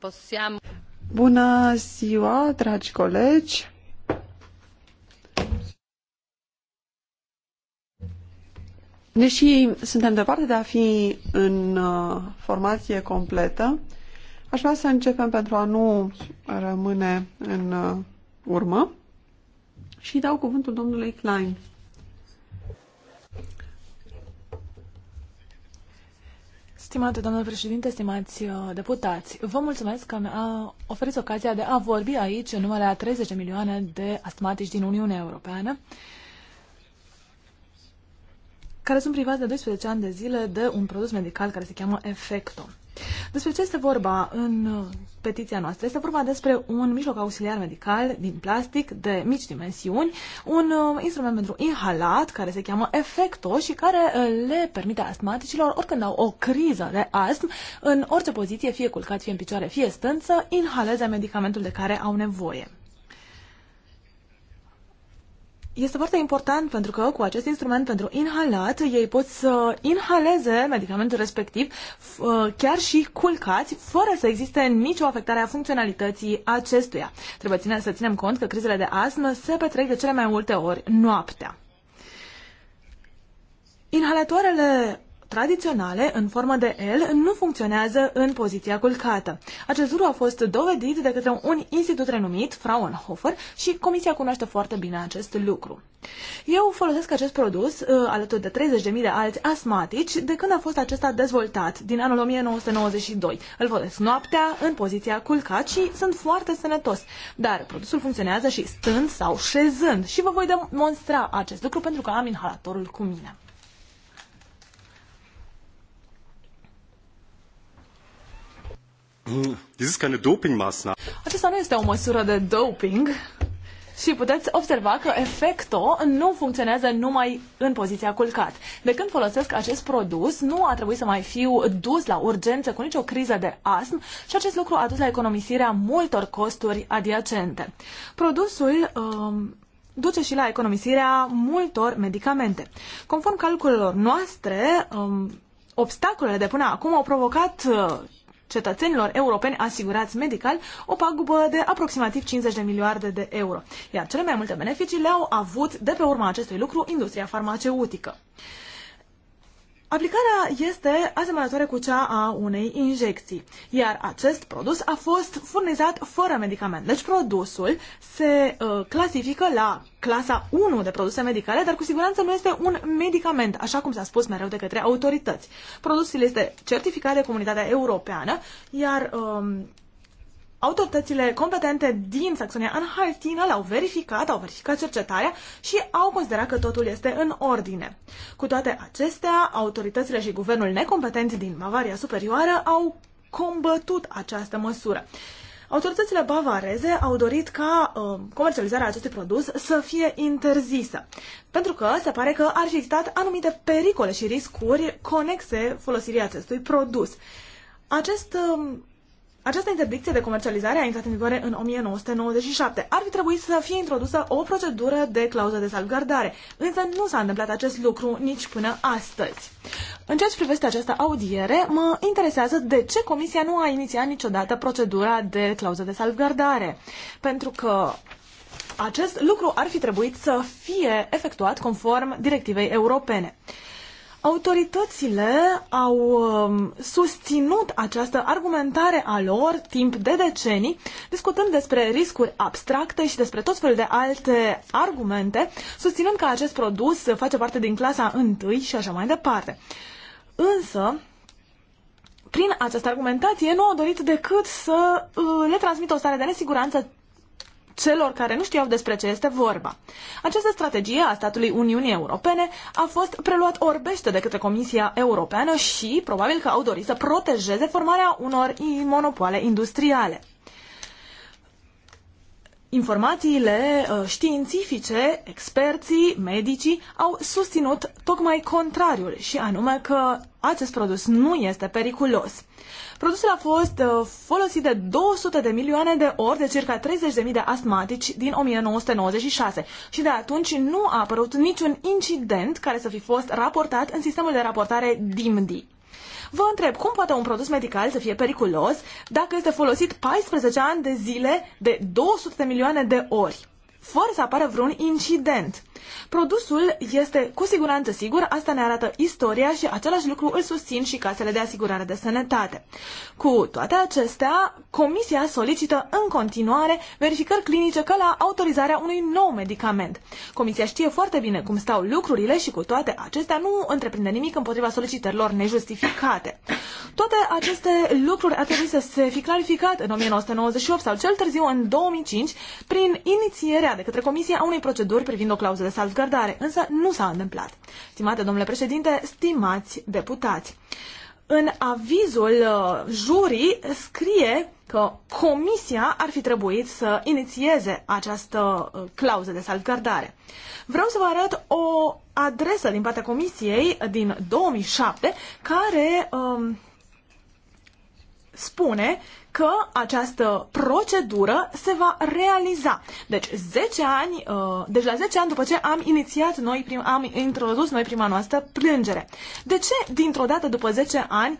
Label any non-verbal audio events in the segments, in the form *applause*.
Possiamo... Bună ziua, dragi colegi! Deși suntem departe de a fi în uh, formație completă, aș vrea să începem pentru a nu rămâne în uh, urmă și dau cuvântul domnului Klein. Stimate doamnă președinte, stimați uh, deputați, vă mulțumesc că mi-a oferit ocazia de a vorbi aici în numele a 30 milioane de astmatici din Uniunea Europeană care sunt privați de 12 ani de zile de un produs medical care se cheamă Efecto. Despre ce este vorba în uh, petiția noastră? Este vorba despre un mijloc auxiliar medical din plastic de mici dimensiuni, un uh, instrument pentru inhalat care se cheamă Efecto și care uh, le permite astmaticilor, oricând au o criză de astm, în orice poziție, fie culcat, fie în picioare, fie stând, să inhaleze medicamentul de care au nevoie este foarte important pentru că cu acest instrument pentru inhalat ei pot să inhaleze medicamentul respectiv uh, chiar și culcați fără să existe nicio afectare a funcționalității acestuia. Trebuie ține, să ținem cont că crizele de astmă se petrec de cele mai multe ori noaptea. Inhalatoarele tradiționale, în formă de L, nu funcționează în poziția culcată. Acest lucru a fost dovedit de către un institut renumit, Fraunhofer, și comisia cunoaște foarte bine acest lucru. Eu folosesc acest produs, uh, alături de 30.000 de alți asmatici, de când a fost acesta dezvoltat, din anul 1992. Îl folosesc noaptea, în poziția culcat și sunt foarte sănătos. Dar produsul funcționează și stând sau șezând și vă voi demonstra acest lucru pentru că am inhalatorul cu mine. Hmm. Aceasta nu este o măsură de doping și puteți observa că efectul nu funcționează numai în poziția culcat. De când folosesc acest produs, nu a trebuit să mai fiu dus la urgență cu nicio criză de astm și acest lucru a dus la economisirea multor costuri adiacente. Produsul um, duce și la economisirea multor medicamente. Conform calculelor noastre, um, obstacolele de până acum au provocat uh, cetățenilor europeni asigurați medical o pagubă de aproximativ 50 de miliarde de euro, iar cele mai multe beneficii le-au avut de pe urma acestui lucru industria farmaceutică. Aplicarea este asemănătoare cu cea a unei injecții, iar acest produs a fost furnizat fără medicament. Deci produsul se uh, clasifică la clasa 1 de produse medicale, dar cu siguranță nu este un medicament, așa cum s-a spus mereu de către autorități. Produsul este certificat de comunitatea europeană, iar Uh, autoritățile competente din saxonia anhalt l-au verificat, au verificat cercetarea și au considerat că totul este în ordine. Cu toate acestea, autoritățile și guvernul necompetent din Bavaria Superioară au combătut această măsură. Autoritățile bavareze au dorit ca uh, comercializarea acestui produs să fie interzisă, pentru că se pare că ar fi existat anumite pericole și riscuri conexe folosirii acestui produs. Acest uh, această interdicție de comercializare a intrat în vigoare în 1997. Ar fi trebuit să fie introdusă o procedură de clauză de salvgardare, însă nu s-a întâmplat acest lucru nici până astăzi. În ceea ce privește această audiere, mă interesează de ce Comisia nu a inițiat niciodată procedura de clauză de salvgardare, pentru că acest lucru ar fi trebuit să fie efectuat conform directivei europene. Autoritățile au um, susținut această argumentare a lor timp de decenii, discutând despre riscuri abstracte și despre tot felul de alte argumente, susținând că acest produs face parte din clasa 1 și așa mai departe. Însă, prin această argumentație nu au dorit decât să uh, le transmită o stare de nesiguranță celor care nu știau despre ce este vorba. Această strategie a statului Uniunii Europene a fost preluat orbește de către Comisia Europeană și probabil că au dorit să protejeze formarea unor monopoale industriale. Informațiile uh, științifice, experții, medicii au susținut tocmai contrariul și anume că acest produs nu este periculos. Produsul a fost uh, folosit de 200 de milioane de ori de circa 30.000 de astmatici din 1996 și de atunci nu a apărut niciun incident care să fi fost raportat în sistemul de raportare DIMDI. Vă întreb, cum poate un produs medical să fie periculos dacă este folosit 14 ani de zile de 200 de milioane de ori, fără să apară vreun incident? Produsul este cu siguranță sigur, asta ne arată istoria și același lucru îl susțin și casele de asigurare de sănătate. Cu toate acestea, Comisia solicită în continuare verificări clinice ca la autorizarea unui nou medicament. Comisia știe foarte bine cum stau lucrurile și cu toate acestea nu întreprinde nimic împotriva solicitărilor nejustificate. Toate aceste lucruri ar trebui să se fi clarificat în 1998 sau cel târziu în 2005 prin inițierea de către Comisie a unei proceduri privind o clauză de salvgardare, însă nu s-a întâmplat. Stimate domnule președinte, stimați deputați, în avizul uh, jurii scrie că comisia ar fi trebuit să inițieze această uh, clauză de salvgardare. Vreau să vă arăt o adresă din partea comisiei din 2007 care um, spune că această procedură se va realiza. Deci, 10 ani, uh, deci la 10 ani după ce am inițiat noi, prim, am introdus noi prima noastră plângere. De ce dintr-o dată după 10 ani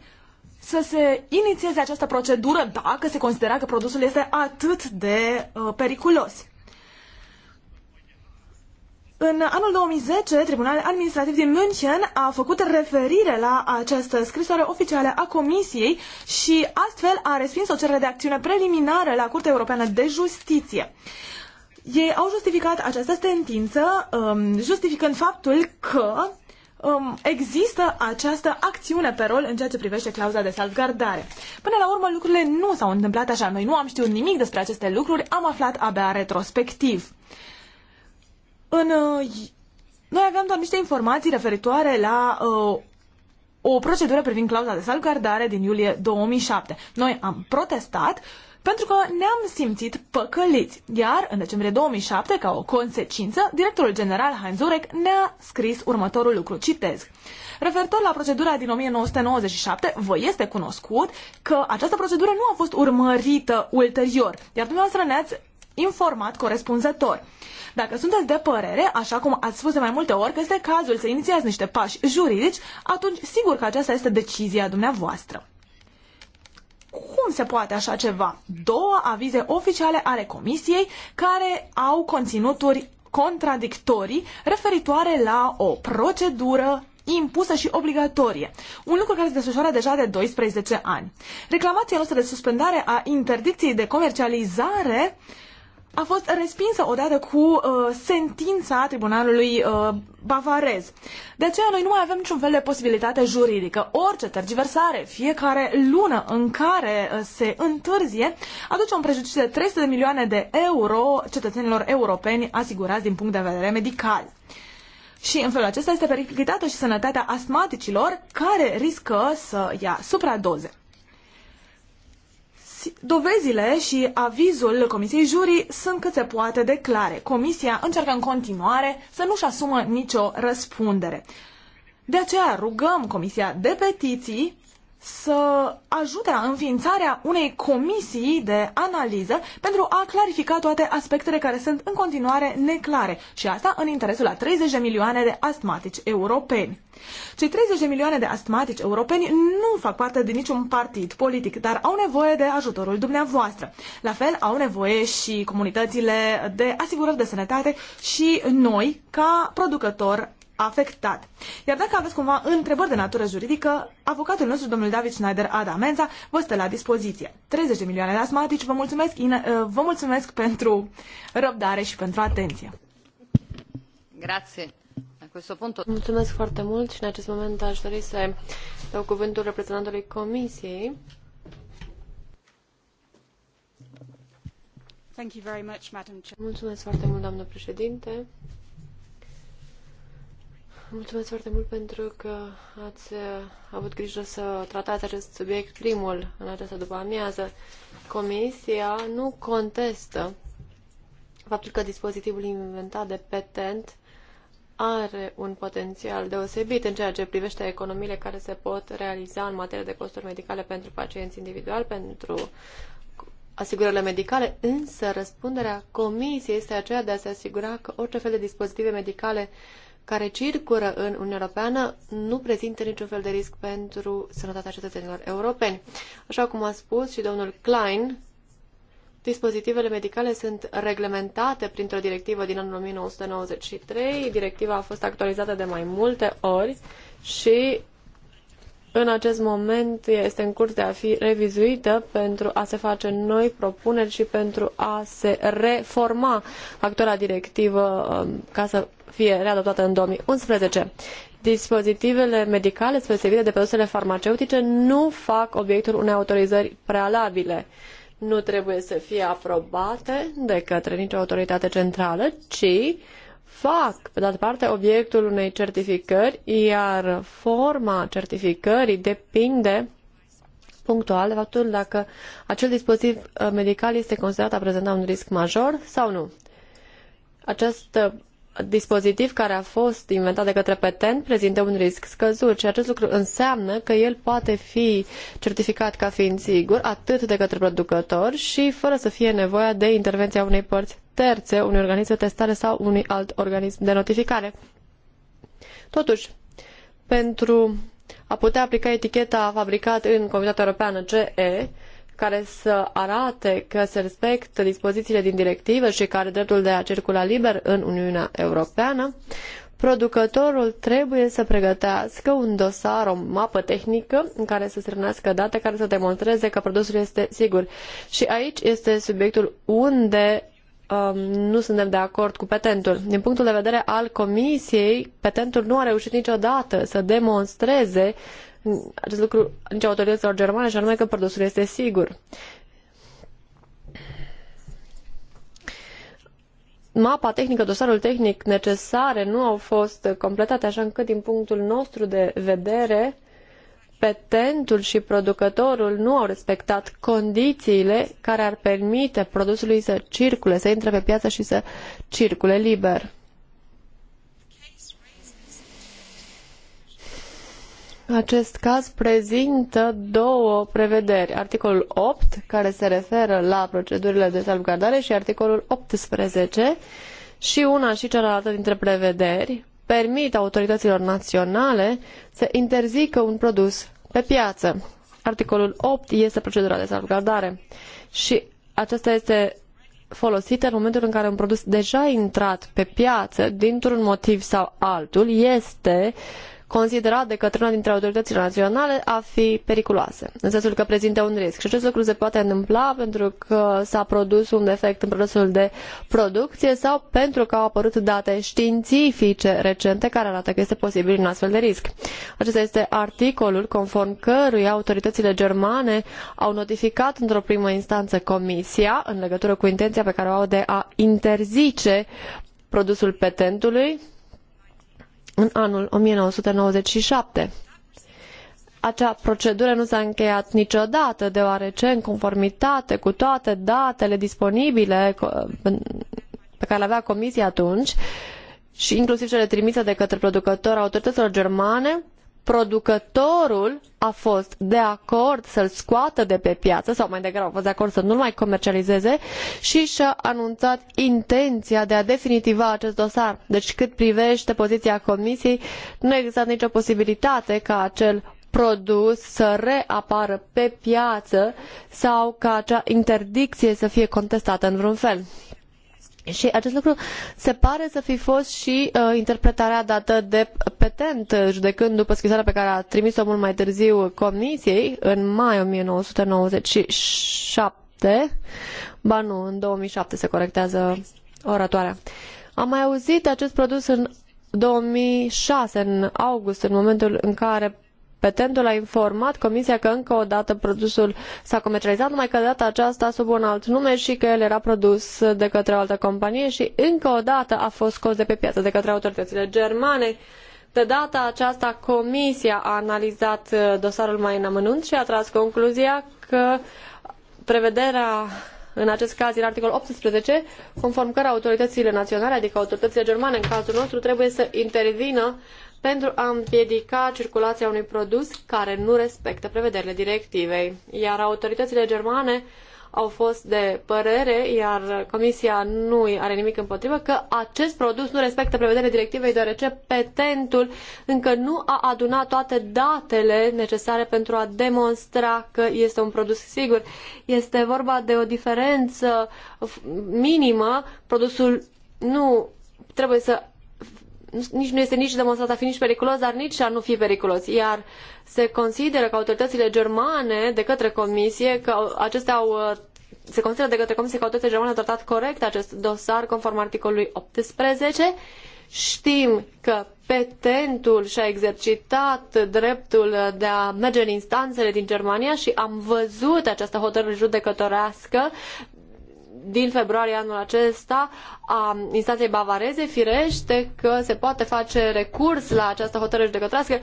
să se inițieze această procedură dacă se considera că produsul este atât de uh, periculos? În anul 2010, Tribunalul Administrativ din München a făcut referire la această scrisoare oficială a Comisiei și astfel a respins o cerere de acțiune preliminară la Curtea Europeană de Justiție. Ei au justificat această sentință, um, justificând faptul că um, există această acțiune pe rol în ceea ce privește clauza de salvgardare. Până la urmă, lucrurile nu s-au întâmplat așa. Noi nu am știut nimic despre aceste lucruri, am aflat abia retrospectiv în, uh, noi aveam doar niște informații referitoare la uh, o procedură privind clauza de salvgardare din iulie 2007. Noi am protestat pentru că ne-am simțit păcăliți. Iar în decembrie 2007, ca o consecință, directorul general Heinz Urek ne-a scris următorul lucru. Citez. Referitor la procedura din 1997, vă este cunoscut că această procedură nu a fost urmărită ulterior, iar dumneavoastră ne-ați informat corespunzător. Dacă sunteți de părere, așa cum ați spus de mai multe ori, că este cazul să inițiați niște pași juridici, atunci sigur că aceasta este decizia dumneavoastră. Cum se poate așa ceva? Două avize oficiale ale Comisiei care au conținuturi contradictorii referitoare la o procedură impusă și obligatorie, un lucru care se desfășoară deja de 12 ani. Reclamația noastră de suspendare a interdicției de comercializare uh, a fost respinsă odată cu uh, sentința tribunalului uh, bavarez. De aceea noi nu mai avem niciun fel de posibilitate juridică. Orice tergiversare, fiecare lună în care uh, se întârzie, aduce un prejudiciu de 300 de milioane de euro cetățenilor europeni asigurați din punct de vedere medical. Și în felul acesta este periclitată și sănătatea astmaticilor care riscă să ia supradoze dovezi, dovezile și avizul Comisiei Jurii sunt cât se poate de clare. Comisia încearcă în continuare să nu-și asumă nicio răspundere. De aceea rugăm Comisia de Petiții să ajute la înființarea unei comisii de analiză pentru a clarifica toate aspectele care sunt în continuare neclare și asta în interesul a 30 de milioane de astmatici europeni. Cei 30 de milioane de astmatici europeni nu fac parte din niciun partid politic, dar au nevoie de ajutorul dumneavoastră. La fel au nevoie și comunitățile de asigurări de sănătate și noi, ca producător afectat. Iar dacă aveți cumva întrebări de natură juridică, avocatul nostru, domnul David Schneider Adamenza, vă stă la dispoziție. 30 de milioane de asmatici, vă mulțumesc, eh, vă mulțumesc pentru răbdare și pentru atenție. Grazie. Mulțumesc foarte mult și în acest moment aș dori să dau cuvântul reprezentantului Comisiei. Mulțumesc foarte mult, doamnă președinte. Mulțumesc foarte mult pentru că ați avut grijă să tratați acest subiect primul în această după amiază. Comisia nu contestă faptul că dispozitivul inventat de petent are un potențial deosebit în ceea ce privește economiile care se pot realiza în materie de costuri medicale pentru pacienți individual, pentru asigurările medicale, însă răspunderea comisiei este aceea de a se asigura că orice fel de dispozitive medicale uh, care circură în Uniunea Europeană nu prezintă niciun fel de risc pentru sănătatea cetățenilor europeni. Așa cum a spus și domnul Klein, dispozitivele medicale sunt reglementate printr-o directivă din anul 1993. Directiva a fost actualizată de mai multe ori și în acest moment este în curs de a fi revizuită pentru a se face noi propuneri și pentru a se reforma actuala directivă um, ca să fie readoptată în 2011. Dispozitivele medicale spre de produsele farmaceutice nu fac obiectul unei autorizări prealabile nu trebuie să fie aprobate de către nicio autoritate centrală, ci fac, pe de altă parte, obiectul unei certificări, iar forma certificării depinde punctual de faptul dacă acel dispozitiv uh, medical este considerat a prezenta un risc major sau nu. Această dispozitiv care a fost inventat de către petent prezintă un risc scăzut și acest lucru înseamnă că el poate fi certificat ca fiind sigur atât de către producător și fără să fie nevoia de intervenția unei părți terțe, unui organism de testare sau unui alt organism de notificare. Totuși, pentru a putea aplica eticheta fabricat în Comunitatea Europeană CE, care să arate că se respectă dispozițiile din directivă și care dreptul de a circula liber în Uniunea Europeană, producătorul trebuie să pregătească un dosar, o mapă tehnică în care să strânească date care să demonstreze că produsul este sigur. Și aici este subiectul unde um, nu suntem de acord cu petentul. Din punctul de vedere al comisiei, petentul nu a reușit niciodată să demonstreze uh, acest lucru nici autorităților germane, și anume că produsul este sigur. Mapa tehnică, dosarul tehnic necesare nu au fost completate, așa încât din punctul nostru de vedere, petentul și producătorul nu au respectat condițiile care ar permite produsului să circule, să intre pe piață și să circule liber. Acest caz prezintă două prevederi. Articolul 8, care se referă la procedurile de salvgardare, și articolul 18, și una și cealaltă dintre prevederi permit autorităților naționale să interzică un produs pe piață. Articolul 8 este procedura de salvgardare și aceasta este folosită în momentul în care un produs deja intrat pe piață, dintr-un motiv sau altul, este uh, considerat de către una dintre autoritățile naționale a fi periculoase, în sensul că prezintă un risc. Și acest lucru se poate întâmpla pentru că s-a produs un defect în procesul de producție sau pentru că au apărut date științifice recente care arată că este posibil un astfel de risc. Acesta este articolul conform căruia autoritățile germane au notificat într-o primă instanță Comisia în legătură cu intenția pe care o au de a interzice produsul petentului în anul 1997. Acea procedură nu s-a încheiat niciodată, deoarece, în conformitate cu toate datele disponibile pe care le avea Comisia atunci, și inclusiv cele trimise de către producători autorităților germane, producătorul a fost de acord să-l scoată de pe piață sau mai degrabă a fost de acord să nu-l mai comercializeze și și-a anunțat intenția de a definitiva acest dosar. Deci cât privește poziția comisiei, nu există nicio posibilitate ca acel produs să reapară pe piață sau ca acea interdicție să fie contestată în vreun fel. Și acest lucru se pare să fi fost și uh, interpretarea dată de petent, uh, judecând după scrisoarea pe care a trimis-o mult mai târziu Comisiei, în mai 1997, ba nu, în 2007 se corectează oratoarea. Am mai auzit acest produs în 2006, în august, în momentul în care petentul a informat comisia că încă o dată produsul s-a comercializat, numai că de data aceasta sub un alt nume și că el era produs de către o altă companie și încă o dată a fost scos de pe piață de către autoritățile germane. De data aceasta, comisia a analizat uh, dosarul mai în amănunt și a tras concluzia că prevederea în acest caz era articolul 18, conform cărea autoritățile naționale, adică autoritățile germane în cazul nostru, trebuie să intervină pentru a împiedica circulația unui produs care nu respectă prevederile directivei. Iar autoritățile germane au fost de părere, iar Comisia nu are nimic împotrivă, că acest produs nu respectă prevederile directivei, deoarece petentul încă nu a adunat toate datele necesare pentru a demonstra că este un produs sigur. Este vorba de o diferență minimă. Produsul nu trebuie să nici nu este nici demonstrat a fi nici periculos, dar nici a nu fi periculos. Iar se consideră că autoritățile germane, de către comisie, că acestea au uh, se consideră de către Comisie că autoritățile germane au tratat corect acest dosar conform articolului 18. Știm că petentul și-a exercitat dreptul de a merge în instanțele din Germania și am văzut această hotărâre judecătorească din februarie anul acesta a instanței bavareze, firește că se poate face recurs la această hotărâre judecătorească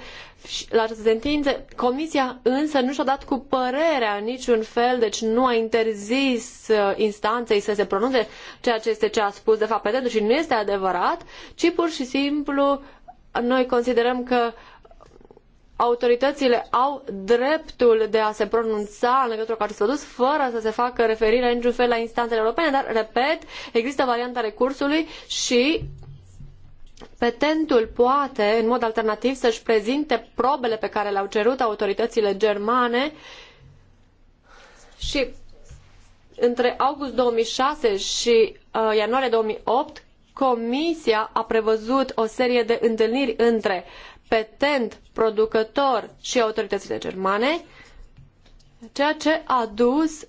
și la această sentință. Comisia însă nu și-a dat cu părerea în niciun fel, deci nu a interzis uh, instanței să se pronunțe ceea ce este ce a spus de fapt petentul și nu este adevărat, ci pur și simplu noi considerăm că uh, autoritățile au dreptul de a se pronunța în legătură cu acest produs fără să se facă referire în niciun fel la instanțele europene, dar, repet, există varianta recursului și petentul poate, în mod alternativ, să-și prezinte probele pe care le-au cerut autoritățile germane și între august 2006 și uh, ianuarie 2008 Comisia a prevăzut o serie de întâlniri între competent producător și autoritățile germane, ceea ce a dus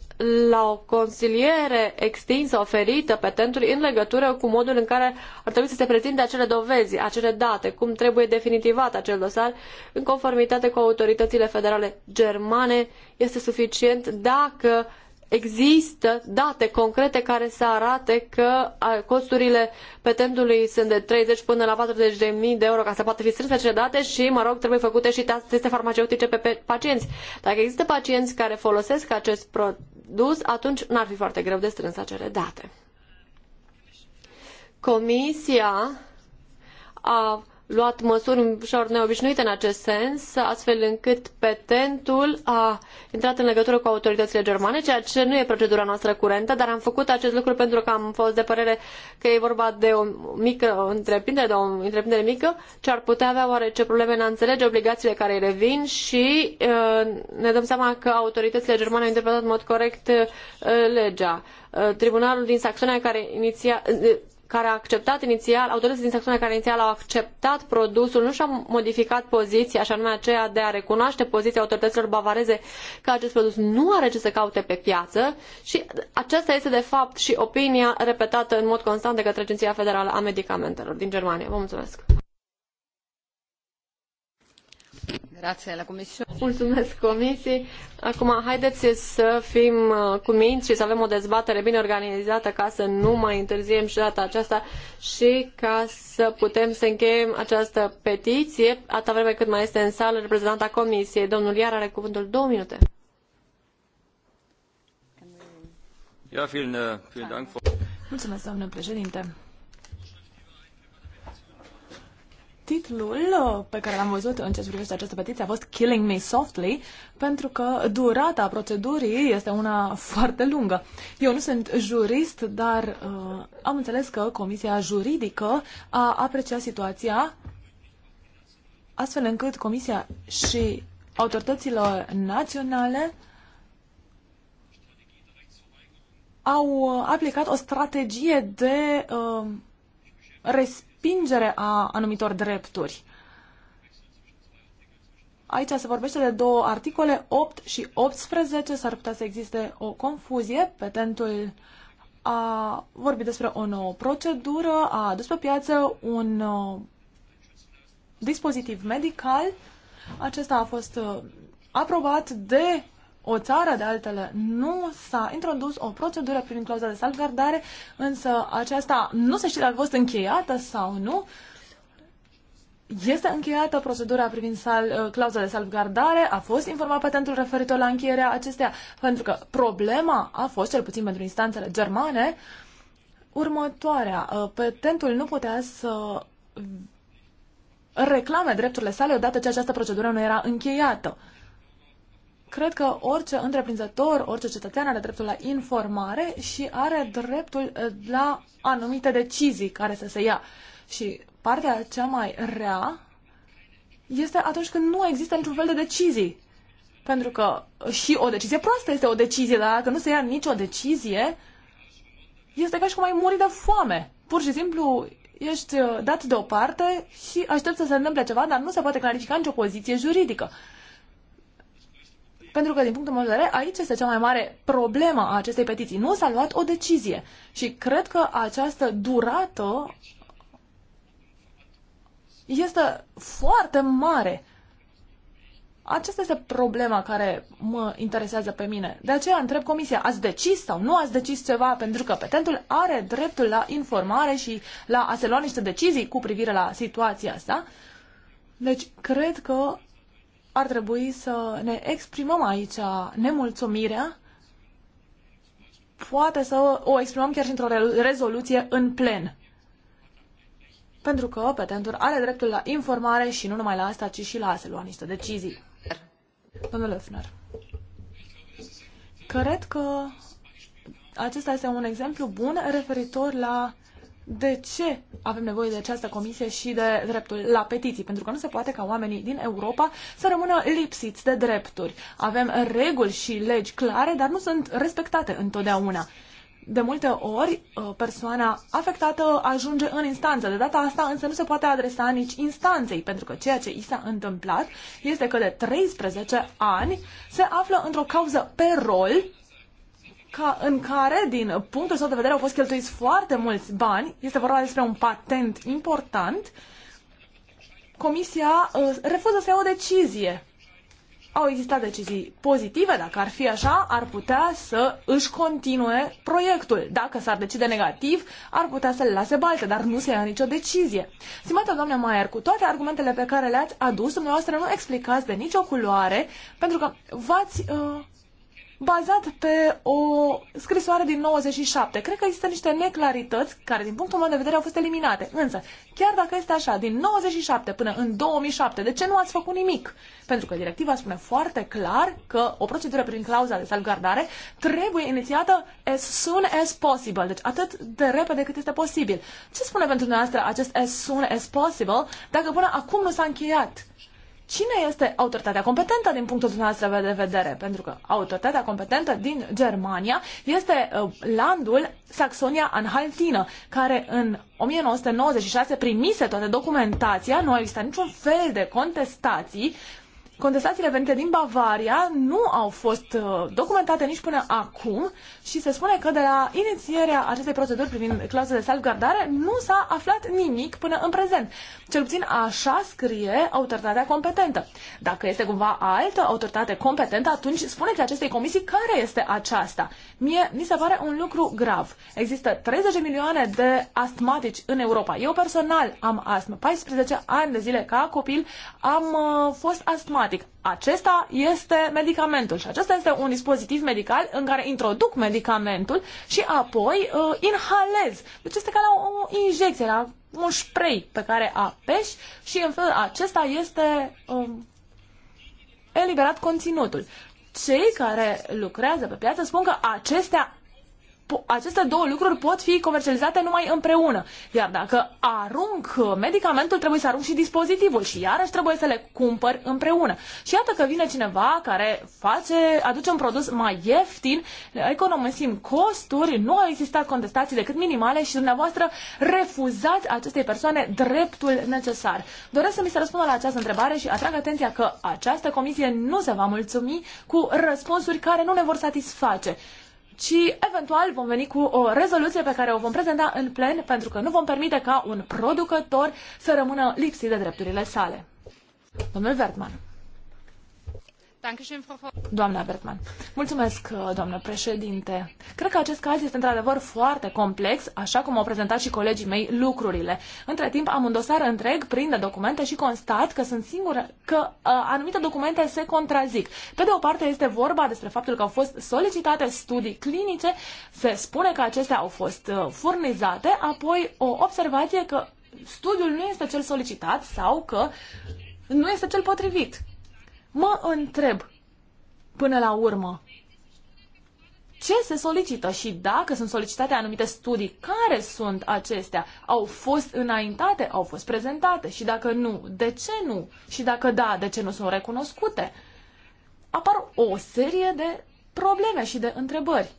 la o consiliere extinsă oferită petentului în legătură cu modul în care ar trebui să se prezinte acele dovezi, acele date, cum trebuie definitivat acel dosar în conformitate cu autoritățile federale germane. Este suficient dacă există date concrete care să arate că costurile petentului sunt de 30 până la 40 de mii de euro ca să poată fi strânse acele date și, mă rog, trebuie făcute și teste farmaceutice pe pacienți. Dacă există pacienți care folosesc acest produs, atunci n-ar fi foarte greu de strâns acele date. Comisia a luat măsuri ușor neobișnuite în acest sens, astfel încât petentul a intrat în legătură cu autoritățile germane, ceea ce nu e procedura noastră curentă, dar am făcut acest lucru pentru că am fost de părere că e vorba de o mică întreprindere, de o întreprindere mică, ce ar putea avea oarece probleme în a înțelege obligațiile care îi revin și uh, ne dăm seama că autoritățile germane au interpretat în mod corect uh, legea. Uh, tribunalul din Saxonia, care iniția, care a acceptat inițial, autoritățile din secțiunea care inițial au acceptat produsul, nu și-au modificat poziția, așa anume aceea de a recunoaște poziția autorităților bavareze că acest produs nu are ce să caute pe piață și aceasta este de fapt și opinia repetată în mod constant de către Agenția Federală a Medicamentelor din Germania. Vă mulțumesc! Grație comisie. Acum, haideți să fim uh, cuminți și să avem o dezbatere bine organizată ca să nu mai întârziem și data aceasta și ca să putem să încheiem această petiție, atâta vreme cât mai este în sală reprezentanta comisiei. Domnul Iar are cuvântul două minute. Uh, Mulțumesc, doamnă președinte. titlul uh, pe care l-am văzut în ce privește această petiție a fost Killing Me Softly, pentru că durata procedurii este una *laughs* foarte lungă. Eu nu sunt jurist, dar uh, am înțeles că Comisia Juridică a apreciat situația astfel încât Comisia și autoritățile naționale au uh, aplicat o strategie de uh, respect respingere a anumitor drepturi. Aici se vorbește de două articole, 8 și 18. S-ar putea să existe o confuzie. Petentul a vorbit despre o nouă procedură, a adus pe piață un uh, dispozitiv medical. Acesta a fost uh, aprobat de o țară de altele nu s-a introdus o procedură prin clauza de salvgardare, însă aceasta nu se știe dacă a fost încheiată sau nu. Este încheiată procedura privind sal, uh, clauza de salvgardare, a fost informat patentul referitor la încheierea acesteia, pentru că problema a fost, cel puțin pentru instanțele germane, următoarea. Uh, patentul nu putea să reclame drepturile sale odată ce această procedură nu era încheiată cred că orice întreprinzător, orice cetățean are dreptul la informare și are dreptul eh, la anumite decizii care să se ia. Și partea cea mai rea este atunci când nu există niciun fel de decizii. Pentru că și o decizie proastă este o decizie, dar dacă nu se ia nicio decizie, este ca și cum ai muri de foame. Pur și simplu ești eh, dat deoparte și aștept să se întâmple ceva, dar nu se poate clarifica nicio poziție juridică. Pentru că, din punctul meu de vedere, aici este cea mai mare problemă a acestei petiții. Nu s-a luat o decizie. Și cred că această durată este foarte mare. Aceasta este problema care mă interesează pe mine. De aceea întreb comisia, ați decis sau nu ați decis ceva? Pentru că petentul are dreptul la informare și la a se lua niște decizii cu privire la situația asta. Deci, cred că ar trebui să ne exprimăm aici nemulțumirea, poate să o exprimăm chiar și într-o rezoluție în plen. Pentru că petentul are dreptul la informare și nu numai la asta, ci și la a se lua niște decizii. Domnule Fner, cred că acesta este un exemplu bun referitor la de ce avem nevoie de această comisie și de dreptul la petiții, pentru că nu se poate ca oamenii din Europa să rămână lipsiți de drepturi. Avem reguli și legi clare, dar nu sunt respectate întotdeauna. De multe ori, uh, persoana afectată ajunge în instanță. De data asta însă nu se poate adresa nici instanței, pentru că ceea ce i s-a întâmplat este că de 13 ani se află într-o cauză pe rol ca, în care, din punctul său de vedere, au fost cheltuiți foarte mulți bani. Este vorba despre un patent important. Comisia uh, refuză să ia o decizie. Au existat decizii pozitive, dacă ar fi așa, ar putea să își continue proiectul. Dacă s-ar decide negativ, ar putea să le lase balte, dar nu se ia nicio decizie. Simată doamne Maier, cu toate argumentele pe care le-ați adus, dumneavoastră nu explicați de nicio culoare, pentru că v-ați uh, bazat pe o scrisoare din 97. Cred că există niște neclarități care, din punctul meu de vedere, au fost eliminate. Însă, chiar dacă este așa, din 97 până în 2007, de ce nu ați făcut nimic? Pentru că directiva spune foarte clar că o procedură prin clauza de salvgardare trebuie inițiată as soon as possible, deci atât de repede cât este posibil. Ce spune pentru dumneavoastră acest as soon as possible dacă până acum nu s-a încheiat? Cine este autoritatea competentă din punctul dumneavoastră de vedere? Pentru că autoritatea competentă din Germania este uh, landul Saxonia-Anhaltină, care în 1996 primise toată documentația, nu a existat niciun fel de contestații contestațiile venite din Bavaria nu au fost uh, documentate nici până acum și se spune că de la inițierea acestei proceduri privind clauzele de salvgardare nu s-a aflat nimic până în prezent. Cel puțin așa scrie autoritatea competentă. Dacă este cumva altă autoritate competentă, atunci spuneți acestei comisii care este aceasta. Mie mi se pare un lucru grav. Există 30 milioane de astmatici în Europa. Eu personal am astmă. 14 ani de zile ca copil am uh, fost astmatic. Acesta este medicamentul și acesta este un dispozitiv medical în care introduc medicamentul și apoi uh, inhalez. Deci este ca la o injecție, la un spray pe care apeși și în felul acesta este um, eliberat conținutul cei care lucrează pe piață spun că acestea aceste două lucruri pot fi comercializate numai împreună. Iar dacă arunc uh, medicamentul, trebuie să arunc și dispozitivul și iarăși trebuie să le cumpăr împreună. Și iată că vine cineva care face, aduce un produs mai ieftin, economisim costuri, nu au existat contestații decât minimale și dumneavoastră refuzați acestei persoane dreptul necesar. Doresc să mi se răspundă la această întrebare și atrag atenția că această comisie nu se va mulțumi cu răspunsuri care nu ne vor satisface ci eventual vom veni cu o rezoluție pe care o vom prezenta în plen, pentru că nu vom permite ca un producător să rămână lipsit de drepturile sale. Domnul Vertman. Doamna Bertman. Mulțumesc, uh, doamnă președinte. Cred că acest caz este într-adevăr foarte complex, așa cum au prezentat și colegii mei lucrurile. Între timp am un dosar întreg prin de documente și constat că sunt singură, că uh, anumite documente se contrazic. Pe de o parte este vorba despre faptul că au fost solicitate studii clinice, se spune că acestea au fost uh, furnizate, apoi o observație că studiul nu este cel solicitat sau că nu este cel potrivit. Mă întreb, până la urmă, ce se solicită și dacă sunt solicitate anumite studii, care sunt acestea? Au fost înaintate, au fost prezentate și dacă nu, de ce nu? Și dacă da, de ce nu sunt recunoscute? Apar o serie de probleme și de întrebări.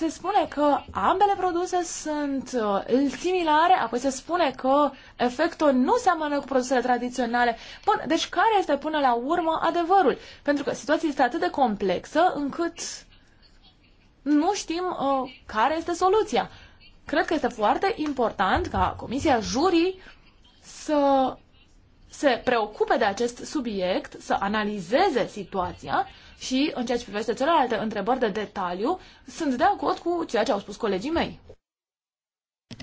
se spune că ambele produse sunt uh, similare, apoi se spune că efectul nu seamănă cu produsele tradiționale. Bun, deci care este până la urmă adevărul? Pentru că situația este atât de complexă încât nu știm uh, care este soluția. Cred că este foarte important ca Comisia Jurii să se preocupe de acest subiect, să analizeze situația și în ceea ce privește celelalte întrebări de detaliu, sunt de acord cu ceea ce au spus colegii mei.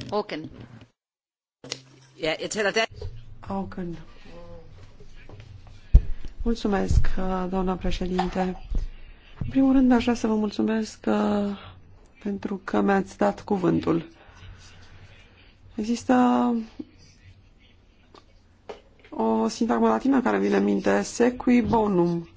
Oken. Oken. Mulțumesc, uh, doamna președinte. În primul rând, aș vrea să vă mulțumesc că, uh, pentru că mi-ați dat cuvântul. Există o sintagmă latină care vine în minte, sequi bonum,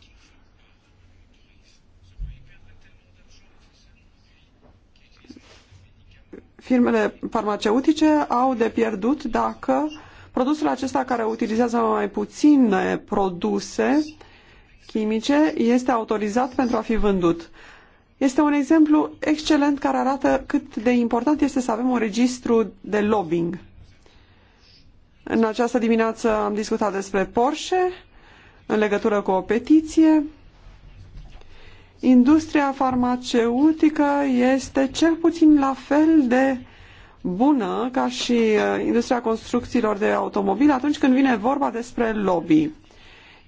firmele farmaceutice au de pierdut dacă produsul acesta care utilizează mai puține produse chimice este autorizat pentru a fi vândut. Este un exemplu excelent care arată cât de important este să avem un registru de lobbying. În această dimineață am discutat despre Porsche în legătură cu o petiție industria farmaceutică este cel puțin la fel de bună ca și uh, industria construcțiilor de automobil atunci când vine vorba despre lobby.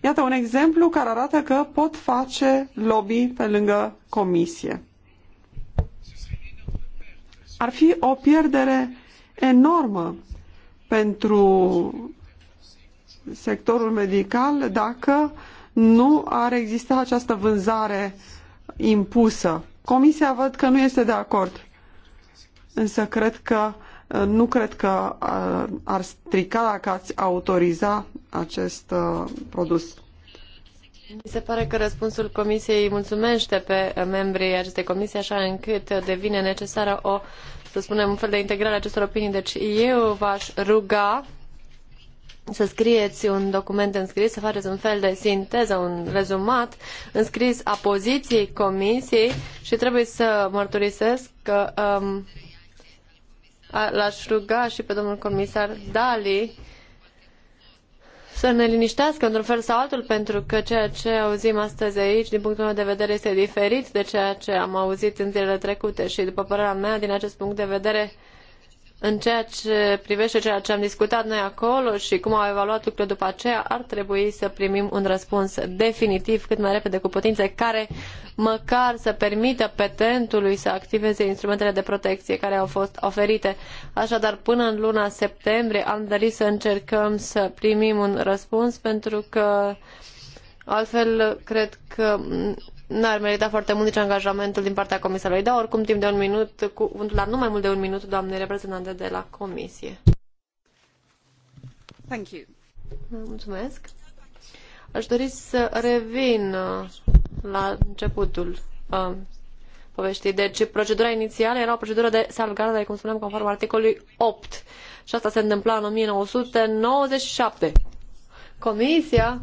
Iată un exemplu care arată că pot face lobby pe lângă comisie. Ar fi o pierdere enormă pentru sectorul medical dacă nu ar exista această vânzare uh, impusă. Comisia văd că nu este de acord. Însă cred că uh, nu cred că uh, ar strica dacă ați autoriza acest uh, produs. Mi se pare că răspunsul Comisiei mulțumește pe membrii acestei comisii, așa încât devine necesară o, să spunem, un fel de integrare a acestor opinii. Deci eu v-aș ruga să scrieți un document scris, să faceți un fel de sinteză, un rezumat scris a poziției comisiei și trebuie să mărturisesc că um, l-aș ruga și pe domnul comisar Dali să ne liniștească într-un fel sau altul, pentru că ceea ce auzim astăzi aici, din punctul meu de vedere, este diferit de ceea ce am auzit în zilele trecute și, după părerea mea, din acest punct de vedere, în ceea ce privește ceea ce am discutat noi acolo și cum au evaluat lucrurile după aceea, ar trebui să primim un răspuns definitiv cât mai repede cu putințe, care măcar să permită petentului să activeze instrumentele de protecție care au fost oferite. Așadar, până în luna septembrie am dorit să încercăm să primim un răspuns pentru că altfel cred că n-ar merita foarte mult nici angajamentul din partea comisarului. Da, oricum, timp de un minut, cuvântul la nu mai mult de un minut, doamnei reprezentante de la comisie. Thank you. Mulțumesc. Aș dori să revin uh, la începutul uh, poveștii. Deci, procedura inițială era o procedură de salvgardare, cum spuneam, conform articolului 8. Și asta se întâmpla în 1997. Comisia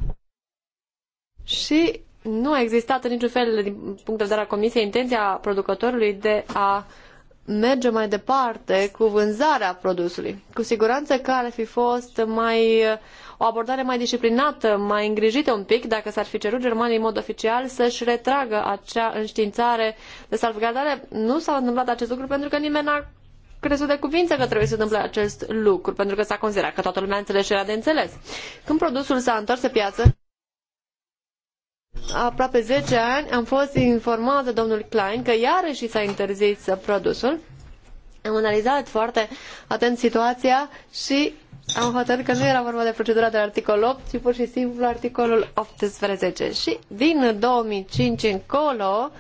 și nu a existat în niciun fel, din punct de vedere al Comisiei, intenția producătorului de a merge mai departe cu vânzarea produsului. Cu siguranță că ar fi fost mai o abordare mai disciplinată, mai îngrijită un pic, dacă s-ar fi cerut Germaniei în mod oficial să-și retragă acea înștiințare de salvgardare. Nu s-a întâmplat acest lucru pentru că nimeni n-a crezut de cuvință că trebuie să întâmple acest lucru, pentru că s-a considerat că toată lumea era de înțeles. Când produsul s-a întors pe piață, aproape 10 ani am fost informat de domnul Klein că iarăși s-a interzis produsul. Am analizat foarte atent situația și am hotărât că nu era vorba de procedura de articol 8, ci pur și simplu articolul 18. Și din 2005 încolo,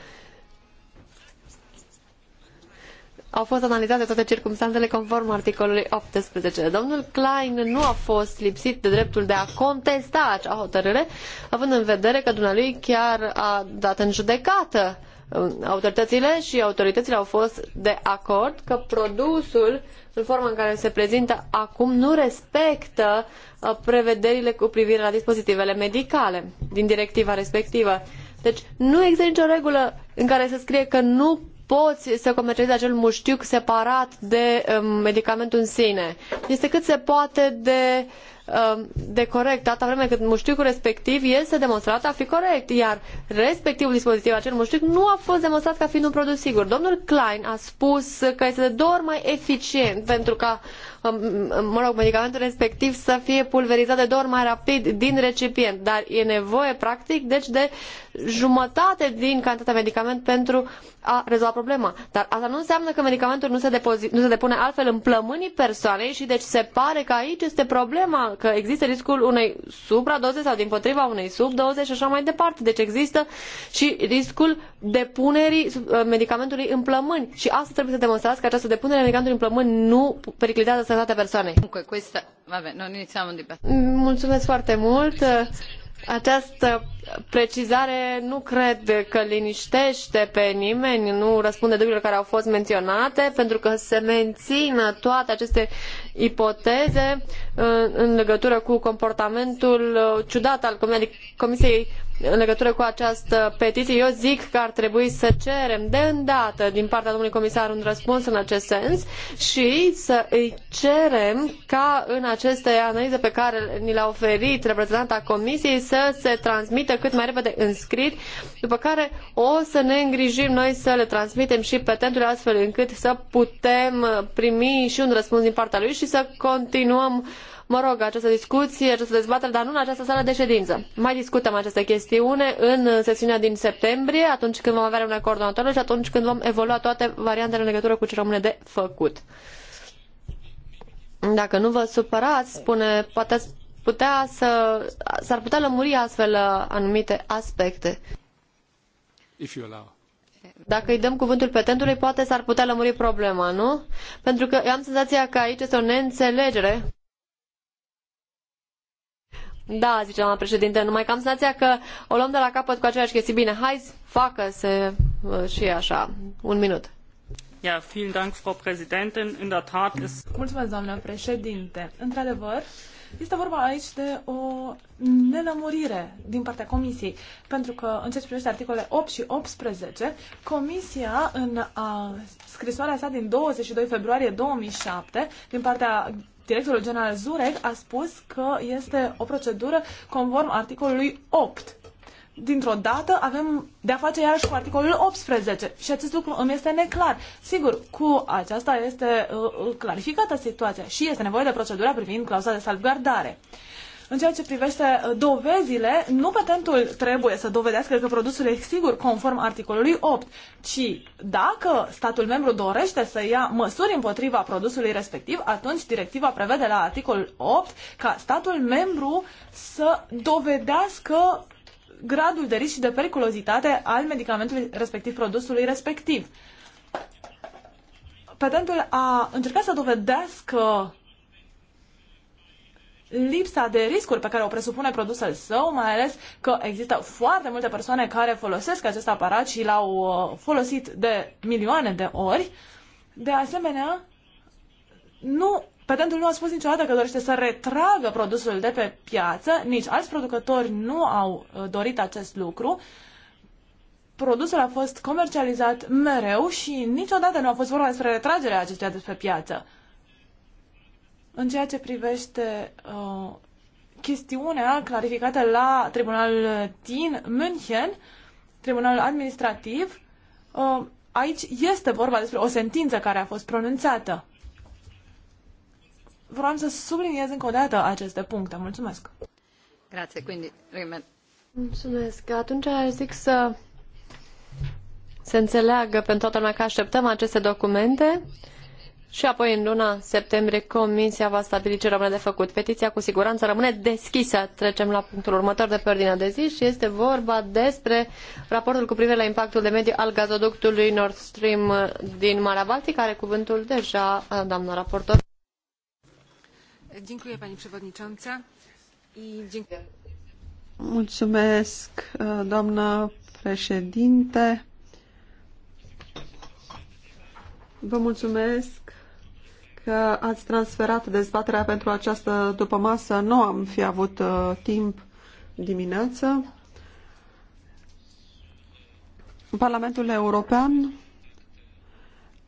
au fost analizate toate circumstanțele conform articolului 18. Domnul Klein nu a fost lipsit de dreptul de a contesta acea hotărâre, având în vedere că dumnealui chiar a dat în judecată autoritățile și autoritățile au fost de acord că produsul, în forma în care se prezintă acum, nu respectă uh, prevederile cu privire la dispozitivele medicale din directiva respectivă. Deci nu există nicio regulă în care se scrie că nu poți să comercializezi acel muștiuc separat de um, medicamentul în sine. Este cât se poate de um, de corect, atâta vreme cât muștiucul respectiv este demonstrat a fi corect, iar respectivul dispozitiv, acel muștiuc, nu a fost demonstrat ca fiind un produs sigur. Domnul Klein a spus că este de două ori mai eficient pentru ca mă rog, medicamentul respectiv să fie pulverizat de două ori mai rapid din recipient. Dar e nevoie, practic, deci de jumătate din cantitatea medicament pentru a rezolva problema. Dar asta nu înseamnă că medicamentul nu se, depozit, nu se depune altfel în plămânii persoanei și deci se pare că aici este problema, că există riscul unei supradoze sau din potriva unei subdoze și așa mai departe. Deci există și riscul depunerii uh, medicamentului în plămâni. Și asta trebuie să demonstrați că această depunere a medicamentului în plămâni nu periclitează sănătate persoanei. Mulțumesc foarte mult. Această precizare nu cred că liniștește pe nimeni, nu răspunde dubiilor care au fost menționate, pentru că se mențin toate aceste ipoteze uh, în legătură cu comportamentul uh, ciudat al Comisiei în legătură cu această petiție, eu zic că ar trebui să cerem de îndată din partea domnului comisar un răspuns în acest sens și să îi cerem ca în aceste analize pe care ni le-a oferit reprezentanta comisiei să se transmită cât mai repede în scris, după care o să ne îngrijim noi să le transmitem și petentului astfel încât să putem primi și un răspuns din partea lui și să continuăm uh, mă rog, această discuție, această dezbatere, dar nu în această sală de ședință. Mai discutăm această chestiune în sesiunea din septembrie, atunci când vom avea un coordonator și atunci când vom evolua toate variantele în legătură cu ce rămâne de făcut. Dacă nu vă supărați, spune, poate putea să, s-ar putea lămuri astfel anumite aspecte. If you allow dacă îi dăm cuvântul petentului, poate s-ar putea lămuri problema, nu? Pentru că eu am senzația că aici este o neînțelegere. Da, zice doamna președinte, numai că am senzația că o luăm de la capăt cu aceeași chestii. Bine, hai, facă se uh, și așa. Un minut. Ja, vielen Dank, Frau Präsidentin. In der Tat ist... Mulțumesc, doamna președinte. Într-adevăr, este vorba aici de o nelămurire din partea Comisiei, pentru că în ce privește articolele 8 și 18, Comisia în a, scrisoarea sa din 22 februarie 2007 din partea directorul general Zureg a spus că este o procedură conform articolului 8. Dintr-o dată avem de-a face iarăși cu articolul 18 și acest lucru îmi este neclar. Sigur, cu aceasta este uh, uh, clarificată situația și este nevoie de procedura privind clauza de salvgardare. Uh, în ceea ce privește uh, dovezile, nu patentul trebuie să dovedească că produsul e sigur conform articolului 8, ci dacă statul membru dorește să ia măsuri împotriva produsului respectiv, atunci directiva prevede la articolul 8 ca statul membru să dovedească gradul de risc și de periculozitate al medicamentului respectiv, produsului respectiv. Patentul a încercat să dovedească lipsa de riscuri pe care o presupune produsul său, mai ales că există foarte multe persoane care folosesc acest aparat și l-au uh, folosit de milioane de ori. De asemenea, nu, patentul nu a spus niciodată că dorește să retragă produsul de pe piață, nici alți producători nu au uh, dorit acest lucru. Produsul a fost comercializat mereu și niciodată nu a fost vorba despre retragerea acestuia de pe piață. În ceea ce privește uh, chestiunea clarificată la Tribunalul din München, Tribunalul Administrativ, uh, aici este vorba despre o sentință care a fost pronunțată. Vreau să subliniez încă o dată aceste puncte. Mulțumesc! Grație, quindi, Mulțumesc. Atunci aș zic să se înțeleagă pentru toată lumea că așteptăm aceste documente și apoi în luna septembrie Comisia va stabili ce rămâne de făcut. Petiția cu siguranță rămâne deschisă. Trecem la punctul următor de pe ordinea de zi și este vorba despre raportul cu privire la impactul de mediu al gazoductului Nord Stream din Marea Baltică. Are cuvântul deja doamna raportor. Dziękuję pani przewodnicząca i dziękuję. Mulțumesc, doamnă președinte. Vă mulțumesc că ați transferat dezbaterea pentru această dupămasă. Nu am fi avut uh, timp dimineață. Parlamentul European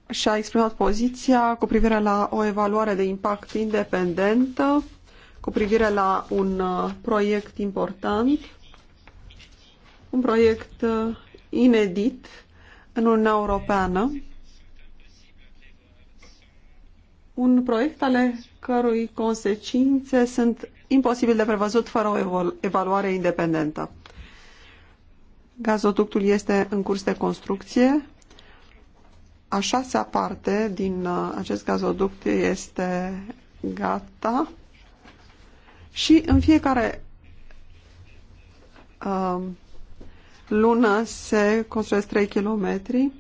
și-a exprimat poziția cu privire la o evaluare de impact independentă, cu privire la un uh, proiect important, un proiect uh, inedit în Uniunea Europeană un proiect ale cărui consecințe sunt imposibil de prevăzut fără o evaluare independentă. Gazoductul este în curs de construcție. A șasea parte din uh, acest gazoduct este gata și în fiecare uh, lună se construiesc 3 kilometri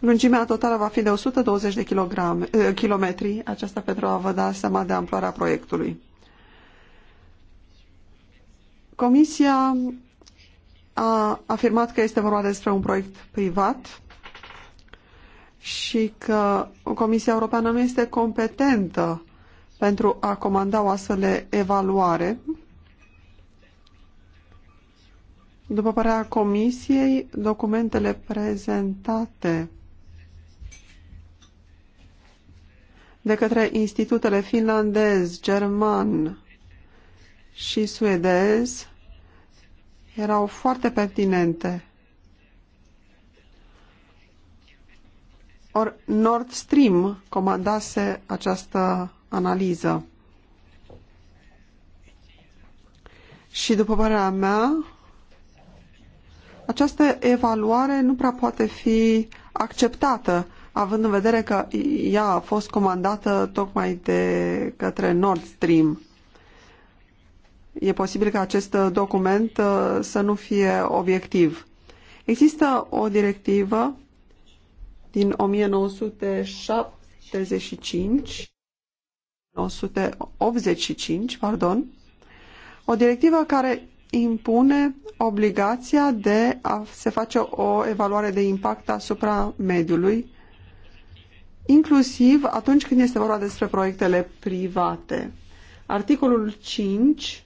Lungimea totală va fi de 120 de eh, kilometri, aceasta pentru a vă da seama de amploarea proiectului. Comisia a afirmat că este vorba despre un proiect privat și că Comisia Europeană nu este competentă pentru a comanda o astfel de evaluare. După părerea Comisiei, documentele prezentate de către institutele finlandez, german și suedez erau foarte pertinente. Or, Nord Stream comandase această analiză. Și după părerea mea, această evaluare nu prea poate fi acceptată având în vedere că ea a fost comandată tocmai de către Nord Stream. E posibil ca acest document uh, să nu fie obiectiv. Există o directivă din 1975 1985, pardon, o directivă care impune obligația de a se face o evaluare de impact asupra mediului inclusiv atunci când este vorba despre proiectele private. Articolul 5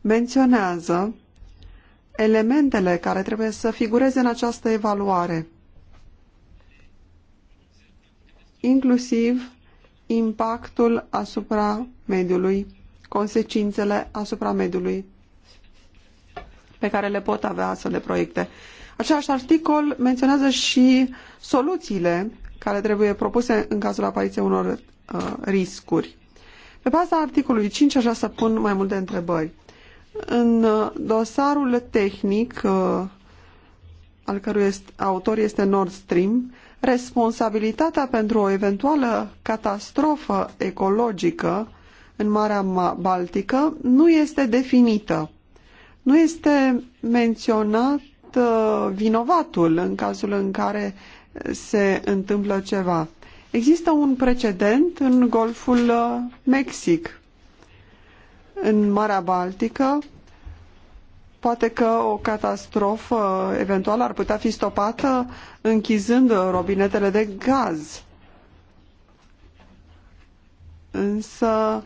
menționează elementele care trebuie să figureze în această evaluare, inclusiv impactul asupra mediului, consecințele asupra mediului pe care le pot avea astfel de proiecte. Același articol menționează și soluțiile care trebuie propuse în cazul apariției unor uh, riscuri. Pe baza articolului 5 aș vrea să pun mai multe întrebări. În uh, dosarul tehnic uh, al cărui este, autor este Nord Stream, responsabilitatea pentru o eventuală catastrofă ecologică în Marea Baltică nu este definită. Nu este menționat declarat uh, vinovatul în cazul în care se întâmplă ceva. Există un precedent în Golful uh, Mexic. În Marea Baltică, poate că o catastrofă uh, eventuală ar putea fi stopată închizând robinetele de gaz. Însă,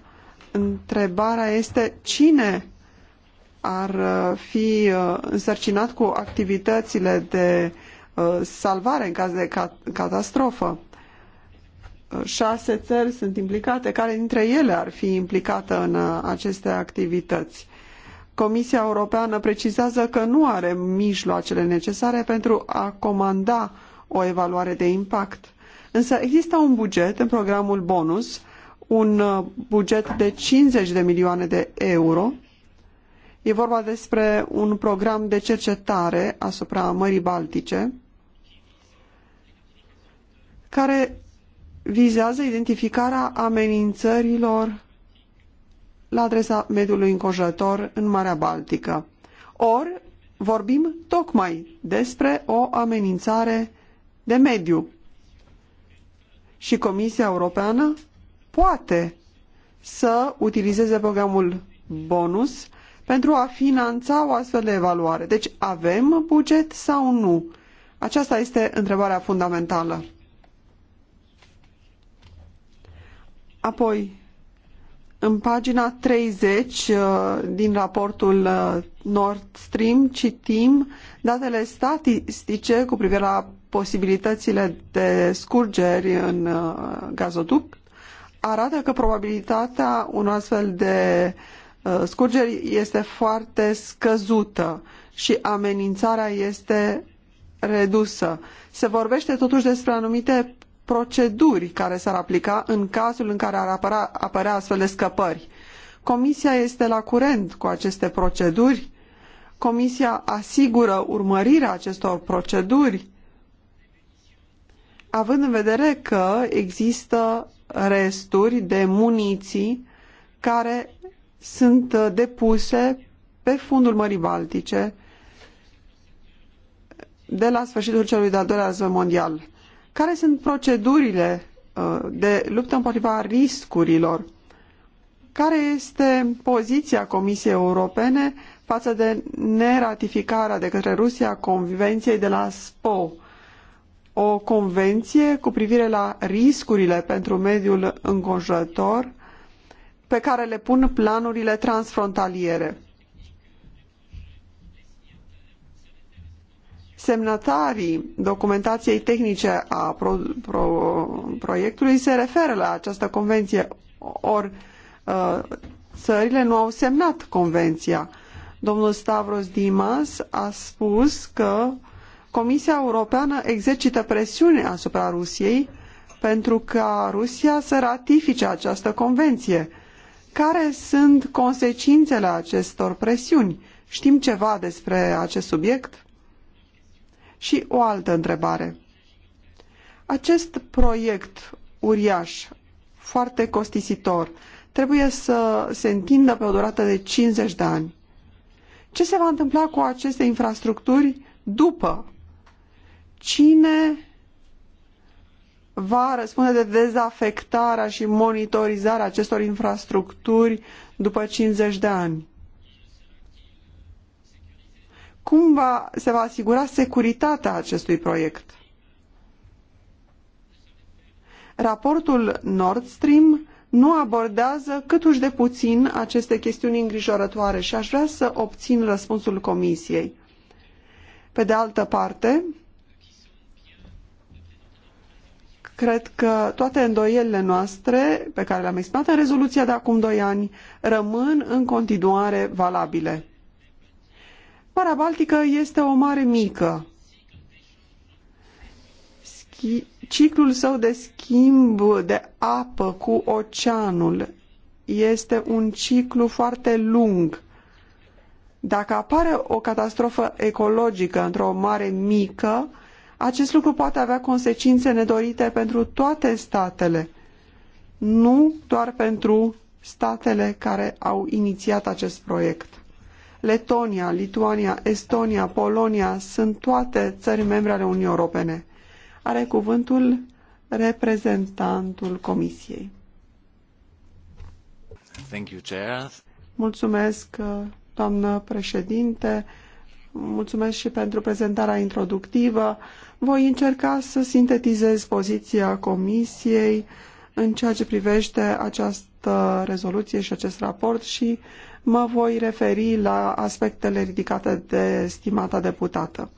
întrebarea este cine ar uh, fi uh, însărcinat cu activitățile de uh, salvare în caz de catastrofă. Șase țări sunt implicate, care dintre ele ar fi implicată în aceste activități? Comisia Europeană precizează că nu are mijloacele necesare pentru a comanda o evaluare de impact. Însă există un buget în programul bonus, un buget de 50 de milioane de euro E vorba despre un program de cercetare asupra Mării Baltice care vizează identificarea amenințărilor la adresa mediului înconjurător în Marea Baltică. Ori vorbim tocmai despre o amenințare de mediu. Și Comisia Europeană poate să utilizeze programul bonus pentru a finanța o astfel de evaluare. Deci avem buget sau nu? Aceasta este întrebarea fundamentală. Apoi, în pagina 30 uh, din raportul uh, Nord Stream citim datele statistice cu privire la posibilitățile de scurgeri în uh, gazoduct arată că probabilitatea unui astfel de uh, Uh, scurgeri este foarte scăzută și amenințarea este redusă. Se vorbește totuși despre anumite proceduri care s-ar aplica în cazul în care ar apăra, apărea astfel de scăpări. Comisia este la curent cu aceste proceduri? Comisia asigură urmărirea acestor proceduri? Având în vedere că există resturi de muniții care sunt uh, depuse pe fundul Mării Baltice de la sfârșitul celui de-al doilea război mondial. Care sunt procedurile uh, de luptă împotriva riscurilor? Care este poziția Comisiei Europene față de neratificarea de către Rusia Convenției de la SPO, o convenție cu privire la riscurile pentru mediul înconjurător pe care le pun planurile transfrontaliere. Semnătarii documentației tehnice a pro, pro, proiectului se referă la această convenție, ori uh, țările nu au semnat convenția. Domnul Stavros Dimas a spus că Comisia Europeană exercită presiune asupra Rusiei pentru ca Rusia să ratifice această convenție. Care sunt consecințele acestor presiuni? Știm ceva despre acest subiect? Și o altă întrebare. Acest proiect uriaș, foarte costisitor, trebuie să se întindă pe o durată de 50 de ani. Ce se va întâmpla cu aceste infrastructuri după? Cine va răspunde de dezafectarea și monitorizarea acestor infrastructuri după 50 de ani? Cum va, se va asigura securitatea acestui proiect? Raportul Nord Stream nu abordează uși de puțin aceste chestiuni îngrijorătoare și aș vrea să obțin răspunsul Comisiei. Pe de altă parte, Cred că toate îndoielile noastre pe care le-am exprimat în rezoluția de acum doi ani rămân în continuare valabile. Marea Baltică este o mare mică. Schi ciclul său de schimb de apă cu oceanul este un ciclu foarte lung. Dacă apare o catastrofă ecologică într-o mare mică, acest lucru poate avea consecințe nedorite pentru toate statele, nu doar pentru statele care au inițiat acest proiect. Letonia, Lituania, Estonia, Polonia sunt toate țări membre ale Uniunii Europene. Are cuvântul reprezentantul Comisiei. Thank you, Chair. Mulțumesc, doamnă președinte. Mulțumesc și pentru prezentarea introductivă. Voi încerca să sintetizez poziția Comisiei în ceea ce privește această rezoluție și acest raport și mă voi referi la aspectele ridicate de stimata deputată.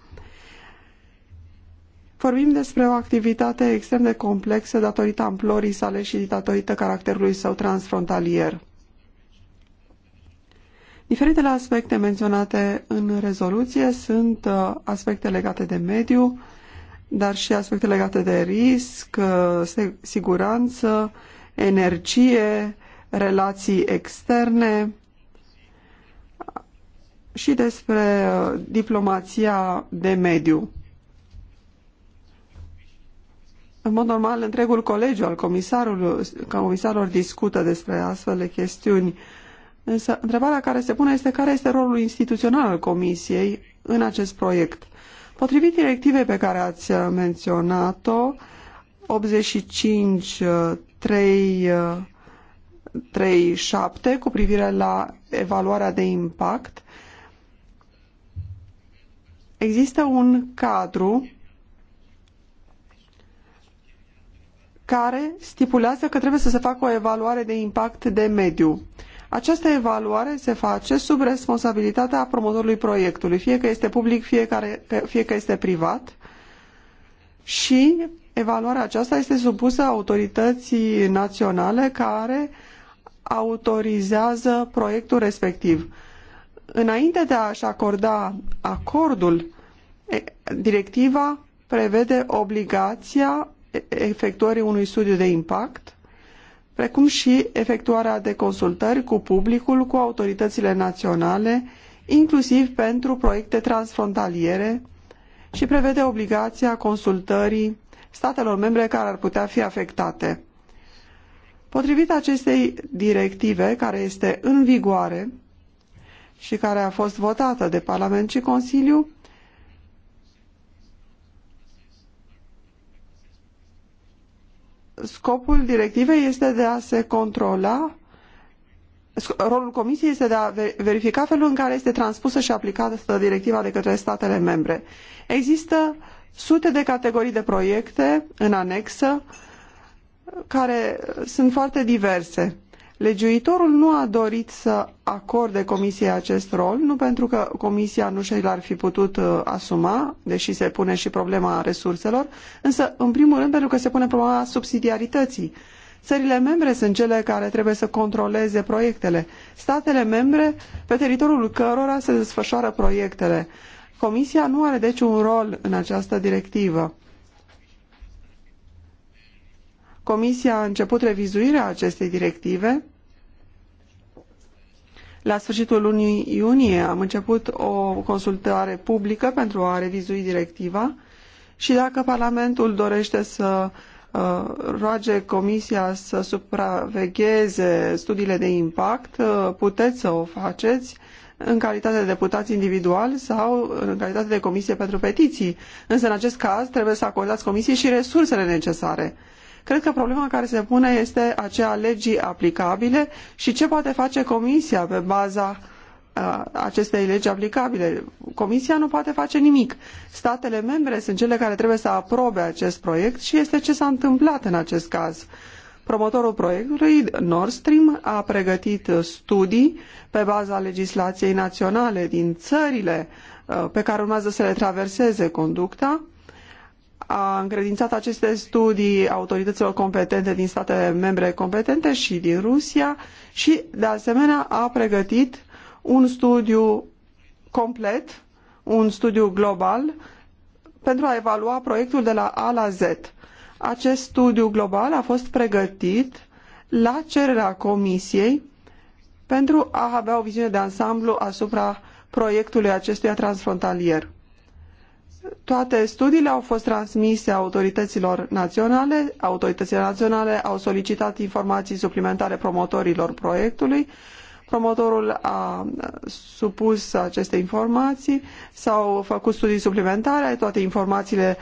Vorbim despre o activitate extrem de complexă datorită amplorii sale și datorită caracterului său transfrontalier. Diferitele aspecte menționate în rezoluție sunt uh, aspecte legate de mediu, dar și aspecte legate de risc, uh, siguranță, energie, relații externe și despre uh, diplomația de mediu. În mod normal, întregul colegiu al comisarilor discută despre astfel de chestiuni, însă întrebarea care se pune este care este rolul instituțional al Comisiei în acest proiect – Potrivit directivei pe care ați uh, menționat-o, 85 3 7, cu privire la evaluarea de impact, există un cadru care stipulează că trebuie să se facă o evaluare de impact de mediu. Această evaluare se face sub responsabilitatea promotorului proiectului, fie că este public, fie, care, fie că este privat și evaluarea aceasta este supusă autorității naționale care autorizează proiectul respectiv. Înainte de a-și acorda acordul, directiva prevede obligația efectuării unui studiu de impact precum și efectuarea de consultări cu publicul, cu autoritățile naționale, inclusiv pentru proiecte transfrontaliere și prevede obligația consultării statelor membre care ar putea fi afectate. Potrivit acestei directive, care este în vigoare și care a fost votată de Parlament și Consiliu, scopul directivei este de a se controla rolul comisiei este de a verifica felul în care este transpusă și aplicată directiva de către statele membre. Există sute de categorii de proiecte în anexă care sunt foarte diverse. Legiuitorul nu a dorit să acorde comisiei acest rol, nu pentru că comisia nu și l-ar fi putut uh, asuma, deși se pune și problema resurselor, însă, în primul rând, pentru că se pune problema subsidiarității. Țările membre sunt cele care trebuie să controleze proiectele. Statele membre pe teritoriul cărora se desfășoară proiectele. Comisia nu are deci un rol în această directivă. Comisia a început revizuirea acestei directive. La sfârșitul lunii iunie am început o consultare publică pentru a revizui directiva și dacă Parlamentul dorește să uh, roage Comisia să supravegheze studiile de impact, uh, puteți să o faceți în calitate de deputați individual sau în calitate de comisie pentru petiții. Însă, în acest caz, trebuie să acordați comisiei și resursele necesare. Cred că problema care se pune este aceea legii aplicabile și ce poate face Comisia pe baza uh, acestei legi aplicabile. Comisia nu poate face nimic. Statele membre sunt cele care trebuie să aprobe acest proiect și este ce s-a întâmplat în acest caz. Promotorul proiectului, Nord Stream, a pregătit studii pe baza legislației naționale din țările uh, pe care urmează să le traverseze conducta a încredințat aceste studii autorităților competente din state membre competente și din Rusia și, de asemenea, a pregătit un studiu complet, un studiu global, pentru a evalua proiectul de la A la Z. Acest studiu global a fost pregătit la cererea Comisiei pentru a avea o viziune de ansamblu asupra proiectului acestuia transfrontalier. Toate studiile au fost transmise autorităților naționale. Autoritățile naționale au solicitat informații suplimentare promotorilor proiectului. Promotorul a supus aceste informații, s-au făcut studii suplimentare, toate informațiile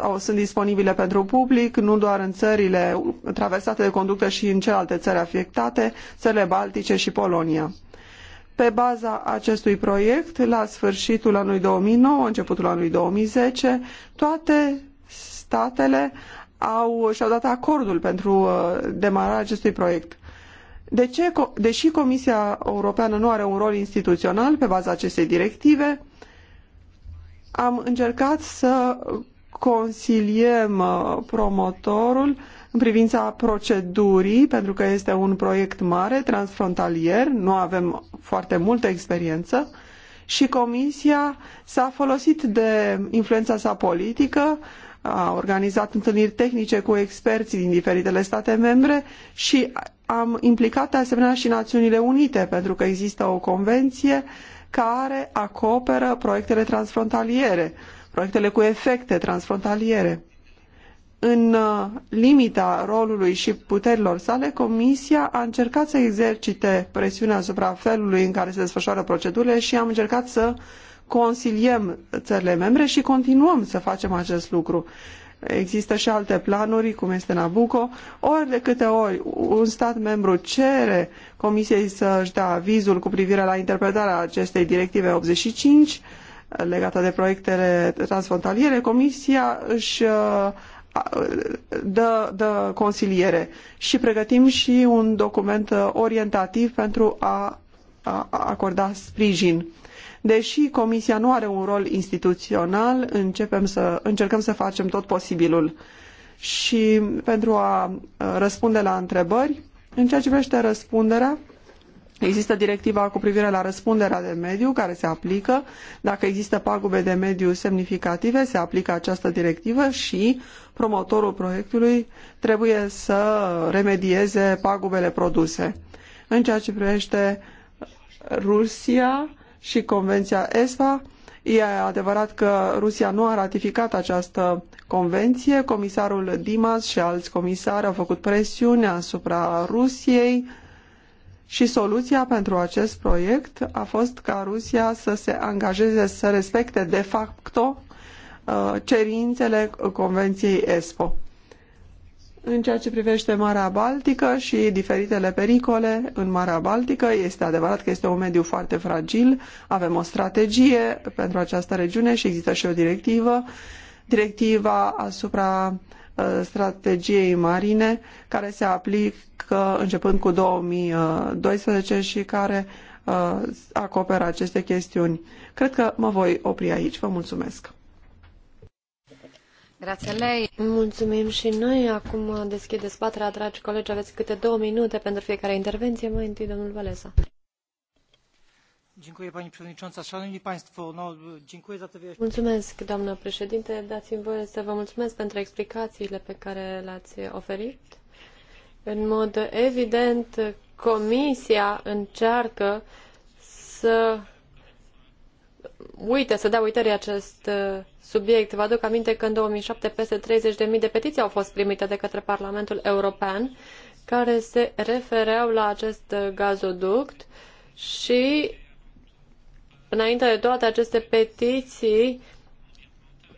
au, sunt disponibile pentru public, nu doar în țările traversate de conductă și în celelalte țări afectate, țările Baltice și Polonia. Pe baza acestui proiect, la sfârșitul anului 2009, începutul anului 2010, toate statele au, și-au dat acordul pentru uh, demararea acestui proiect. De ce, deși Comisia Europeană nu are un rol instituțional pe baza acestei directive, am încercat să consiliem uh, promotorul uh, în privința procedurii, pentru că este un proiect mare, transfrontalier, nu avem foarte multă experiență și Comisia s-a folosit de influența sa politică, a organizat întâlniri tehnice cu experții din diferitele state membre și am implicat de asemenea și Națiunile Unite, pentru că există o convenție care acoperă proiectele transfrontaliere, proiectele cu efecte transfrontaliere. În uh, limita rolului și puterilor sale, Comisia a încercat să exercite presiunea asupra felului în care se desfășoară procedurile și am încercat să consiliem țările membre și continuăm să facem acest lucru. Există și alte planuri, cum este Nabucco. Ori de câte ori un stat membru cere Comisiei să-și dea avizul cu privire la interpretarea acestei directive 85 legată de proiectele transfrontaliere, Comisia își uh, dă, consiliere și pregătim și un document uh, orientativ pentru a, a, a acorda sprijin. Deși Comisia nu are un rol instituțional, începem să, încercăm să facem tot posibilul. Și pentru a uh, răspunde la întrebări, în ceea ce privește răspunderea, Există directiva cu privire la răspunderea de mediu care se aplică. Dacă există pagube de mediu semnificative, se aplică această directivă și promotorul proiectului trebuie să remedieze pagubele produse. În ceea ce privește Rusia și Convenția ESPA, e adevărat că Rusia nu a ratificat această convenție. Comisarul Dimas și alți comisari au făcut presiune asupra Rusiei și soluția pentru acest proiect a fost ca Rusia să se angajeze să respecte de facto Uh, cerințele Convenției ESPO. În ceea ce privește Marea Baltică și diferitele pericole în Marea Baltică, este adevărat că este un mediu foarte fragil, avem o strategie pentru această regiune și există și o directivă, directiva asupra uh, strategiei marine care se aplică începând cu 2012 și care uh, acoperă aceste chestiuni. Cred că mă voi opri aici. Vă mulțumesc! Grațelei. Mulțumim și noi. Acum deschid dezbaterea, dragi colegi. Aveți câte două minute pentru fiecare intervenție. Mai întâi, domnul Valesa. Mulțumesc, doamnă președinte. Dați-mi voie să vă mulțumesc pentru explicațiile pe care le-ați oferit. În mod evident, Comisia încearcă să uite, să dea uitării acest uh, subiect. Vă aduc aminte că în 2007 peste 30.000 de petiții au fost primite de către Parlamentul European care se refereau la acest uh, gazoduct și înainte de toate aceste petiții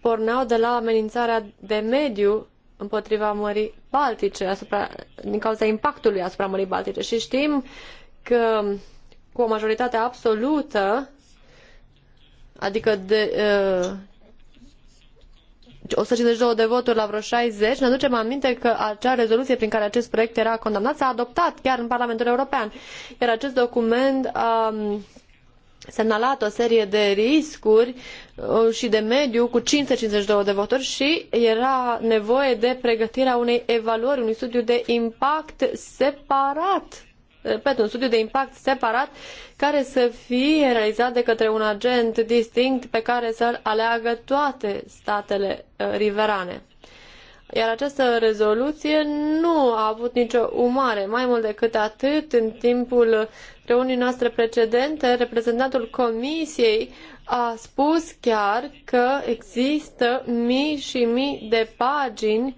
porneau de la amenințarea de mediu împotriva Mării Baltice, asupra, din cauza impactului asupra Mării Baltice. Și știm că cu o majoritate absolută adică de uh, 152 de voturi la vreo 60, ne aducem aminte că acea rezoluție prin care acest proiect era condamnat s-a adoptat chiar în Parlamentul European. Iar acest document a um, semnalat o serie de riscuri uh, și de mediu cu 552 de voturi și era nevoie de pregătirea unei evaluări, unui studiu de impact separat repet, eh, un studiu de impact separat care să fie realizat de către un agent distinct pe care să-l aleagă toate statele eh, riverane. Iar această rezoluție nu a avut nicio umare. Mai mult decât atât, în timpul reunii noastre precedente, reprezentantul Comisiei a spus chiar că există mii și mii de pagini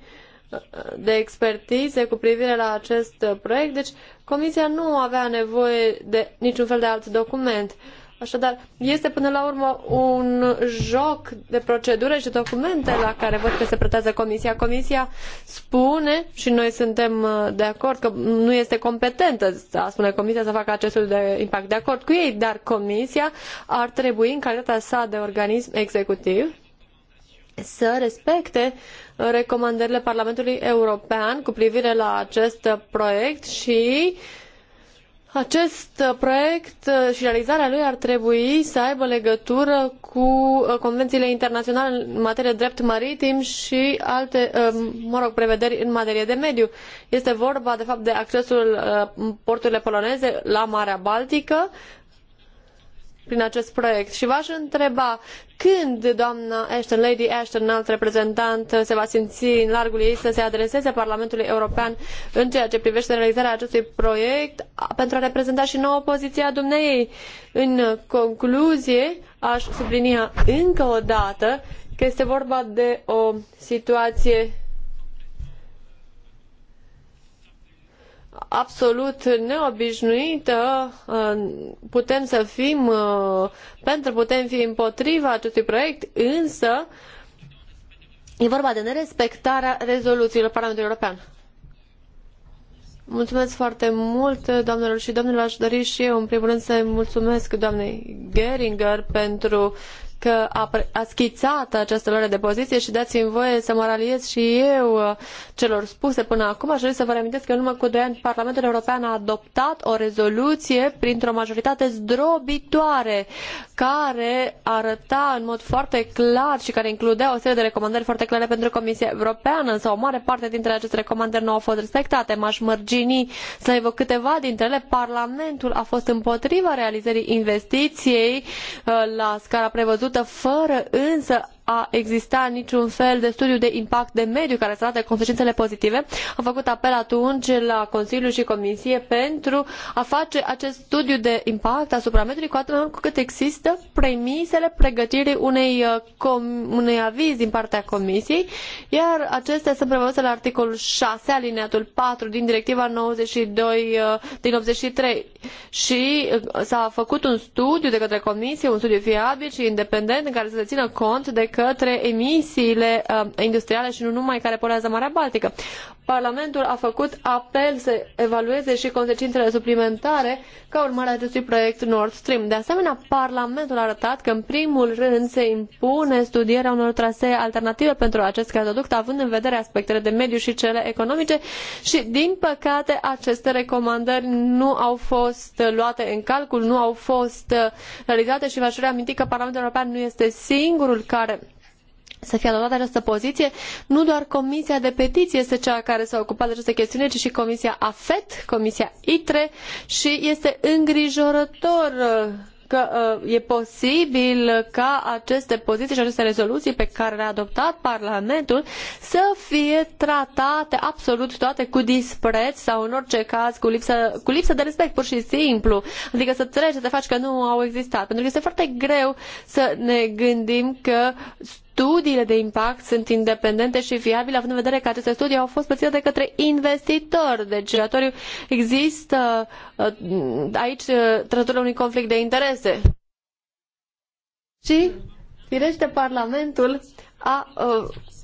eh, de expertize cu privire la acest proiect. Deci, Comisia nu avea nevoie de niciun fel de alt document. Așadar, este până la urmă un joc de procedură și documente la care văd că se pretează Comisia. Comisia spune, și noi suntem uh, de acord, că nu este competentă, să spune Comisia, să facă acestul de impact. De acord cu ei, dar Comisia ar trebui, în calitatea sa de organism executiv, să respecte recomandările Parlamentului European cu privire la acest proiect și acest proiect și realizarea lui ar trebui să aibă legătură cu uh, convențiile internaționale în materie de drept maritim și alte, uh, mă rog, prevederi în materie de mediu. Este vorba, de fapt, de accesul uh, porturile poloneze la Marea Baltică, prin acest proiect și v-aș întreba când doamna Ashton, Lady Ashton, înalt reprezentant, se va simți în largul ei să se adreseze Parlamentului European în ceea ce privește realizarea acestui proiect pentru a reprezenta și nouă poziția dumneiei. În concluzie, aș sublinia încă o dată că este vorba de o situație absolut neobișnuită. Uh, putem să fim uh, pentru, putem fi împotriva acestui proiect, însă e vorba de nerespectarea rezoluțiilor Parlamentului European. Mulțumesc foarte mult, doamnelor și domnilor. Aș dori și eu, în primul rând, să mulțumesc doamnei Geringer pentru că ați schițat această luare de poziție și dați-mi voie să mă raliez și eu uh, celor spuse până acum. Aș dori să vă reamintesc că în urmă cu doi ani Parlamentul European a adoptat o rezoluție printr-o majoritate zdrobitoare care arăta în mod foarte clar și care includea o serie de recomandări foarte clare pentru Comisia Europeană, însă o mare parte dintre aceste recomandări nu au fost respectate. M-aș mărgini să evoc câteva dintre ele. Parlamentul a fost împotriva realizării investiției uh, la scara prevăzută fără însă a exista niciun fel de studiu de impact de mediu care să arate consecințele pozitive, am făcut apel atunci la Consiliu și Comisie pentru a face acest studiu de impact asupra mediului cu atât cu cât există premisele pregătirii unei, uh, com- unei aviz din partea Comisiei, iar acestea sunt prevăzute la articolul 6, alineatul 4 din directiva 92 uh, din 83 și uh, s-a făcut un studiu de către Comisie, un studiu fiabil și independent în care să se țină cont de către emisiile uh, industriale și nu numai care polează Marea Baltică. Parlamentul a făcut apel să evalueze și consecințele suplimentare ca urmare a acestui proiect Nord Stream. De asemenea, Parlamentul a arătat că în primul rând se impune studierea unor trasee alternative pentru acest gazoduct, având în vedere aspectele de mediu și cele economice și, din păcate, aceste recomandări nu au fost luate în calcul, nu au fost uh, realizate și v-aș reaminti că Parlamentul European nu este singurul care să fie adoptată această poziție, nu doar Comisia de Petiție este cea care s-a ocupat de această chestiune, ci și Comisia AFET, Comisia ITRE și este îngrijorător uh, că uh, e posibil ca aceste poziții și aceste rezoluții pe care le-a adoptat Parlamentul să fie tratate absolut toate cu dispreț sau în orice caz cu lipsă, cu lipsă de respect pur și simplu. Adică să treci, să te faci că nu au existat. Pentru că este foarte greu să ne gândim că studiile de impact sunt independente și viabile, având în vedere că aceste studii au fost plătite de către investitori. Deci, aleatoriu, există uh, aici uh, trăsătura unui conflict de interese. Și, firește, Parlamentul a,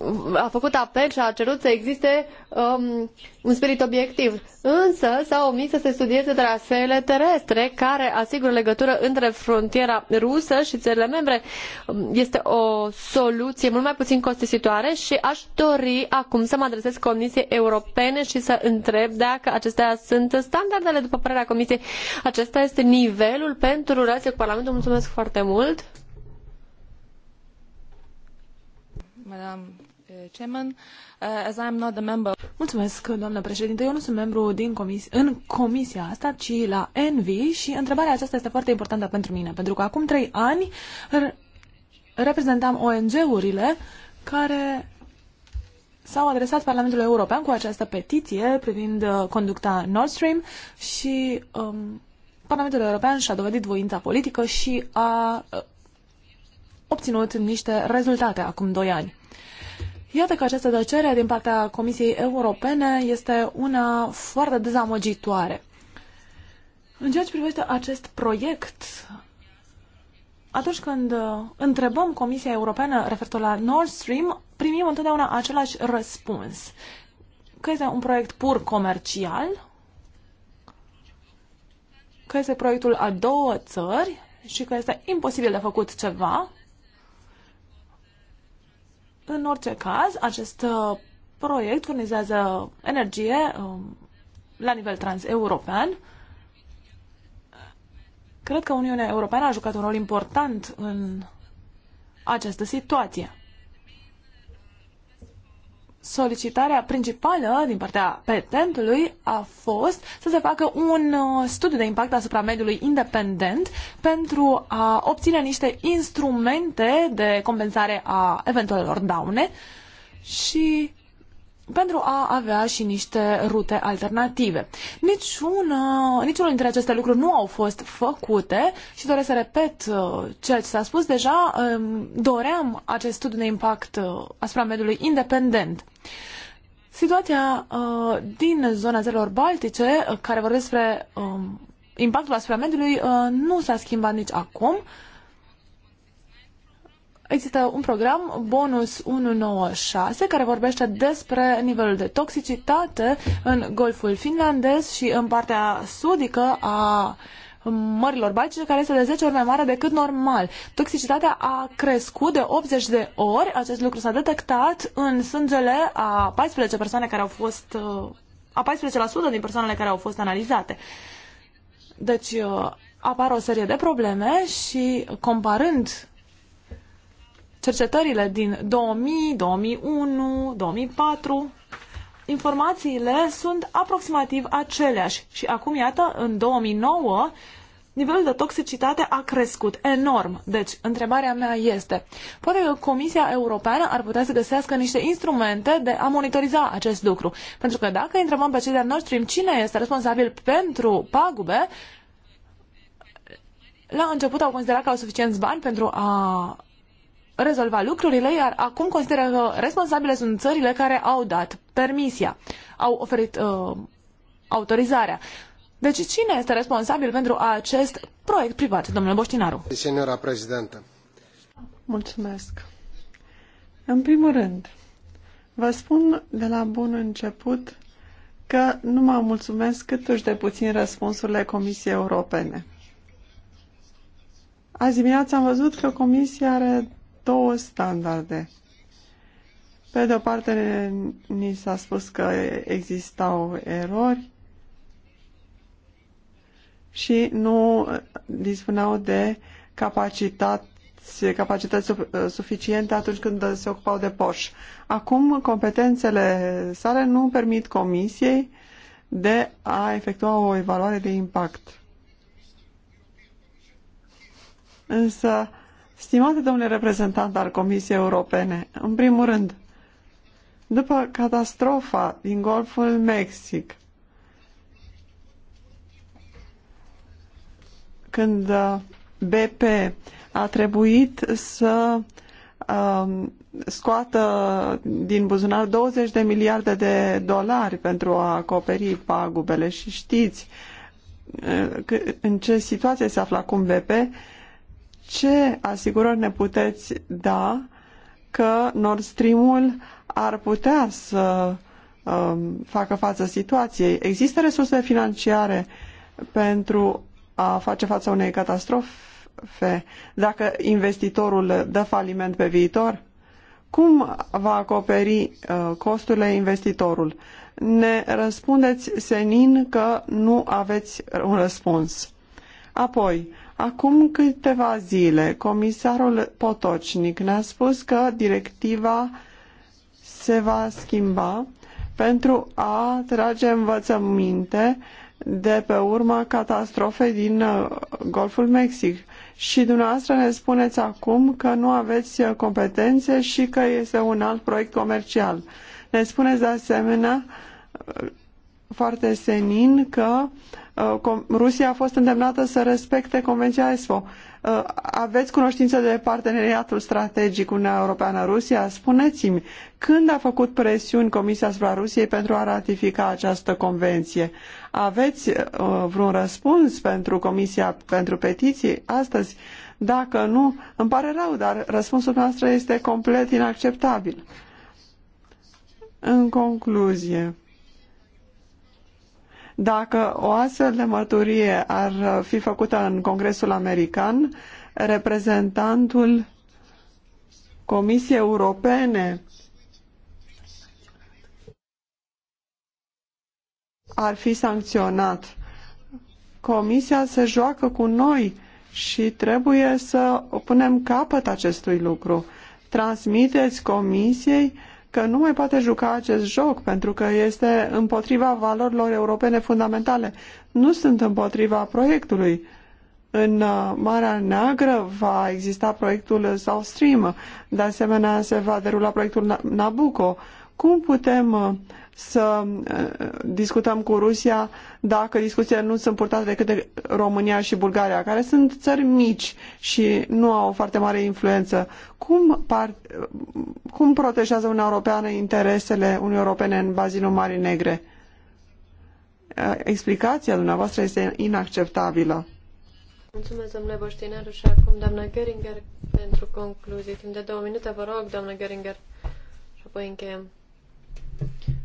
uh, a făcut apel și a cerut să existe um, un spirit obiectiv. Însă s-a omis să se studieze traseele terestre care asigură legătură între frontiera rusă și țările membre. Um, este o soluție mult mai puțin costisitoare și aș dori acum să mă adresez Comisiei Europene și să întreb dacă acestea sunt standardele după părerea Comisiei. Acesta este nivelul pentru relație cu Parlamentul. Mulțumesc foarte mult! Uh, uh, Mulțumesc, doamnă președinte. Eu nu sunt membru din comis în comisia asta, ci la ENVI și întrebarea aceasta este foarte importantă pentru mine, pentru că acum trei ani reprezentam ONG-urile care s-au adresat Parlamentului European cu această petiție privind uh, conducta Nord Stream și um, Parlamentul European și-a dovedit voința politică și a obținut niște rezultate acum doi ani. Iată că această tăcere din partea Comisiei Europene este una foarte dezamăgitoare. În ceea ce privește acest proiect, atunci când uh, întrebăm Comisia Europeană referitor la Nord Stream, primim întotdeauna același răspuns. Că este un proiect pur comercial, că este proiectul a două țări și că este imposibil de făcut ceva în orice caz, acest uh, proiect furnizează energie um, la nivel transeuropean. Cred că Uniunea Europeană a jucat un rol important în această situație solicitarea principală din partea petentului a fost să se facă un uh, studiu de impact asupra mediului independent pentru a obține niște instrumente de compensare a eventualelor daune și pentru a avea și niște rute alternative. Niciuna, niciunul dintre aceste lucruri nu au fost făcute și doresc să repet uh, ceea ce s-a spus deja. Um, doream acest studiu de impact uh, asupra mediului independent. Situația uh, din zona zelor baltice, care vorbesc despre um, impactul asupra mediului, nu s-a schimbat nici acum. Există un program, Bonus 196, care vorbește despre nivelul de toxicitate în Golful finlandez și în partea sudică a mărilor baltice, care este de 10 ori mai mare decât normal. Toxicitatea a crescut de 80 de ori. Acest lucru s-a detectat în sângele a 14 persoane care au fost a 14% din persoanele care au fost analizate. Deci uh, apar o serie de probleme și comparând cercetările din 2000, 2001, 2004, informațiile sunt aproximativ aceleași. Și acum, iată, în 2009, nivelul de toxicitate a crescut enorm. Deci, întrebarea mea este, poate că Comisia Europeană ar putea să găsească niște instrumente de a monitoriza acest lucru. Pentru că dacă întrebăm pe cei de Nord Stream cine este responsabil pentru pagube, la început au considerat că au suficienți bani pentru a rezolva lucrurile, iar acum consideră că responsabile sunt țările care au dat permisia, au oferit uh, autorizarea. Deci cine este responsabil pentru acest proiect privat, domnule Boștinaru? Senora prezidentă. Mulțumesc. În primul rând, vă spun de la bun început că nu mă mulțumesc uși de puțin răspunsurile Comisiei Europene. Azi dimineața am văzut că Comisia are două standarde. Pe de o parte, ni s-a spus că existau erori și nu dispuneau de capacitate capacități uh, suficiente atunci când se ocupau de Porsche. Acum, competențele sale nu permit comisiei de a efectua o evaluare de impact. Însă, Stimate domnule reprezentant al Comisiei Europene, în primul rând, după catastrofa din Golful Mexic, când uh, BP a trebuit să um, scoată din buzunar 20 de miliarde de dolari pentru a acoperi pagubele și știți uh, în ce situație se află acum BP, ce asigurări ne puteți da că Nord Stream-ul ar putea să um, facă față situației? Există resurse financiare pentru a face față unei catastrofe dacă investitorul dă faliment pe viitor? Cum va acoperi uh, costurile investitorul? Ne răspundeți senin că nu aveți un răspuns. Apoi, Acum câteva zile, comisarul Potocnic ne-a spus că directiva se va schimba pentru a trage învățăminte de pe urma catastrofei din uh, Golful Mexic. Și dumneavoastră ne spuneți acum că nu aveți uh, competențe și că este un alt proiect comercial. Ne spuneți de asemenea foarte senin că uh, Rusia a fost îndemnată să respecte Convenția ESFO. Uh, aveți cunoștință de parteneriatul strategic Uniunea Europeană-Rusia? Spuneți-mi, când a făcut presiuni Comisia asupra Rusiei pentru a ratifica această convenție? Aveți uh, vreun răspuns pentru Comisia pentru Petiții astăzi? Dacă nu, îmi pare rău, dar răspunsul noastră este complet inacceptabil. În concluzie, dacă o astfel de mărturie ar fi făcută în Congresul American, reprezentantul Comisiei Europene ar fi sancționat. Comisia se joacă cu noi și trebuie să punem capăt acestui lucru. Transmiteți Comisiei că nu mai poate juca acest joc pentru că este împotriva valorilor europene fundamentale. Nu sunt împotriva proiectului. În uh, Marea Neagră va exista proiectul South Stream, de asemenea se va derula proiectul Nabucco. Cum putem uh, să uh, discutăm cu Rusia dacă discuțiile nu sunt purtate decât de România și Bulgaria, care sunt țări mici și nu au o foarte mare influență. Cum, par, cum protejează Uniunea Europeană interesele Uniunii Europene în bazinul Marii Negre? Uh, explicația dumneavoastră este inacceptabilă. Mulțumesc, domnule Boștinaru, și acum doamna Göringer pentru concluzii. Timp de două minute, vă rog, doamna Göringer, și apoi încheiem.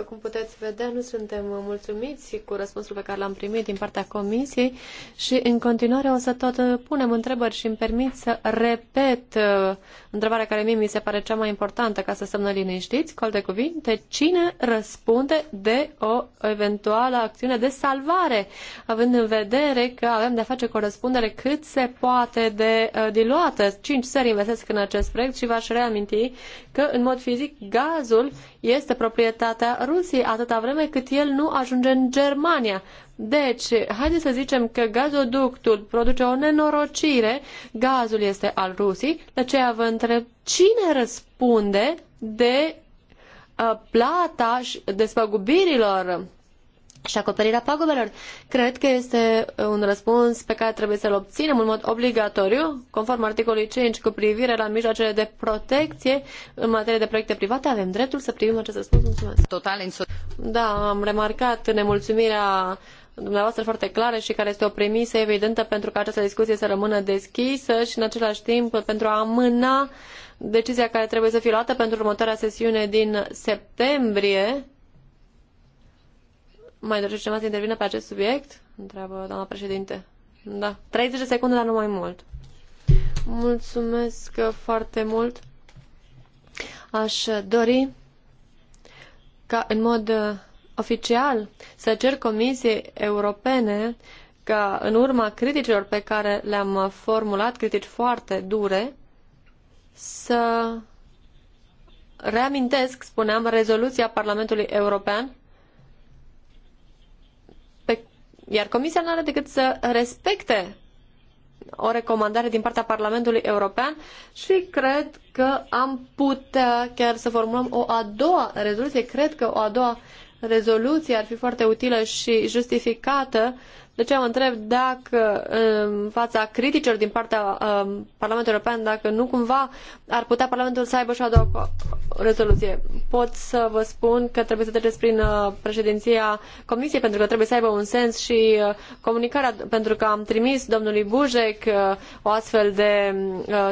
După cum puteți vedea, nu suntem mulțumiți cu răspunsul pe care l-am primit din partea Comisiei și în continuare o să tot punem întrebări și îmi permit să repet uh, întrebarea care mie mi se pare cea mai importantă ca să semnă liniștiți, col de cuvinte, cine răspunde de o eventuală acțiune de salvare, având în vedere că avem de-a face cu o răspundere cât se poate de uh, diluată. Cinci țări investesc în acest proiect și v-aș reaminti că, în mod fizic, gazul este proprietatea Rusiei atâta vreme cât el nu ajunge în Germania. Deci, haideți să zicem că gazoductul produce o nenorocire, gazul este al Rusiei, de aceea vă întreb cine răspunde de uh, plata și despăgubirilor și acoperirea pagubelor. Cred că este uh, un răspuns pe care trebuie să-l obținem în mod obligatoriu, conform articolului 5, cu privire la mijloacele de protecție în materie de proiecte private. Avem dreptul să primim acest răspuns. Mulțumesc. Total Da, am remarcat nemulțumirea dumneavoastră foarte clară și care este o premisă evidentă pentru ca această discuție să rămână deschisă și în același timp pentru a amâna decizia care trebuie să fie luată pentru următoarea sesiune din septembrie mai dorește cineva să intervină pe acest subiect? Întreabă doamna președinte. Da. 30 de secunde, dar nu mai mult. Mulțumesc foarte mult. Aș dori ca în mod uh, oficial să cer Comisiei Europene ca în urma criticilor pe care le-am formulat, critici foarte dure, să reamintesc, spuneam, rezoluția Parlamentului European Iar Comisia nu are decât să respecte o recomandare din partea Parlamentului European și cred că am putea chiar să formulăm o a doua rezoluție. Cred că o a doua rezoluție ar fi foarte utilă și justificată de ce mă întreb dacă în um, fața criticilor din partea um, Parlamentului European, dacă nu cumva ar putea Parlamentul să aibă și o a doua rezoluție. Pot să vă spun că trebuie să treceți prin uh, președinția Comisiei, pentru că trebuie să aibă un sens și uh, comunicarea, pentru că am trimis domnului Bujec uh, o astfel de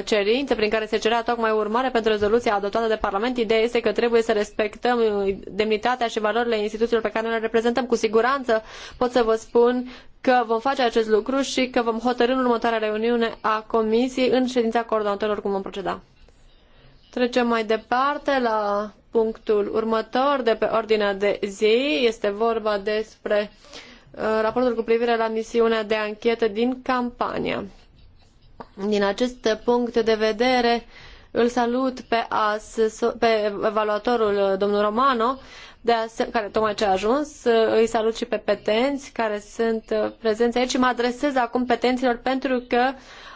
cerință prin care se cerea tocmai urmare pentru rezoluția adoptată de Parlament. Ideea este că trebuie să respectăm demnitatea și valorile instituțiilor pe care noi le reprezentăm. Cu siguranță pot să vă spun că vom face acest lucru și că vom hotărî în următoarea reuniune a Comisiei în ședința coordonatorilor cum vom proceda. Trecem mai departe la punctul următor de pe ordinea de zi. Este vorba despre uh, raportul cu privire la misiunea de anchetă din campania. Din acest punct de vedere, îl salut pe, as, pe evaluatorul domnul Romano, de ase- care tocmai ce a ajuns. Îi salut și pe petenți care sunt uh, prezenți aici și mă adresez acum petenților pentru că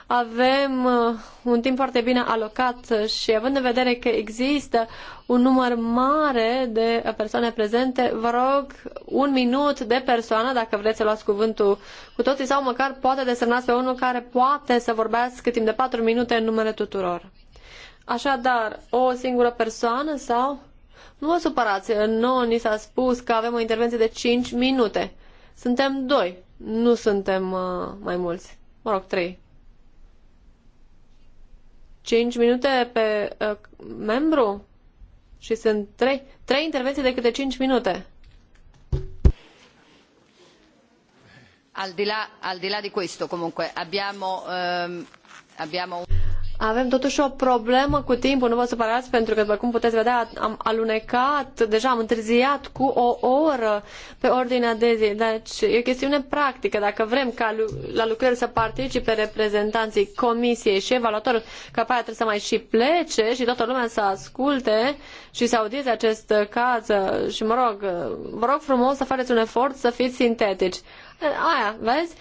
avem uh, un timp foarte bine alocat uh, și având în vedere că există un număr mare de persoane prezente, vă rog un minut de persoană, dacă vreți să luați cuvântul cu toții, sau măcar poate desemnați pe unul care poate să vorbească timp de patru minute în numele tuturor. Așadar, o singură persoană sau nu vă supărați, nouă ni s-a spus că avem o intervenție de 5 minute. Suntem doi, nu suntem uh, mai mulți. Mă rog, trei. 5 minute pe uh, membru? Și sunt trei, trei intervenții de câte 5 minute. Al di là, al di là di questo, comunque, abbiamo, um, abbiamo... Avem totuși o problemă cu timpul, nu vă supărați, pentru că, după cum puteți vedea, am alunecat, deja am întârziat cu o oră pe ordinea de zi. Deci e o chestiune practică. Dacă vrem ca la lucrări să participe reprezentanții comisiei și evaluatorul, că apoi trebuie să mai și plece și toată lumea să asculte și să audieze acest caz și mă rog, vă rog frumos să faceți un efort să fiți sintetici. Aia, vezi?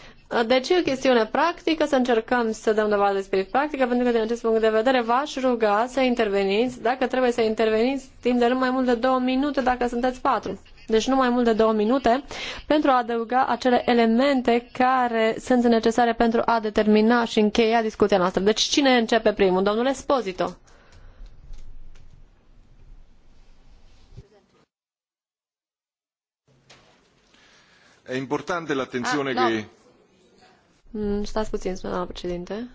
Deci e o chestiune practică, să încercăm să dăm dovadă de spirit practică, pentru că din acest punct de vedere v-aș ruga să interveniți, dacă trebuie să interveniți, timp de nu mai mult de două minute, dacă sunteți patru. Deci nu mai mult de două minute, pentru a adăuga acele elemente care sunt necesare pentru a determina și încheia discuția noastră. Deci cine începe primul? Domnul Esposito. È importante ah, l'attenzione ah, no. che Mm, stați puțin, doamna președinte.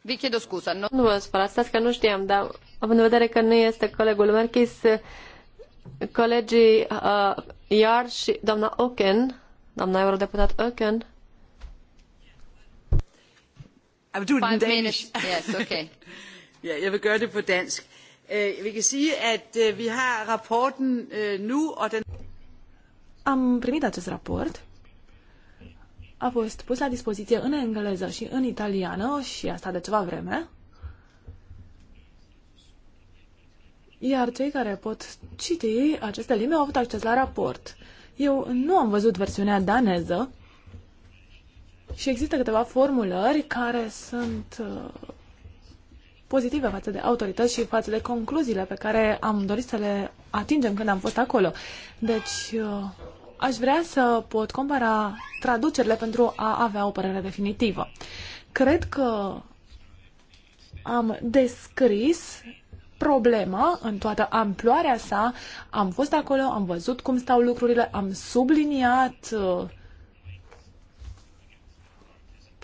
Vi chiedo scusa. No? Nu vă spăla. stați că nu știam, dar având în vedere că nu este colegul Merchis, colegii uh, Iar și doamna Oken, doamna eurodeputat Oken. I'm doing Five Danish. minutes. Yes, okay. *laughs* yeah, you have a det for dance. Øh, vi kan sige, at øh, vi har rapporten øh, nu, og den... Am primit acest raport. A fost pus la dispoziție în engleză și în italiană și asta de ceva vreme. Iar cei care pot citi aceste limbi au avut acces la raport. Eu nu am văzut versiunea daneză și există câteva formulări care sunt uh, pozitive față de autorități și față de concluziile pe care am dorit să le atingem când am fost acolo. Deci, uh, aș vrea să pot compara traducerile pentru a avea o părere definitivă. Cred că am descris problema în toată amploarea sa, am fost acolo, am văzut cum stau lucrurile, am subliniat uh,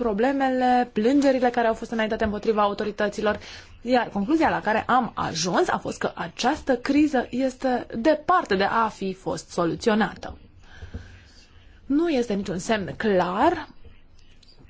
problemele, plângerile care au fost înaintate împotriva autorităților. Iar concluzia la care am ajuns a fost că această criză este departe de a fi fost soluționată. Nu este niciun semn clar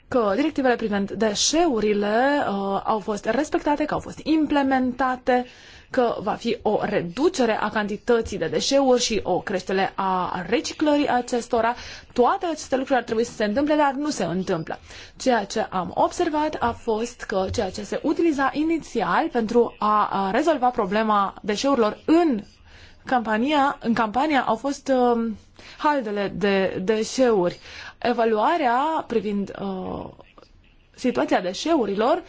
că directivele privind deșeurile uh, au fost respectate, că au fost implementate, uh, că va fi o reducere a cantității de deșeuri și o creștere a reciclării acestora. Toate aceste lucruri ar trebui să se întâmple, dar nu se întâmplă. Ceea ce am observat a fost că ceea ce se utiliza inițial pentru a rezolva problema deșeurilor în campania, în campania au fost uh, haldele de deșeuri. Evaluarea privind uh, situația deșeurilor uh,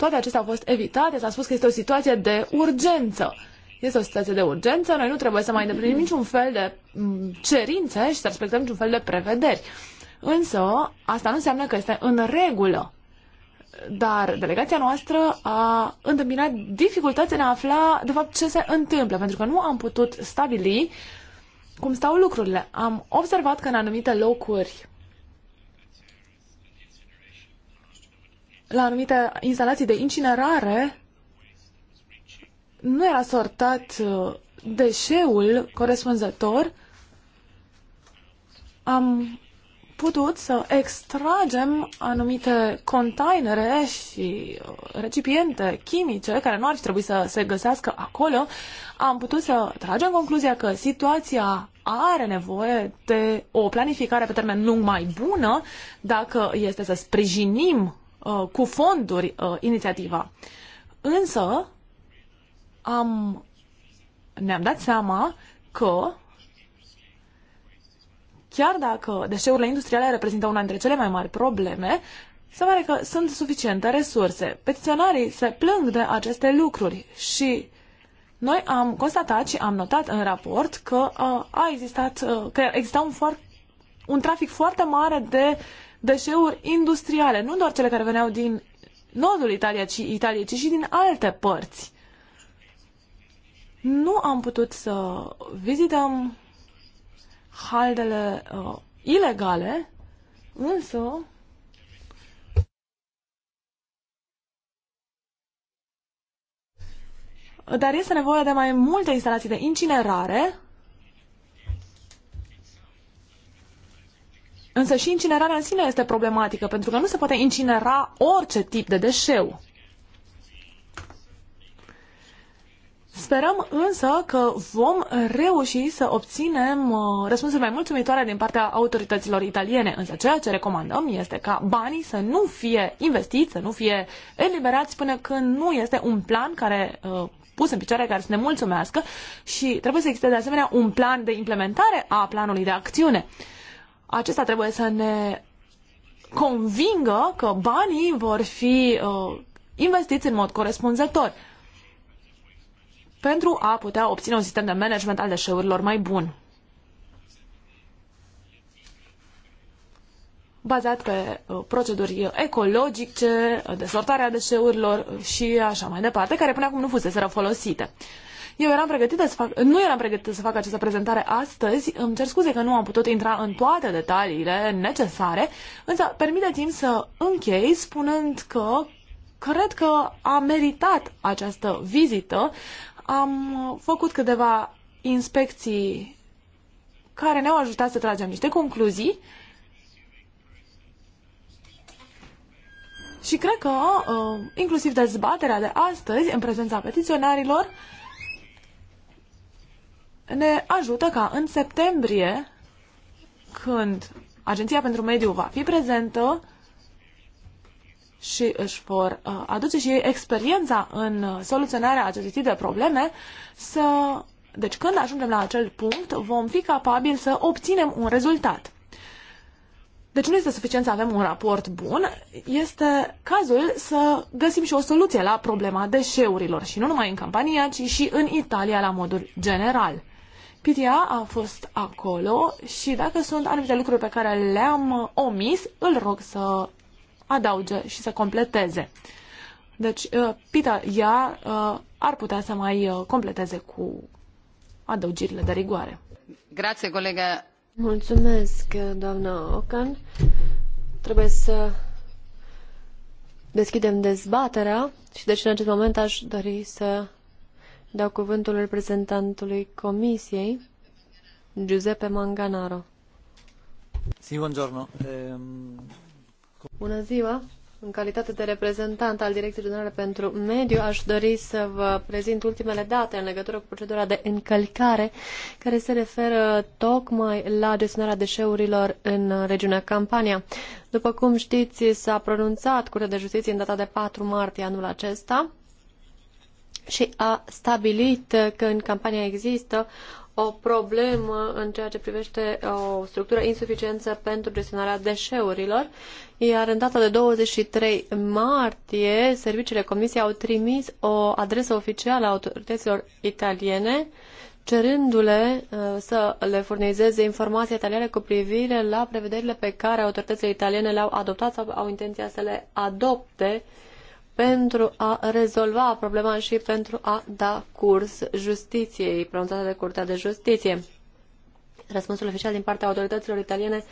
toate acestea au fost evitate, s-a spus că este o situație de urgență. Este o situație de urgență, noi nu trebuie să mai îndeplinim niciun fel de cerințe și să respectăm niciun fel de prevederi. Însă, asta nu înseamnă că este în regulă. Dar delegația noastră a întâmpinat dificultăți în a afla, de fapt, ce se întâmplă, pentru că nu am putut stabili cum stau lucrurile. Am observat că în anumite locuri la anumite instalații de incinerare nu era sortat uh, deșeul corespunzător, am putut să extragem anumite containere și uh, recipiente chimice care nu ar fi trebuit să se găsească acolo, am putut să tragem concluzia că situația are nevoie de o planificare pe termen lung mai bună dacă este să sprijinim Uh, cu fonduri uh, inițiativa. Însă am, ne-am dat seama că chiar dacă deșeurile industriale reprezintă una dintre cele mai mari probleme, se pare că sunt suficiente resurse. Petiționarii se plâng de aceste lucruri și noi am constatat și am notat în raport că uh, a existat, uh, că exista un, foarte, un trafic foarte mare de deșeuri industriale, nu doar cele care veneau din nordul Italiei, ci, Italiei, ci și din alte părți. Nu am putut să vizităm haldele uh, ilegale, însă dar este nevoie de mai multe instalații de incinerare Însă și incinerarea în sine este problematică, pentru că nu se poate incinera orice tip de deșeu. Sperăm însă că vom reuși să obținem uh, răspunsuri mai mulțumitoare din partea autorităților italiene. Însă ceea ce recomandăm este ca banii să nu fie investiți, să nu fie eliberați până când nu este un plan care uh, pus în picioare care să ne mulțumească și trebuie să existe de asemenea un plan de implementare a planului de acțiune acesta trebuie să ne convingă că banii vor fi uh, investiți în mod corespunzător pentru a putea obține un sistem de management al deșeurilor mai bun. bazat pe uh, proceduri ecologice, desortarea deșeurilor și așa mai departe, care până acum nu fuseseră folosite. Eu eram pregătită să fac, nu eram pregătită să fac această prezentare astăzi. Îmi cer scuze că nu am putut intra în toate detaliile necesare, însă permiteți-mi să închei spunând că cred că a meritat această vizită. Am făcut câteva inspecții care ne-au ajutat să tragem niște concluzii și cred că uh, inclusiv dezbaterea de astăzi în prezența petiționarilor ne ajută ca în septembrie, când Agenția pentru Mediu va fi prezentă și își vor uh, aduce și ei experiența în soluționarea acestui tip de probleme, să... deci când ajungem la acel punct, vom fi capabili să obținem un rezultat. Deci nu este suficient să avem un raport bun, este cazul să găsim și o soluție la problema deșeurilor și nu numai în campania, ci și în Italia la modul general. PTA a fost acolo și dacă sunt anumite lucruri pe care le-am uh, omis, îl rog să adauge și să completeze. Deci, uh, Pita, ea uh, ar putea să mai completeze cu adăugirile de rigoare. Grație, colegă. Mulțumesc, doamna Ocan. Trebuie să deschidem dezbaterea și deci în acest moment aș dori să Dau cuvântul reprezentantului Comisiei, Giuseppe Manganaro. Sì, buongiorno. Ehm, Bună ziua! În calitate de reprezentant al Direcției Generale pentru Mediu, aș dori să vă prezint ultimele date în legătură cu procedura de încălcare care se referă tocmai la gestionarea deșeurilor în regiunea Campania. După cum știți, s-a pronunțat Curtea de Justiție în data de 4 martie anul acesta și a stabilit că în campania există o problemă în ceea ce privește uh, o structură insuficiență pentru gestionarea deșeurilor, iar în data de 23 martie, serviciile Comisiei au trimis o adresă oficială a autorităților italiene cerându-le uh, să le furnizeze informații italiene cu privire la prevederile pe care autoritățile italiene le-au adoptat sau au intenția să le adopte uh, pentru a rezolva problema și pentru a da curs justiției, pronunțată de Curtea de Justiție. Răspunsul oficial din partea autorităților italiene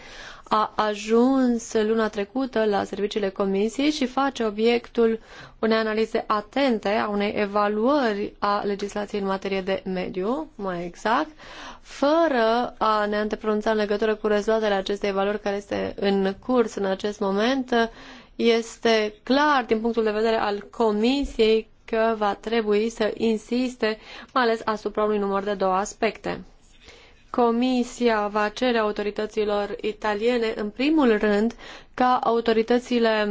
a ajuns luna trecută la serviciile comisiei și face obiectul unei analize atente a unei evaluări a legislației în materie de mediu, mai exact, fără a ne antepronunța în legătură cu rezultatele acestei evaluări care este în curs în acest moment. Este clar din punctul de vedere al Comisiei că va trebui să insiste mai ales asupra unui număr de două aspecte. Comisia va cere autorităților italiene, în primul rând, ca autoritățile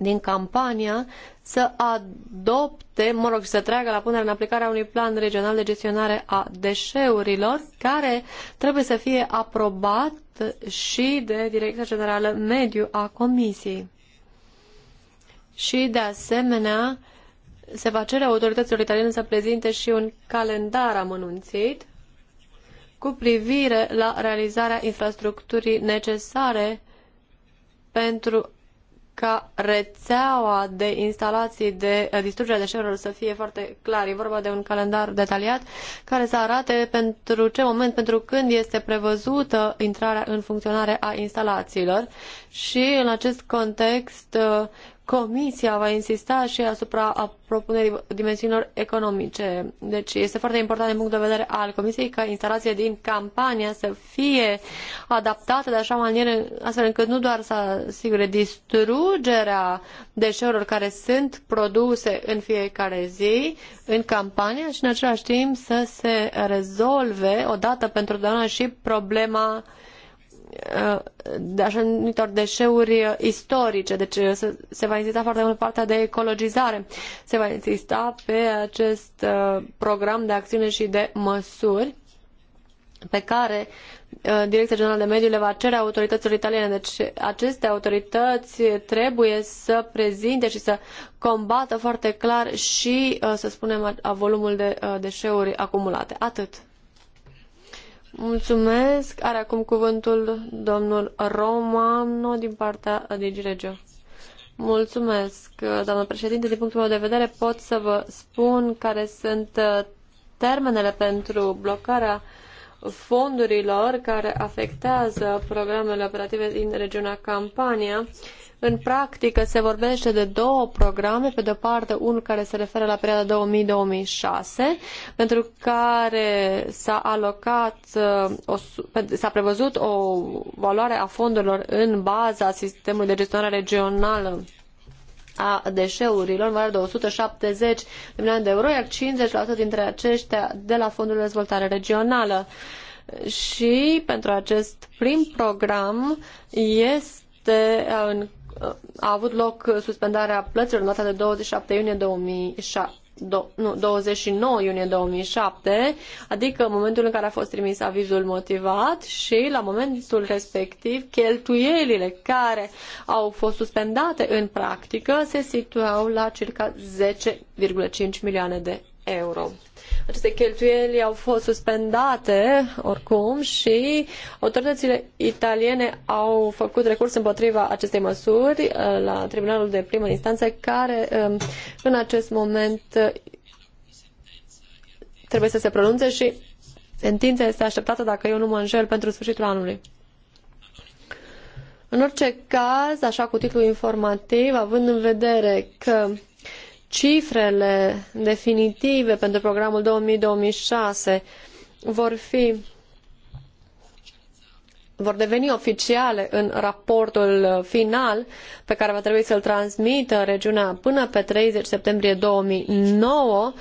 din campania să adopte, mă rog, să treagă la punerea în aplicare a unui plan regional de gestionare a deșeurilor, care trebuie să fie aprobat și de Direcția Generală Mediu a Comisiei. Și, de asemenea, se va cere autorităților italiene să prezinte și un calendar amănunțit cu privire la realizarea infrastructurii necesare pentru ca rețeaua de instalaii de eh, distrugere deșeurilor să fie foarte clar. E vorba de un calendar detaliat care să arate pentru ce moment, pentru când este prevăzută intrarea în funcționare a instalaiilor. și în acest context eh, Comisia va insista și asupra propunerii dimensiunilor economice. Deci este foarte important din punct de vedere al Comisiei ca instalația din campania să fie adaptată de așa manieră astfel încât nu doar să asigure distrugerea deșeurilor care sunt produse în fiecare zi în campania și în același timp să se rezolve odată pentru totdeauna și problema de așa numitor deșeuri istorice, deci uh, se va insista foarte mult partea de ecologizare. Se va insista pe acest uh, program de acțiune și de măsuri pe care uh, Direcția Generală de Mediu le va cere autorităților italiene. Deci aceste autorități trebuie să prezinte și să combată foarte clar și, să spunem, volumul de deșeuri acumulate. Atât. Mulțumesc. Are acum cuvântul domnul Romano din partea Digiregio. Mulțumesc, doamnă președinte. Din punctul meu de vedere pot să vă spun care sunt uh, termenele pentru blocarea fondurilor care afectează programele operative din regiunea Campania în practică se vorbește de două programe, pe de o parte unul care se referă la perioada 2000-2006, pentru care s-a alocat, uh, s-a prevăzut o valoare a fondurilor în baza sistemului de gestionare regională a deșeurilor, în valoare de 170 de milioane de euro, iar 50% dintre aceștia de la Fondul de Dezvoltare Regională. Și pentru acest prim program este uh, în a avut loc suspendarea plăților în data de 27 iunie 2007. Do, nu, 29 iunie 2007, adică momentul în care a fost trimis avizul motivat și la momentul respectiv cheltuielile care au fost suspendate în practică se situau la circa 10,5 milioane de euro. Aceste cheltuieli au fost suspendate oricum și autoritățile italiene au făcut recurs împotriva acestei măsuri uh, la Tribunalul de Primă Instanță, care um, în acest moment uh, trebuie să se pronunțe și sentința este așteptată, dacă eu nu mă înșel, pentru sfârșitul anului. În orice caz, așa cu titlul informativ, având în vedere că cifrele definitive pentru programul 2000-2006 vor fi vor deveni oficiale în raportul final pe care va trebui să-l transmită regiunea până pe 30 septembrie 2009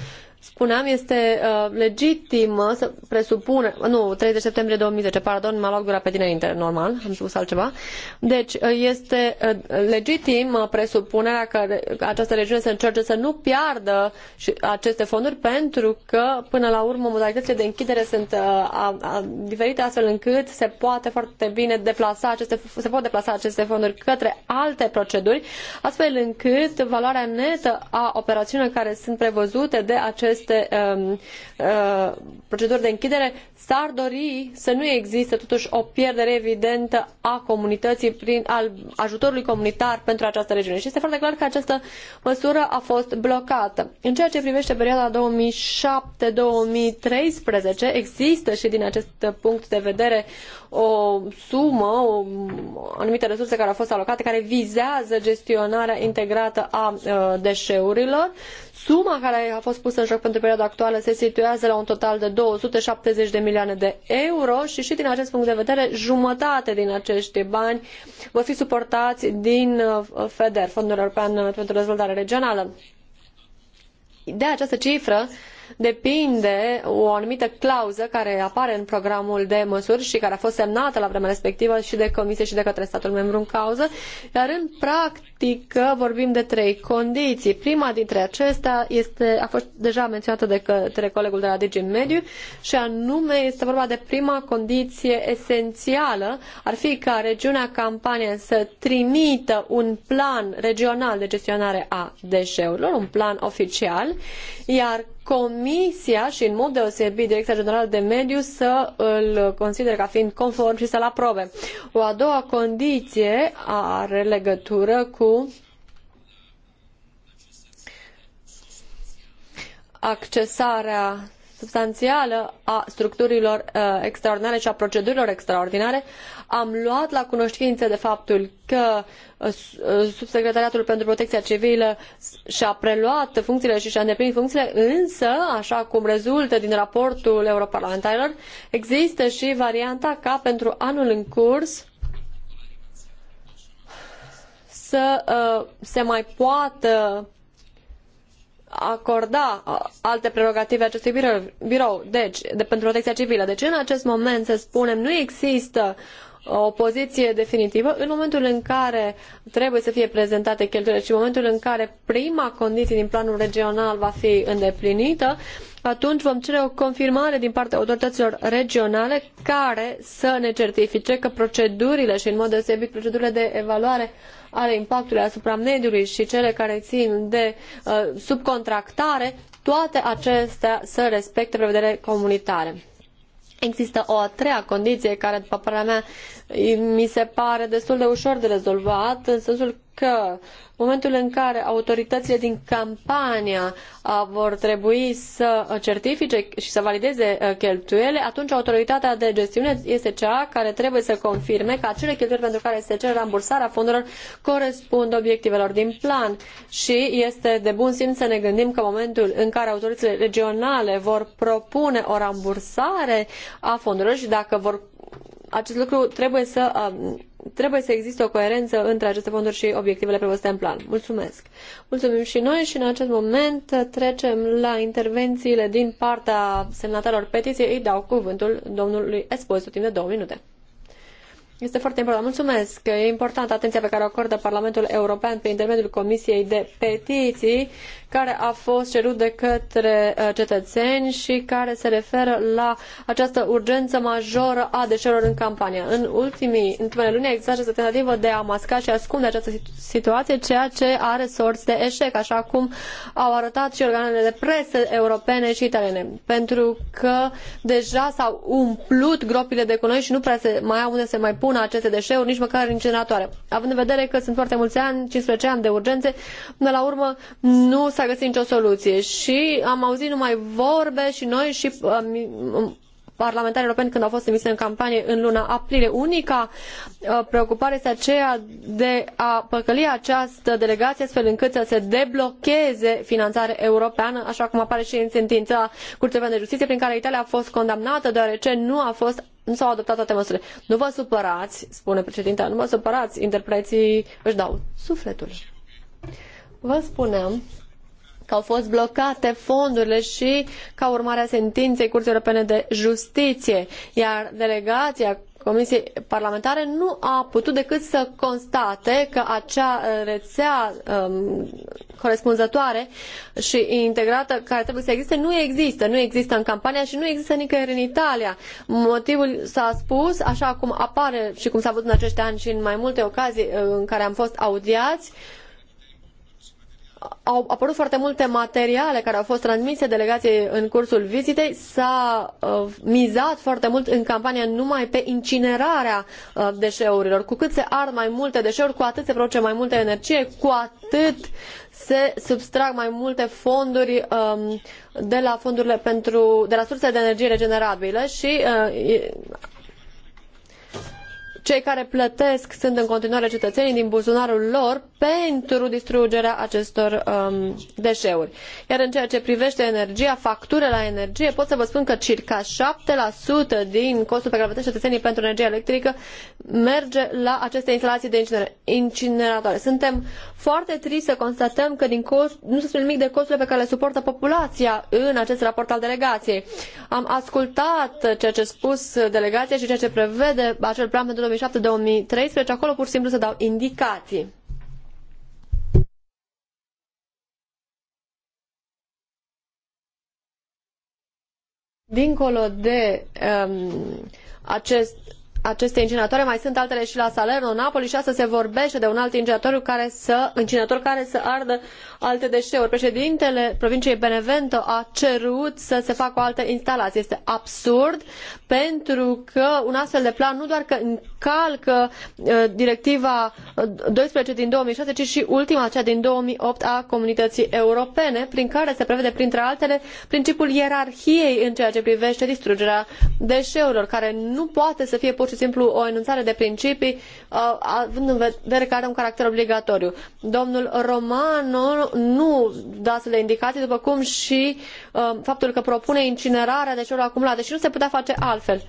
spuneam, este uh, legitimă să presupune, nu, 30 septembrie 2010, pardon, m-a luat gura pe dinainte, normal, am spus altceva. Deci, uh, este uh, legitim uh, presupunerea că această regiune să încerce să nu piardă și aceste fonduri pentru că, până la urmă, modalitățile de închidere sunt uh, a, a, diferite astfel încât se poate foarte bine deplasa aceste, se pot deplasa aceste fonduri către alte proceduri, astfel încât valoarea netă a operațiunilor care sunt prevăzute de acest aceste um, uh, proceduri de închidere, s-ar dori să nu existe totuși o pierdere evidentă a comunității prin al ajutorului comunitar pentru această regiune. Și este foarte clar că această măsură a fost blocată. În ceea ce privește perioada 2007-2013, există și din acest punct de vedere o sumă, o, anumite resurse care au fost alocate, care vizează gestionarea integrată a uh, deșeurilor. Suma care a fost pusă în joc pentru perioada actuală se situează la un total de 270 de milioane de euro și și din acest punct de vedere jumătate din acești bani vor fi suportați din uh, FEDER, Fondul European pentru Dezvoltare Regională. De această cifră, depinde o anumită clauză care apare în programul de măsuri și care a fost semnată la vremea respectivă și de Comisie și de către statul membru în cauză, iar în practică vorbim de trei condiții. Prima dintre acestea este, a fost deja menționată de către colegul de la DG Mediu și anume este vorba de prima condiție esențială, ar fi ca regiunea Campania să trimită un plan regional de gestionare a deșeurilor, un plan oficial, iar Comisia și în mod deosebit Direcția Generală de Mediu să îl considere ca fiind conform și să-l aprobe. O a doua condiție are legătură cu accesarea substanială a structurilor uh, extraordinare și a procedurilor extraordinare, am luat la cunoștință de faptul că uh, uh, Subsecretariatul pentru Protecția Civilă și-a preluat funcțiile și și-a îndeplinit funcțiile, însă, așa cum rezultă din raportul europarlamentarilor, există și varianta ca pentru anul în curs să uh, se mai poată acorda alte prerogative acestui birou, birou deci, de, pentru protecția civilă. Deci, în acest moment, să spunem, nu există o poziție definitivă în momentul în care trebuie să fie prezentate cheltuielile și în momentul în care prima condiție din planul regional va fi îndeplinită, atunci vom cere o confirmare din partea autorităților regionale care să ne certifice că procedurile și în mod deosebit procedurile de evaluare ale impactului asupra mediului și cele care țin de uh, subcontractare, toate acestea să respecte prevedere comunitare. Există o a treia condiție care, după părerea mea, mi se pare destul de ușor de rezolvat, în sensul că momentul în care autoritățile din campania vor trebui să certifice și să valideze cheltuielile, atunci autoritatea de gestiune este cea care trebuie să confirme că acele cheltuieli pentru care se cere rambursarea fondurilor corespund obiectivelor din plan. Și este de bun simț să ne gândim că momentul în care autoritățile regionale vor propune o rambursare a fondurilor și dacă vor acest lucru trebuie să trebuie să existe o coerență între aceste fonduri și obiectivele prevăzute în plan. Mulțumesc! Mulțumim și noi și în acest moment trecem la intervențiile din partea semnatarilor petiției. Îi dau cuvântul domnului Espoz, timp de două minute. Este foarte important. Mulțumesc. E importantă atenția pe care o acordă Parlamentul European prin intermediul Comisiei de Petiții, care a fost cerut de către uh, cetățeni și care se referă la această urgență majoră a deșeurilor în campania. În ultimii, în ultimele luni există această tentativă de a masca și ascunde această situație, ceea ce are sorți de eșec, așa cum au arătat și organele de presă europene și italiene. Pentru că deja s-au umplut gropile de cu și nu prea se mai au unde se mai pun depună aceste deșeuri, nici măcar incineratoare. Având în vedere că sunt foarte mulți ani, 15 ani de urgențe, până la urmă nu s-a găsit nicio soluție. Și am auzit numai vorbe și noi și um, um parlamentari europeni când au fost emise în campanie în luna aprilie. Unica uh, preocupare este aceea de a păcăli această delegație astfel încât să se deblocheze finanțare europeană, așa cum apare și în sentința Curții de Justiție, prin care Italia a fost condamnată deoarece nu a fost nu s-au adoptat toate măsurile. Nu vă supărați, spune președintele. nu vă supărați, interpreții își dau sufletul. Vă spunem că au fost blocate fondurile și ca urmare a sentinței Curții Europene de Justiție, iar delegația Comisiei Parlamentare nu a putut decât să constate că acea rețea um, corespunzătoare și integrată care trebuie să existe nu există. Nu există în campania și nu există nicăieri în Italia. Motivul s-a spus, așa cum apare și cum s-a văzut în acești ani și în mai multe ocazii uh, în care am fost audiați, uh, au apărut foarte multe materiale care au fost transmise delegației în cursul vizitei. S-a uh, mizat foarte mult în campanie numai pe incinerarea uh, deșeurilor. Cu cât se ard mai multe deșeuri, cu atât se produce mai multă energie, cu atât se subtrag mai multe fonduri um, de la fondurile pentru de la surse de energie regenerabile și uh, cei care plătesc sunt în continuare cetățenii din buzunarul lor pentru distrugerea acestor um, deșeuri. Iar în ceea ce privește energia, facturile la energie, pot să vă spun că circa 7% din costul pe care plătesc cetățenii pentru energia electrică merge la aceste instalații de incineratoare. Suntem foarte triști să constatăm că din cost, nu se spune nimic de costurile pe care le suportă populația în acest raport al delegației. Am ascultat ceea ce a spus delegația și ceea ce prevede acel plan pentru 2007-2013, acolo pur și simplu se dau indicații. Dincolo de um, acest aceste incinatoare mai sunt altele și la Salerno, Napoli și asta se vorbește de un alt incinerator care să, incinerator care să ardă alte deșeuri. Președintele provinciei Benevento a cerut să se facă o altă instalație. Este absurd pentru că un astfel de plan nu doar că calcă uh, directiva 12 uh, din 2006, ci și ultima, cea din 2008 a Comunității Europene, prin care se prevede, printre altele, principiul ierarhiei în ceea ce privește distrugerea deșeurilor, care nu poate să fie pur și simplu o enunțare de principii, uh, având în vedere că are un caracter obligatoriu. Domnul Romano nu da astfel de indicații, după cum și faptul că propune incinerarea deșeurilor acumulate și nu se putea face altfel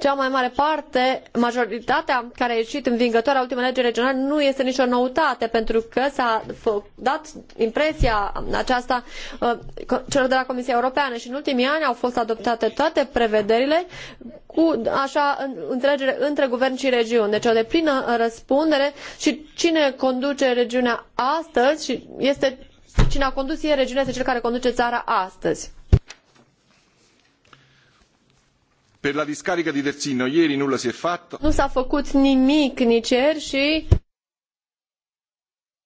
cea mai mare parte, majoritatea care a ieșit învingătoare a ultimei legi regionale nu este nicio noutate, pentru că s-a dat impresia aceasta uh, celor de la Comisia Europeană și în ultimii ani au fost adoptate toate prevederile cu așa înțelegere între guvern și regiuni. Deci o deplină răspundere și cine conduce regiunea astăzi și este cine a condus ieri regiunea este cel care conduce țara astăzi. Per la discarica di Terzino ieri nulla si è fatto. Nu s-a făcut nimic nici ieri și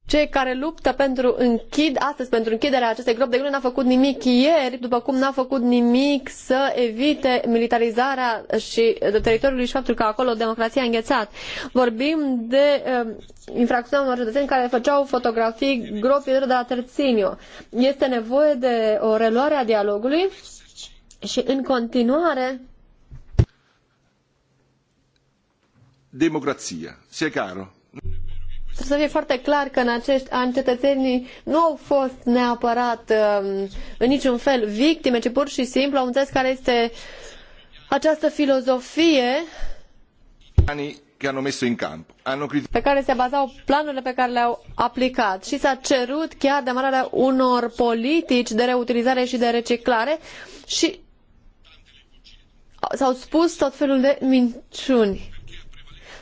cei care luptă pentru închid, astăzi pentru închiderea acestei gropi de grâu n-a făcut nimic ieri, după cum n-a făcut nimic să evite militarizarea și teritoriului și faptul că acolo democrația a înghețat. Vorbim de uh, infracțiunea unor cetățeni care făceau fotografii gropilor de la Terținiu. Este nevoie de o reluare a dialogului și în continuare democrazia. Sia caro. Trebuie să fie foarte clar că în acești ani cetățenii nu au fost neapărat um, în niciun fel victime, ci pur și simplu au înțeles care este această filozofie pe care se bazau planurile pe care le-au aplicat și s-a cerut chiar demararea unor politici de reutilizare și de reciclare și s-au spus tot felul de minciuni.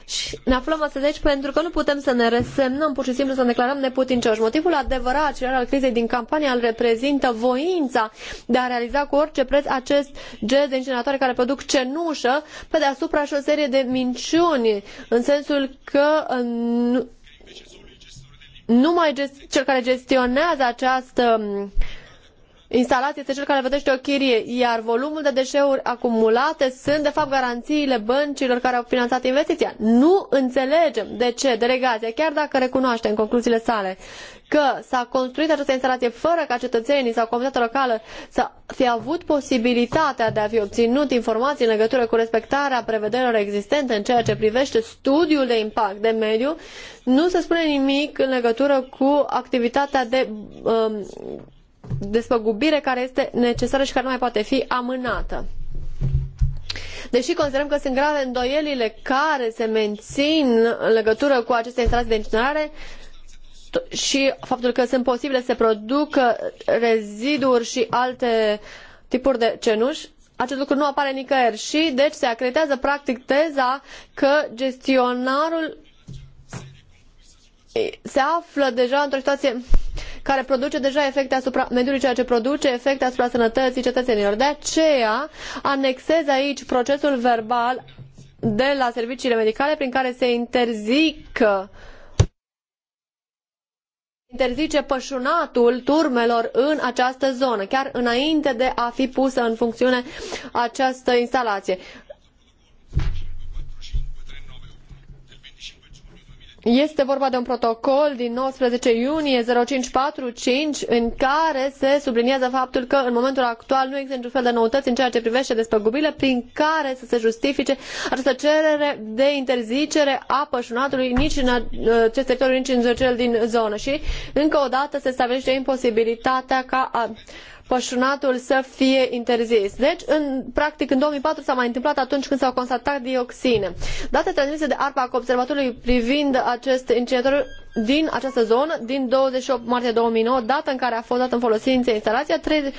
Și ne aflăm astăzi aici pentru că nu putem să ne resemnăm, pur și simplu să ne declarăm neputincioși. Motivul adevărat acela al crizei din campania îl reprezintă voința de a realiza cu orice preț acest gest de incineratoare care produc cenușă pe deasupra și o serie de minciuni, în sensul că nu, numai gest, cel care gestionează această instalat este cel care vedește o chirie, iar volumul de deșeuri acumulate sunt de fapt garanțiile băncilor care au finanțat investiția. Nu înțelegem de ce delegația, chiar dacă recunoaște în concluziile sale că s-a construit această instalație fără ca cetățenii sau comunitatea locală să fi avut posibilitatea de a fi obținut informații în legătură cu respectarea prevederilor existente în ceea ce privește studiul de impact de mediu, nu se spune nimic în legătură cu activitatea de um, despăgubire care este necesară și care nu mai poate fi amânată. Deși considerăm că sunt grave îndoielile care se mențin în legătură cu aceste instalații de incinerare, și faptul că sunt posibile să se producă reziduri și alte tipuri de cenuși, acest lucru nu apare nicăieri și deci se acreditează practic teza că gestionarul se află deja într-o situație care produce deja efecte asupra mediului, ceea ce produce efecte asupra sănătății cetățenilor. De aceea anexez aici procesul verbal de la serviciile medicale prin care se interzică interzice pășunatul turmelor în această zonă, chiar înainte de a fi pusă în funcțiune această instalație. Este vorba de un protocol din 19 iunie 0545 în care se subliniază faptul că în momentul actual nu există niciun fel de noutăți în ceea ce privește despăgubirile prin care să se justifice această cerere de interzicere a pășunatului nici în uh, acest teritoriu, nici în cel din zonă. Și încă o dată se stabilește imposibilitatea ca uh, pășunatul să fie interzis. Deci, în, practic, în 2004 s-a mai întâmplat atunci când s-au constatat dioxine. Date transmise de ARPAC observatorului privind acest incinerator din această zonă, din 28 martie 2009, data în care a fost dat în folosință instalația, 30...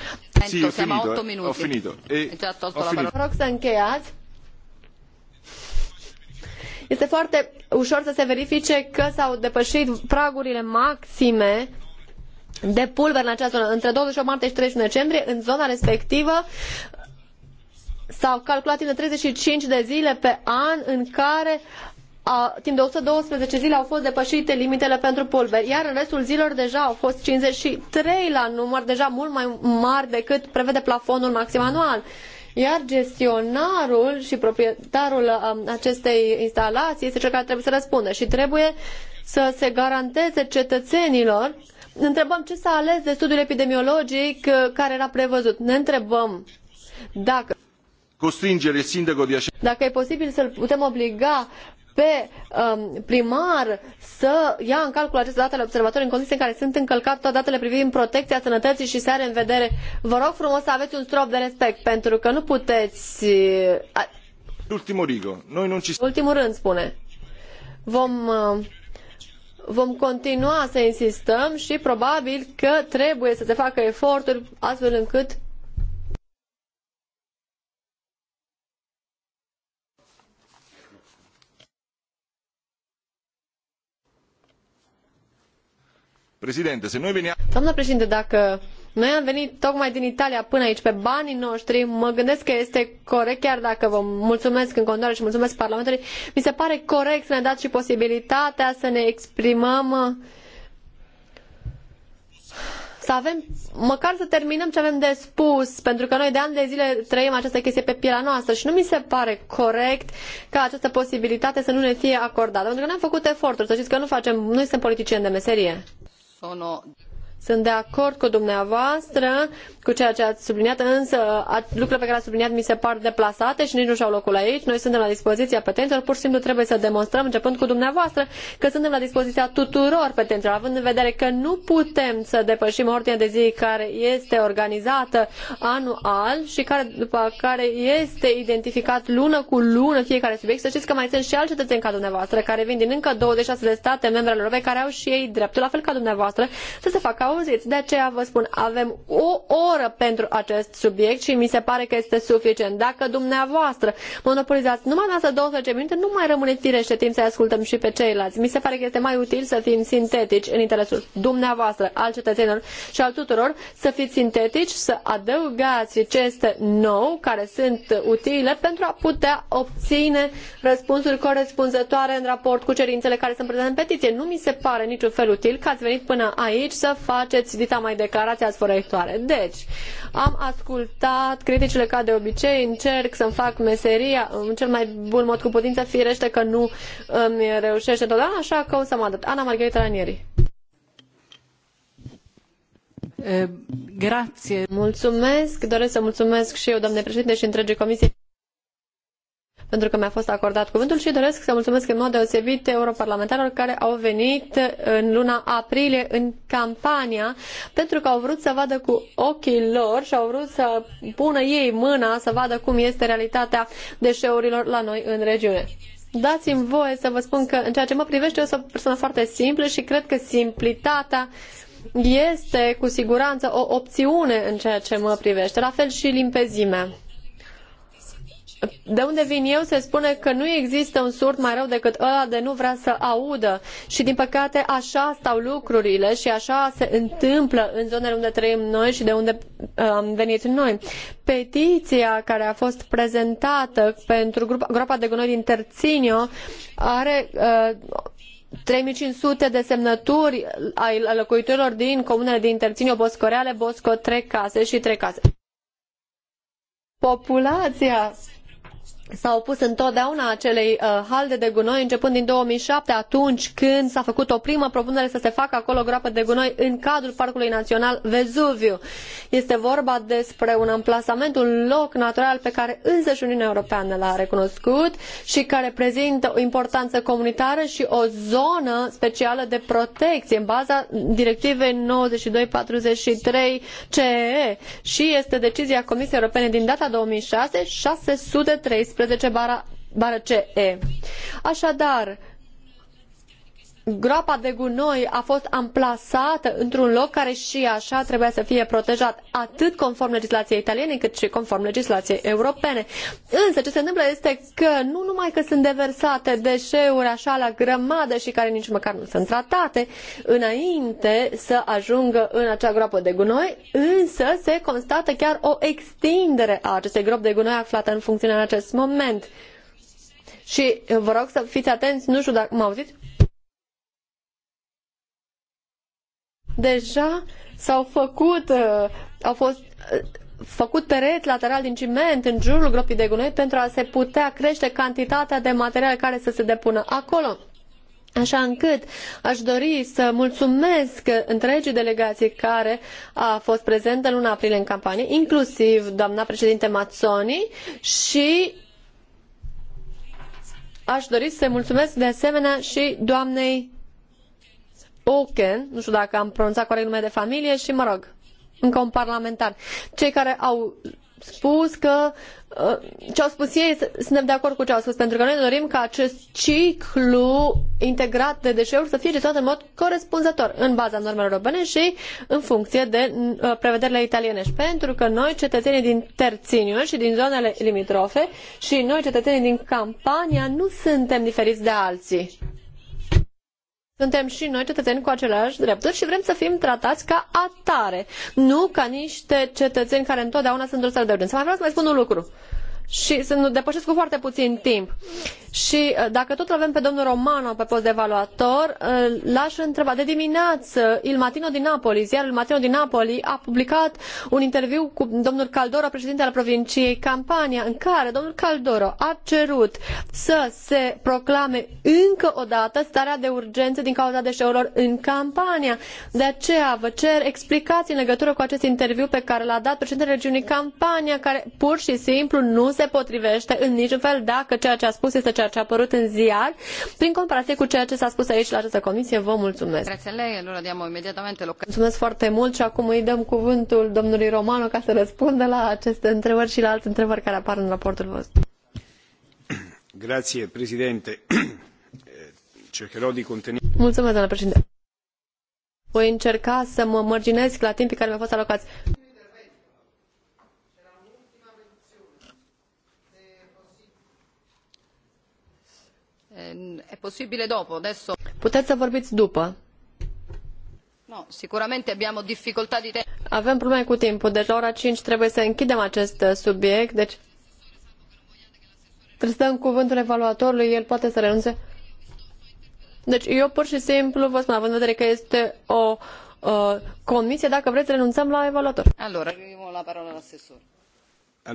Sì, ho finito, 8 minuti. Ho finito. E... Già tolto ho la finito. Rog să încheiați. Este foarte ușor să se verifice că s-au depășit pragurile maxime de pulver în această zonă. Între 28 martie și 30 decembrie, în zona respectivă, s-au calculat timp de 35 de zile pe an în care a, timp de 112 zile au fost depășite limitele pentru pulberi, iar în restul zilor deja au fost 53 la număr, deja mult mai mari decât prevede plafonul maxim anual. Iar gestionarul și proprietarul um, acestei instalații este cel care trebuie să răspundă și trebuie să se garanteze cetățenilor ne întrebăm ce s-a ales de studiul epidemiologic uh, care era prevăzut. Ne întrebăm dacă costringere sindego de așa. Dacă e posibil să-l putem obliga pe um, primar să ia în calcul aceste date ale observatorului în condiții în care sunt încălcate toate datele privind protecția sănătății și se are în vedere. Vă rog frumos să aveți un strop de respect, pentru că nu puteți... Uh, Ultimul rigo. Noi nu ci... Ultimul rând, spune. Vom... Uh vom continua să insistăm și probabil că trebuie să se facă eforturi astfel încât Președinte, să noi veniam... Doamna președinte, dacă noi am venit tocmai din Italia până aici pe banii noștri. Mă gândesc că este corect, chiar dacă vă mulțumesc în continuare și mulțumesc Parlamentului, mi se pare corect să ne dați și posibilitatea să ne exprimăm să avem, măcar să terminăm ce avem de spus, pentru că noi de ani de zile trăim această chestie pe pielea noastră și nu mi se pare corect ca această posibilitate să nu ne fie acordată, pentru că noi am făcut eforturi, să știți că nu facem, noi suntem politicieni de meserie. Sono... Sunt de acord cu dumneavoastră, cu ceea ce ați subliniat, însă lucrurile pe care ați subliniat mi se par deplasate și nici nu și-au locul aici. Noi suntem la dispoziția petenților, pur și simplu trebuie să demonstrăm, începând cu dumneavoastră, că suntem la dispoziția tuturor petenților, având în vedere că nu putem să depășim ordinea de zi care este organizată anual și care, după care este identificat lună cu lună fiecare subiect. Să știți că mai sunt și alți cetățeni ca dumneavoastră, care vin din încă 26 de state membre ale care au și ei dreptul, la fel ca dumneavoastră, să se facă auziți. De aceea vă spun, avem o oră pentru acest subiect și mi se pare că este suficient. Dacă dumneavoastră monopolizați numai asta de minute, nu mai rămâne firește timp să ascultăm și pe ceilalți. Mi se pare că este mai util să fim sintetici în interesul dumneavoastră, al cetățenilor și al tuturor, să fiți sintetici, să adăugați ce este nou, care sunt utile pentru a putea obține răspunsuri corespunzătoare în raport cu cerințele care sunt prezente în petiție. Nu mi se pare niciun fel util că ați venit până aici să faceți faceți dita mai declarația sfărăitoare. Deci, am ascultat criticile ca de obicei, încerc să-mi fac meseria în cel mai bun mod cu putință, firește că nu îmi reușește întotdeauna, așa că o să mă adapt. Ana Margherita Ranieri. Eh, Grație. Mulțumesc, doresc să mulțumesc și eu, doamne președinte, și întregii comisie pentru că mi-a fost acordat cuvântul și doresc să mulțumesc în mod deosebit europarlamentarilor care au venit în luna aprilie în campania pentru că au vrut să vadă cu ochii lor și au vrut să pună ei mâna să vadă cum este realitatea deșeurilor la noi în regiune. Dați-mi voie să vă spun că în ceea ce mă privește eu sunt o persoană foarte simplă și cred că simplitatea este cu siguranță o opțiune în ceea ce mă privește, la fel și limpezimea de unde vin eu se spune că nu există un surd mai rău decât ăla de nu vrea să audă și din păcate așa stau lucrurile și așa se întâmplă în zonele unde trăim noi și de unde uh, am venit noi. Petiția care a fost prezentată pentru grupa, groapa de gunoi din Terținio are uh, 3500 de semnături ale locuitorilor din comunele din Terținio, Boscoreale, Bosco, Trecase și Trecase. Populația s-a opus întotdeauna acelei uh, halde de gunoi începând din 2007 atunci când s-a făcut o primă propunere să se facă acolo groapă de gunoi în cadrul Parcului Național Vezuviu. Este vorba despre un amplasament, un loc natural pe care însăși Uniunea Europeană l-a recunoscut și care prezintă o importanță comunitară și o zonă specială de protecție în baza directivei 9243 CE și este decizia Comisiei Europene din data 2006 613 cincisprezece bara, CE. Așadar, groapa de gunoi a fost amplasată într-un loc care și așa trebuia să fie protejat atât conform legislației italiene cât și conform legislației europene. Însă ce se întâmplă este că nu numai că sunt deversate deșeuri așa la grămadă și care nici măcar nu sunt tratate înainte să ajungă în acea groapă de gunoi, însă se constată chiar o extindere a acestei gropi de gunoi aflată în funcție în acest moment. Și vă rog să fiți atenți, nu știu dacă mă auziți, deja s-au făcut, uh, au fost uh, făcut teret lateral din ciment în jurul gropii de gunoi pentru a se putea crește cantitatea de materiale care să se depună acolo. Așa încât aș dori să mulțumesc întregii delegații care a fost prezentă luna aprilie în campanie, inclusiv doamna președinte Mazzoni și aș dori să mulțumesc de asemenea și doamnei Oken, nu știu dacă am pronunțat corect numele de familie și, mă rog, încă un parlamentar. Cei care au spus că uh, ce au spus ei, suntem de acord cu ce au spus, pentru că noi dorim ca acest ciclu integrat de deșeuri să fie gestionat în mod corespunzător în baza normelor europene și în funcție de uh, prevederile italienești. Pentru că noi, cetățenii din Terținiu și din zonele limitrofe și noi, cetățenii din Campania, nu suntem diferiți de alții. Suntem și noi cetățeni cu aceleași drepturi și vrem să fim tratați ca atare, nu ca niște cetățeni care întotdeauna sunt într-o stare de urgență. Mai vreau să mai spun un lucru și să nu depășesc cu foarte puțin timp. Și uh, dacă tot avem pe domnul Romano pe post de evaluator, uh, l-aș întreba. De dimineață, Il Matino din Napoli, ziarul Il Matino din Napoli a publicat un interviu cu domnul Caldoro, președinte al provinciei Campania, în care domnul Caldoro a cerut să se proclame încă o dată starea de urgență din cauza deșeurilor în Campania. De aceea vă cer explicații în legătură cu acest interviu pe care l-a dat președintele regiunii Campania, care pur și simplu nu se potrivește în niciun fel dacă ceea ce a spus este ceea ce a apărut în ziar, prin comparație cu ceea ce s-a spus aici la această comisie. Vă mulțumesc. Mulțumesc foarte mult și acum îi dăm cuvântul domnului Romano ca să răspundă la aceste întrebări și la alte întrebări care apar în raportul vostru. Grazie, eh, Cercherò di contenere... Mulțumesc, doamnă președinte. Voi încerca să mă mărginesc la timpii care mi-au fost alocați. è possibile dopo, adesso... Puteți să vorbiți după. No, sicuramente abbiamo difficoltà di tempo. Avem probleme cu timpul. Deci la ora 5 trebuie să închidem acest uh, subiect. Deci trebuie să dăm cuvântul evaluatorului. El poate să renunțe. Deci eu pur și simplu vă spun, având în vedere că este o uh, comisie, dacă vreți renunțăm la evaluator. Allora, la parola all'assessore. *clears throat*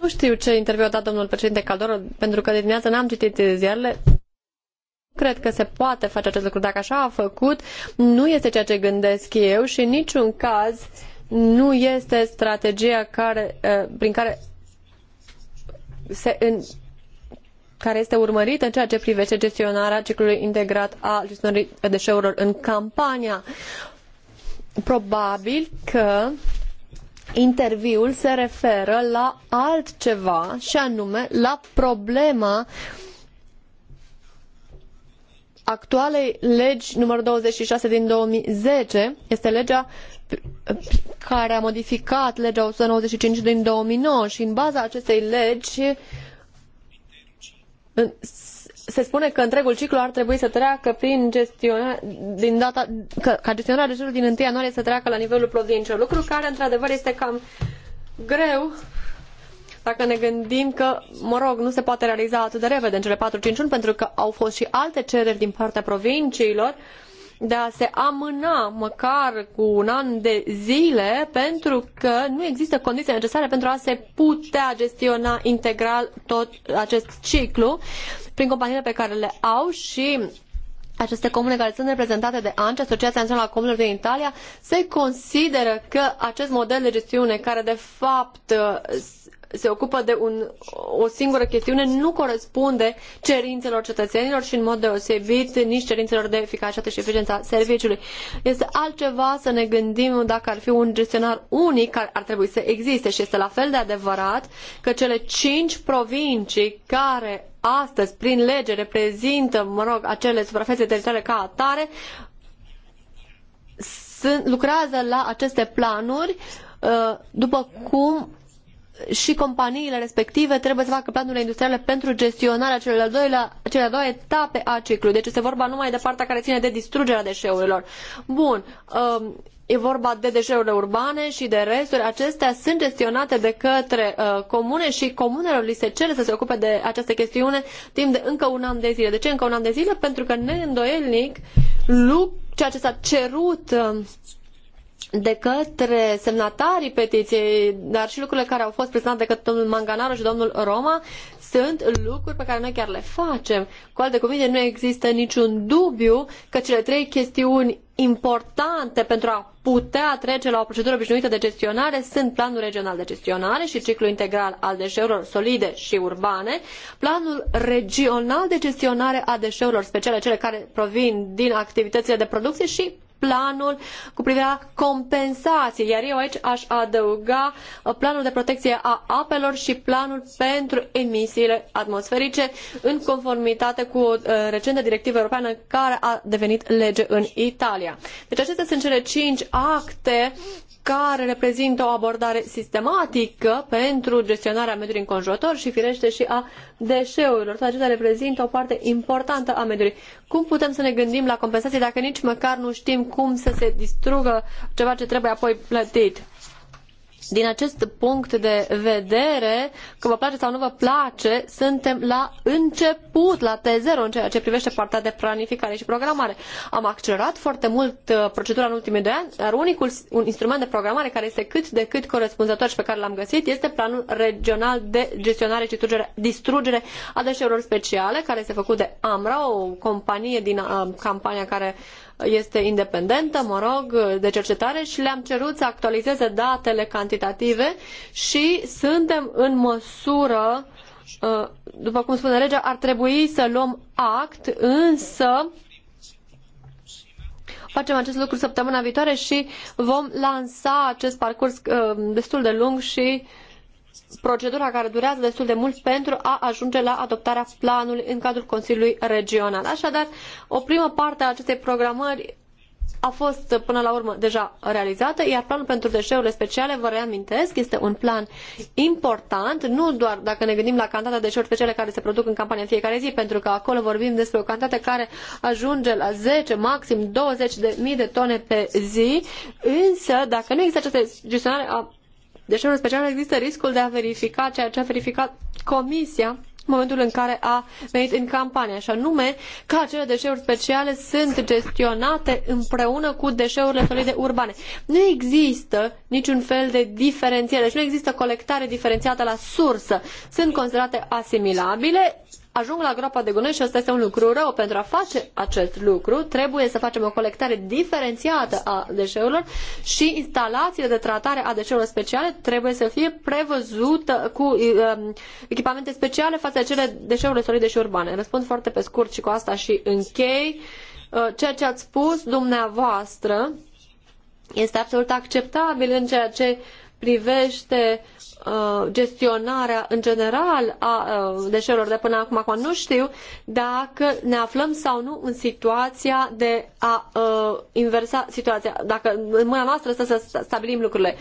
Nu știu ce interviu a dat domnul președinte Caldoro, pentru că de dimineață n-am citit ziarele. Cred că se poate face acest lucru. Dacă așa a făcut, nu este ceea ce gândesc eu și în niciun caz nu este strategia care, eh, prin care se în, care este urmărită în ceea ce privește gestionarea ciclului integrat a gestionării deșeurilor în campania. Probabil că interviul se referă la altceva și anume la problema actualei legi numărul 26 din 2010 este legea care a modificat legea 195 din 2009 și în baza acestei legi se spune că întregul ciclu ar trebui să treacă prin gestionarea din data, că, ca gestionarea resurselor din 1 ianuarie să treacă la nivelul provinciilor, lucru care într-adevăr este cam greu dacă ne gândim că, mă rog, nu se poate realiza atât de repede în cele patru 5 luni, pentru că au fost și alte cereri din partea provinciilor de a se amâna măcar cu un an de zile pentru că nu există condiții necesare pentru a se putea gestiona integral tot acest ciclu prin companiile pe care le au și aceste comune care sunt reprezentate de ANCE, Asociația Națională a Comunelor din Italia, se consideră că acest model de gestiune care de fapt se ocupă de un, o singură chestiune nu corespunde cerințelor cetățenilor și în mod deosebit nici cerințelor de eficacitate și eficiența serviciului. Este altceva să ne gândim dacă ar fi un gestionar unic care ar trebui să existe și este la fel de adevărat că cele cinci provincii care astăzi prin lege reprezintă, mă rog, acele suprafețe teritoriale ca atare, sunt, lucrează la aceste planuri uh, după cum și companiile respective trebuie să facă planurile industriale pentru gestionarea celor de-a doua, cele etape a ciclului. Deci este vorba numai de partea care ține de distrugerea deșeurilor. Bun, um, e vorba de deșeurile urbane și de resturi. Acestea sunt gestionate de către uh, comune și comunelor li se cere să se ocupe de această chestiune timp de încă un an de zile. De ce încă un an de zile? Pentru că neîndoielnic ceea ce s-a cerut um, de către semnatarii petiției, dar și lucrurile care au fost prezentate de către domnul Manganaro și domnul Roma, sunt lucruri pe care noi chiar le facem. Cu alte cuvinte, nu există niciun dubiu că cele trei chestiuni importante pentru a putea trece la o procedură obișnuită de gestionare sunt planul regional de gestionare și ciclul integral al deșeurilor solide și urbane, planul regional de gestionare a deșeurilor speciale, cele care provin din activitățile de producție și planul cu privire la compensații, iar eu aici aș adăuga uh, planul de protecție a apelor și planul pentru emisiile atmosferice în conformitate cu o uh, recentă directivă europeană care a devenit lege în Italia. Deci acestea sunt cele cinci acte care reprezintă o abordare sistematică pentru gestionarea mediului înconjurător și firește și a deșeurilor. Toate deci, acestea reprezintă o parte importantă a mediului. Cum putem să ne gândim la compensații dacă nici măcar nu știm cum să se distrugă ceva ce trebuie apoi plătit? din acest punct de vedere, că vă place sau nu vă place, suntem la început, la T0, în ceea ce privește partea de planificare și programare. Am accelerat foarte mult uh, procedura în ultimii doi ani, dar unicul un instrument de programare care este cât de cât corespunzător și pe care l-am găsit este planul regional de gestionare și distrugere a deșeurilor speciale, care este făcut de AMRA, o companie din uh, campania care uh, este independentă, mă rog, de cercetare și le-am cerut să actualizeze datele cantitative și suntem în măsură, uh, după cum spune legea, ar trebui să luăm act, însă facem acest lucru săptămâna viitoare și vom lansa acest parcurs uh, destul de lung și uh, procedura care durează destul de mult pentru a ajunge la adoptarea planului în cadrul Consiliului Regional. Așadar, o primă parte a acestei programări a fost până la urmă deja realizată, iar planul pentru deșeurile speciale, vă reamintesc, este un plan important, nu doar dacă ne gândim la cantitatea de deșeuri speciale care se produc în campania în fiecare zi, pentru că acolo vorbim despre o cantitate care ajunge la 10, maxim 20 de mii de tone pe zi, însă dacă nu există această gestionare a deci, în speciale există riscul de a verifica ceea ce a verificat Comisia în momentul în care a venit în campanie, așa nume că acele deșeuri speciale sunt gestionate împreună cu deșeurile solide urbane. Nu există niciun fel de diferențiere, deci nu există colectare diferențiată la sursă. Sunt considerate asimilabile ajung la groapa de gunoi și asta este un lucru rău. Pentru a face acest lucru trebuie să facem o colectare diferențiată a deșeurilor și instalațiile de tratare a deșeurilor speciale trebuie să fie prevăzută cu um, echipamente speciale față de cele deșeurile solide și urbane. Răspund foarte pe scurt și cu asta și închei. Uh, ceea ce ați spus dumneavoastră este absolut acceptabil în ceea ce privește Uh, gestionarea în general a uh, deșeurilor de până acum, acum nu știu dacă ne aflăm sau nu în situația de a uh, inversa situația, dacă în mâna noastră stă să stabilim lucrurile.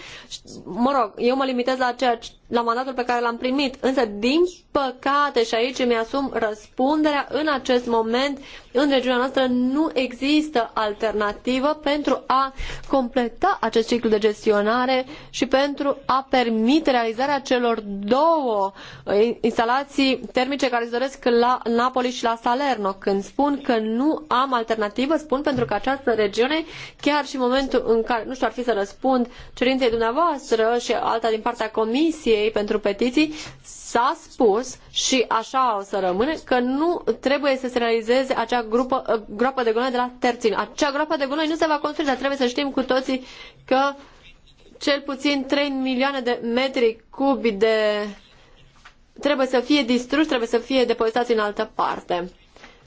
Mă rog, eu mă limitez la ceea ce la mandatul pe care l-am primit. Însă, din păcate, și aici îmi asum răspunderea, în acest moment, în regiunea noastră nu există alternativă pentru a completa acest ciclu de gestionare și pentru a permite realizarea realizarea celor două uh, instalații termice care se doresc la Napoli și la Salerno. Când spun că nu am alternativă, spun pentru că această regiune, chiar și în momentul în care, nu știu, ar fi să răspund cerinței dumneavoastră și alta din partea Comisiei pentru petiții, s-a spus și așa o să rămâne că nu trebuie să se realizeze acea grupă, uh, groapă de gunoi de la Terțin. Acea groapă de gunoi nu se va construi, dar trebuie să știm cu toții că cel puțin 3 milioane de metri cubi de trebuie să fie distruși, trebuie să fie depozitați în altă parte.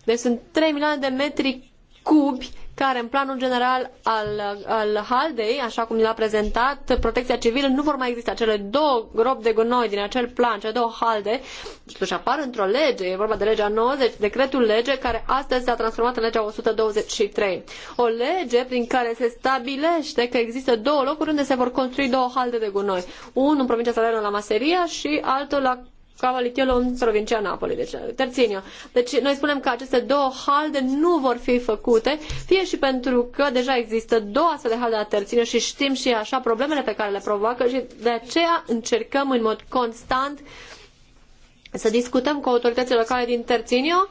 Deci sunt 3 milioane de metri cubi care în planul general al, al Haldei, așa cum l-a prezentat, protecția civilă, nu vor mai exista cele două gropi de gunoi din acel plan, cele două halde, și deci, deci, apar într-o lege, e vorba de legea 90, decretul lege care astăzi s-a transformat în legea 123. O lege prin care se stabilește că există două locuri unde se vor construi două halde de gunoi. Unul în provincia Salerno la Maseria și altul la Cavalichello în provincia Napoli, deci Terținio. Deci noi spunem că aceste două halde nu vor fi făcute, fie și pentru că deja există două astfel de halde la Terținio și știm și așa problemele pe care le provoacă și de aceea încercăm în mod constant să discutăm cu autoritățile locale din Terținio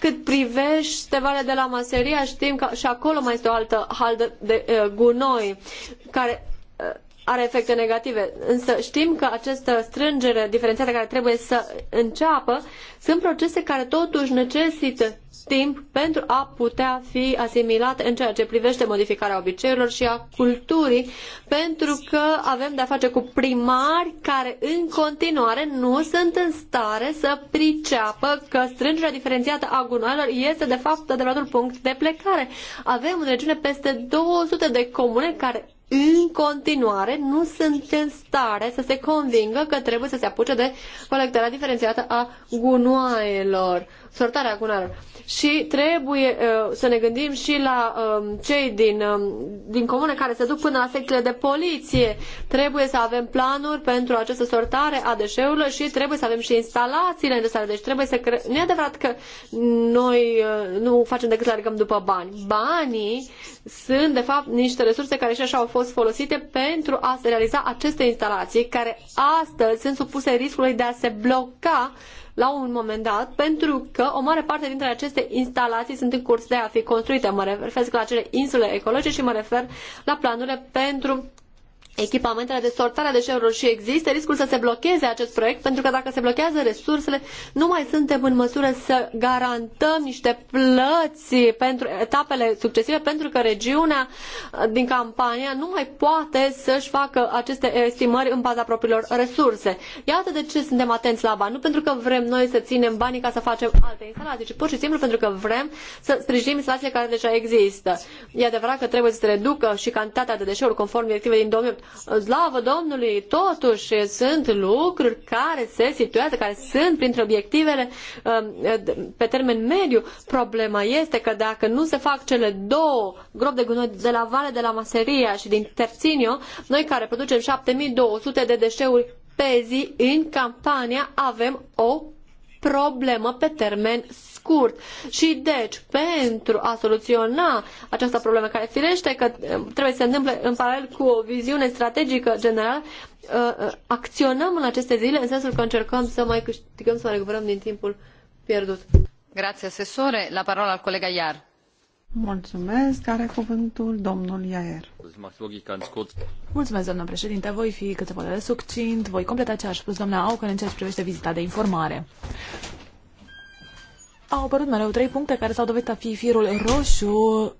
cât privește Valea de la Maseria, știm că și acolo mai este o altă haldă de uh, gunoi care eh, are efecte negative. Însă știm că această strângere diferențiată care trebuie să înceapă sunt procese care totuși necesită timp pentru a putea fi asimilate în ceea ce privește modificarea obiceiurilor și a culturii, pentru că avem de-a face cu primari care în continuare nu sunt în stare să priceapă că strângerea diferențiată a gunoaielor este de fapt adevăratul punct de plecare. Avem în regiune peste 200 de comune care în continuare nu sunt în stare să se convingă că trebuie să se apuce de colectarea diferențiată a gunoaielor sortarea cunarelor. Și trebuie uh, să ne gândim și la uh, cei din, uh, din comune care se duc până la secțiile de poliție. Trebuie să avem planuri pentru această sortare a deșeurilor și trebuie să avem și instalațiile necesare. Deci trebuie să cre... Nu e adevărat că noi uh, nu facem decât să alergăm după bani. Banii sunt, de fapt, niște resurse care și așa au fost folosite pentru a se realiza aceste instalații care astăzi sunt supuse riscului de a se bloca la un moment dat, pentru că o mare parte dintre aceste instalații sunt în curs de a fi construite. Mă refer la acele insule ecologice și mă refer la planurile pentru echipamentele de sortare a deșeurilor și există riscul să se blocheze acest proiect, pentru că dacă se blochează resursele, nu mai suntem în măsură să garantăm niște plăți pentru etapele succesive, pentru că regiunea din campania nu mai poate să-și facă aceste estimări în baza propriilor resurse. Iată de ce suntem atenți la bani. Nu pentru că vrem noi să ținem banii ca să facem alte instalații, ci pur și simplu pentru că vrem să sprijinim instalațiile care deja există. E adevărat că trebuie să se reducă și cantitatea de deșeuri conform directivei din 2008, Slavă Domnului, totuși sunt lucruri care se situează, care sunt printre obiectivele um, pe termen mediu. Problema este că dacă nu se fac cele două gropi de gunoi de la Vale de la Maseria și din Terținio, noi care producem 7200 de deșeuri pe zi în campania avem o problemă pe termen scurt. Și deci, pentru a soluționa această problemă care firește că eh, trebuie să se întâmple în paralel cu o viziune strategică generală, eh, eh, acționăm în aceste zile în sensul că încercăm să mai câștigăm, să mai recuperăm din timpul pierdut. Grazie, asesore. La parola al colega Iar. Mulțumesc. Are cuvântul domnul Iaer. Mulțumesc, doamnă președinte. Voi fi cât se poate de succint. Voi completa ce a spus doamna Aucă în ceea ce privește vizita de informare au apărut mereu trei puncte care s-au dovedit a fi firul roșu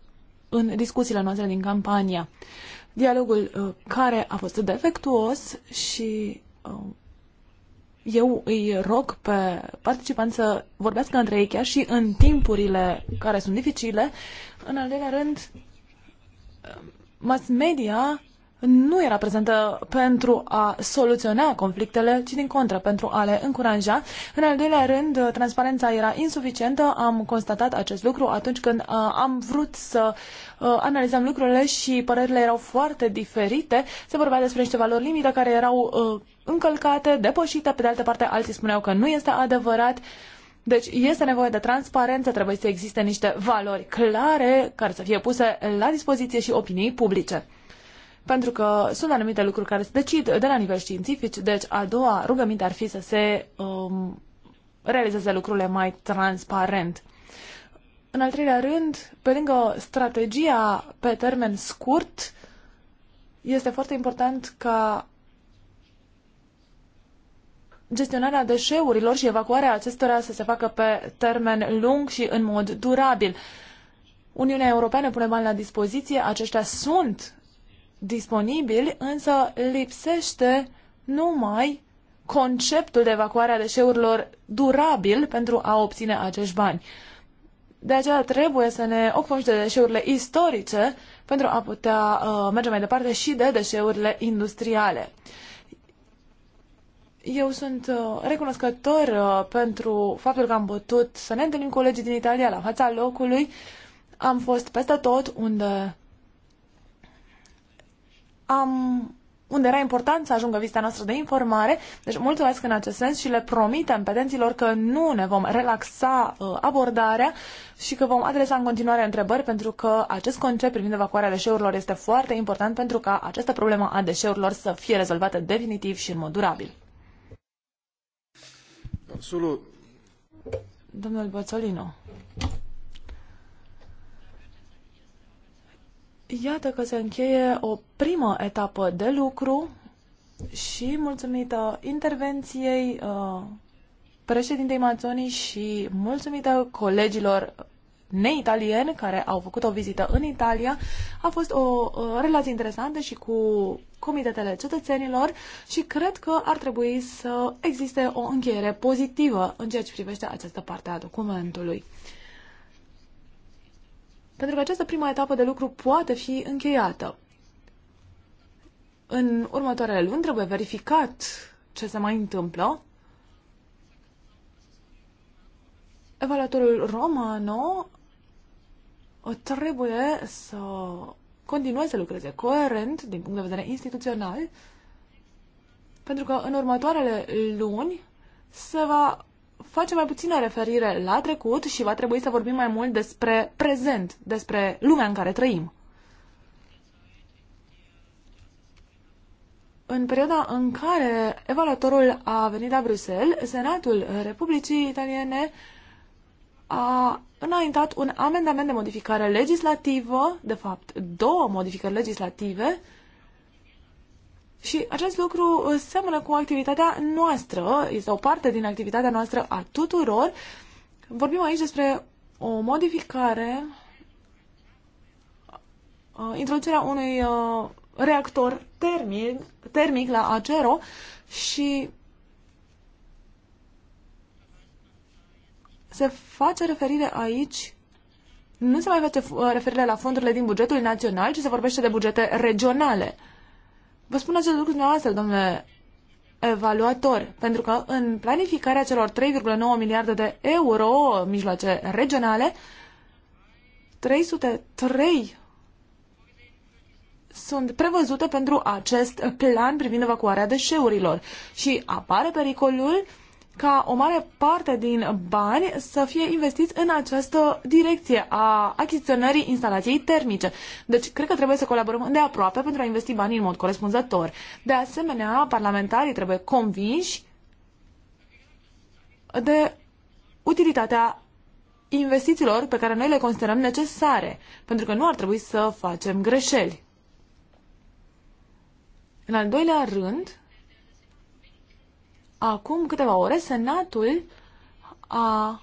în discuțiile noastre din campania. Dialogul uh, care a fost defectuos și uh, eu îi rog pe participanți să vorbească între ei chiar și în timpurile care sunt dificile. În al doilea rând, uh, mass media nu era prezentă pentru a soluționa conflictele, ci din contră pentru a le încuraja. În al doilea rând, transparența era insuficientă. Am constatat acest lucru atunci când uh, am vrut să uh, analizăm lucrurile și părerile erau foarte diferite. Se vorbea despre niște valori limită care erau uh, încălcate, depășite. Pe de altă parte, alții spuneau că nu este adevărat. Deci este nevoie de transparență, trebuie să existe niște valori clare care să fie puse la dispoziție și opiniei publice pentru că sunt anumite lucruri care se decid de la nivel științific, deci a doua rugăminte ar fi să se um, realizeze lucrurile mai transparent. În al treilea rând, pe lângă strategia pe termen scurt, este foarte important ca gestionarea deșeurilor și evacuarea acestora să se facă pe termen lung și în mod durabil. Uniunea Europeană pune bani la dispoziție, aceștia sunt disponibili, însă lipsește numai conceptul de evacuare a deșeurilor durabil pentru a obține acești bani. De aceea trebuie să ne ocupăm și de deșeurile istorice pentru a putea uh, merge mai departe și de deșeurile industriale. Eu sunt uh, recunoscător uh, pentru faptul că am putut să ne întâlnim colegii din Italia la fața locului. Am fost peste tot unde am, unde era important să ajungă vizita noastră de informare. Deci mulțumesc în acest sens și le promitem petenților că nu ne vom relaxa uh, abordarea și că vom adresa în continuare întrebări pentru că acest concept privind evacuarea deșeurilor este foarte important pentru ca această problemă a deșeurilor să fie rezolvată definitiv și în mod durabil. Absolut. Domnul Bățolino. Iată că se încheie o primă etapă de lucru și mulțumită intervenției uh, președintei Mazzoni și mulțumită colegilor neitalieni care au făcut o vizită în Italia. A fost o uh, relație interesantă și cu comitetele cetățenilor și cred că ar trebui să existe o încheiere pozitivă în ceea ce privește această parte a documentului pentru că această prima etapă de lucru poate fi încheiată. În următoarele luni trebuie verificat ce se mai întâmplă. Evaluatorul Romano uh, trebuie să continue să lucreze coerent din punct de vedere instituțional, pentru că în următoarele luni se va face mai puțină referire la trecut și va trebui să vorbim mai mult despre prezent, despre lumea în care trăim. În perioada în care evaluatorul a venit la Bruxelles, Senatul Republicii Italiene a înaintat un amendament de modificare legislativă, de fapt două modificări legislative, și acest lucru uh, seamănă cu activitatea noastră, este o parte din activitatea noastră a tuturor. Vorbim aici despre o modificare, uh, introducerea unui uh, reactor termic, termic la Acero și se face referire aici nu se mai face referire la fondurile din bugetul național, ci se vorbește de bugete regionale. Vă spun acest lucru dumneavoastră, domnule evaluator, pentru că în planificarea celor 3,9 miliarde de euro mijloace regionale, 303 sunt prevăzute pentru acest plan privind evacuarea deșeurilor și apare pericolul uh, ca o mare parte din bani să fie investiți în această direcție a achiziționării instalației termice. Deci, cred că trebuie să colaborăm de aproape pentru a investi banii în mod corespunzător. De asemenea, parlamentarii trebuie convinși de utilitatea investițiilor pe care noi le considerăm necesare, pentru că nu ar trebui să facem greșeli. În al doilea rând, Acum câteva ore, Senatul a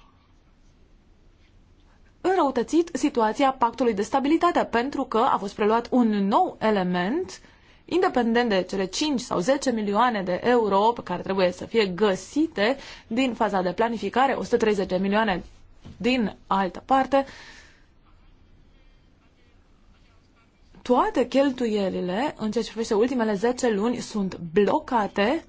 înrăutățit situația pactului de stabilitate pentru că a fost preluat un nou element independent de cele 5 sau 10 milioane de euro pe care trebuie să fie găsite din faza de planificare, 130 de milioane din altă parte, toate cheltuielile, în ceea ce privește ultimele 10 luni, sunt blocate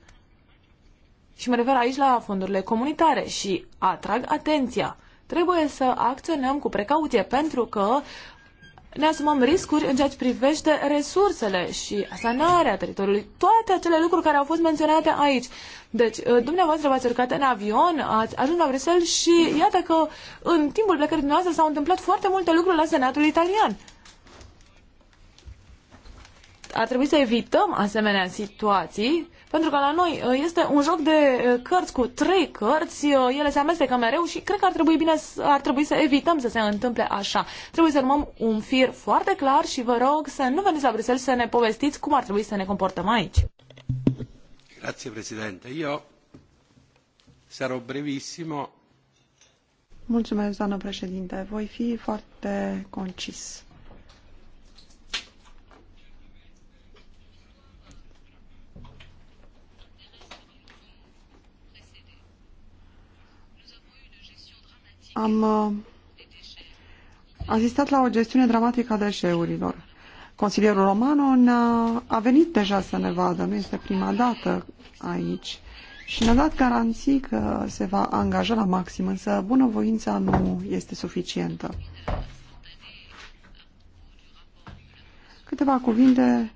și mă refer aici la fondurile comunitare și atrag atenția. Trebuie să acționăm cu precauție pentru că ne asumăm riscuri în ceea ce privește resursele și asanarea teritoriului, toate acele lucruri care au fost menționate aici. Deci, uh, dumneavoastră v-ați urcat în avion, ați ajuns la Bruxelles și iată că în timpul plecării dumneavoastră s-au întâmplat foarte multe lucruri la Senatul Italian. Ar trebui să evităm asemenea situații pentru că la noi uh, este un joc de uh, cărți cu trei cărți, uh, ele se amestecă mereu și cred că ar trebui, bine, ar trebui să evităm să se întâmple așa. Trebuie să urmăm un fir foarte clar și vă rog să nu veniți la Bruxelles să ne povestiți cum ar trebui să ne comportăm aici. Grazie, Presidente. Eu sarò brevissimo. Mulțumesc, doamnă președinte. Voi fi foarte concis. am uh, asistat la o gestiune dramatică a deșeurilor. Consilierul Romano ne-a, a venit deja să ne vadă, nu este prima dată aici și ne-a dat garanții că se va angaja la maxim, însă bunăvoința nu este suficientă. Câteva cuvinte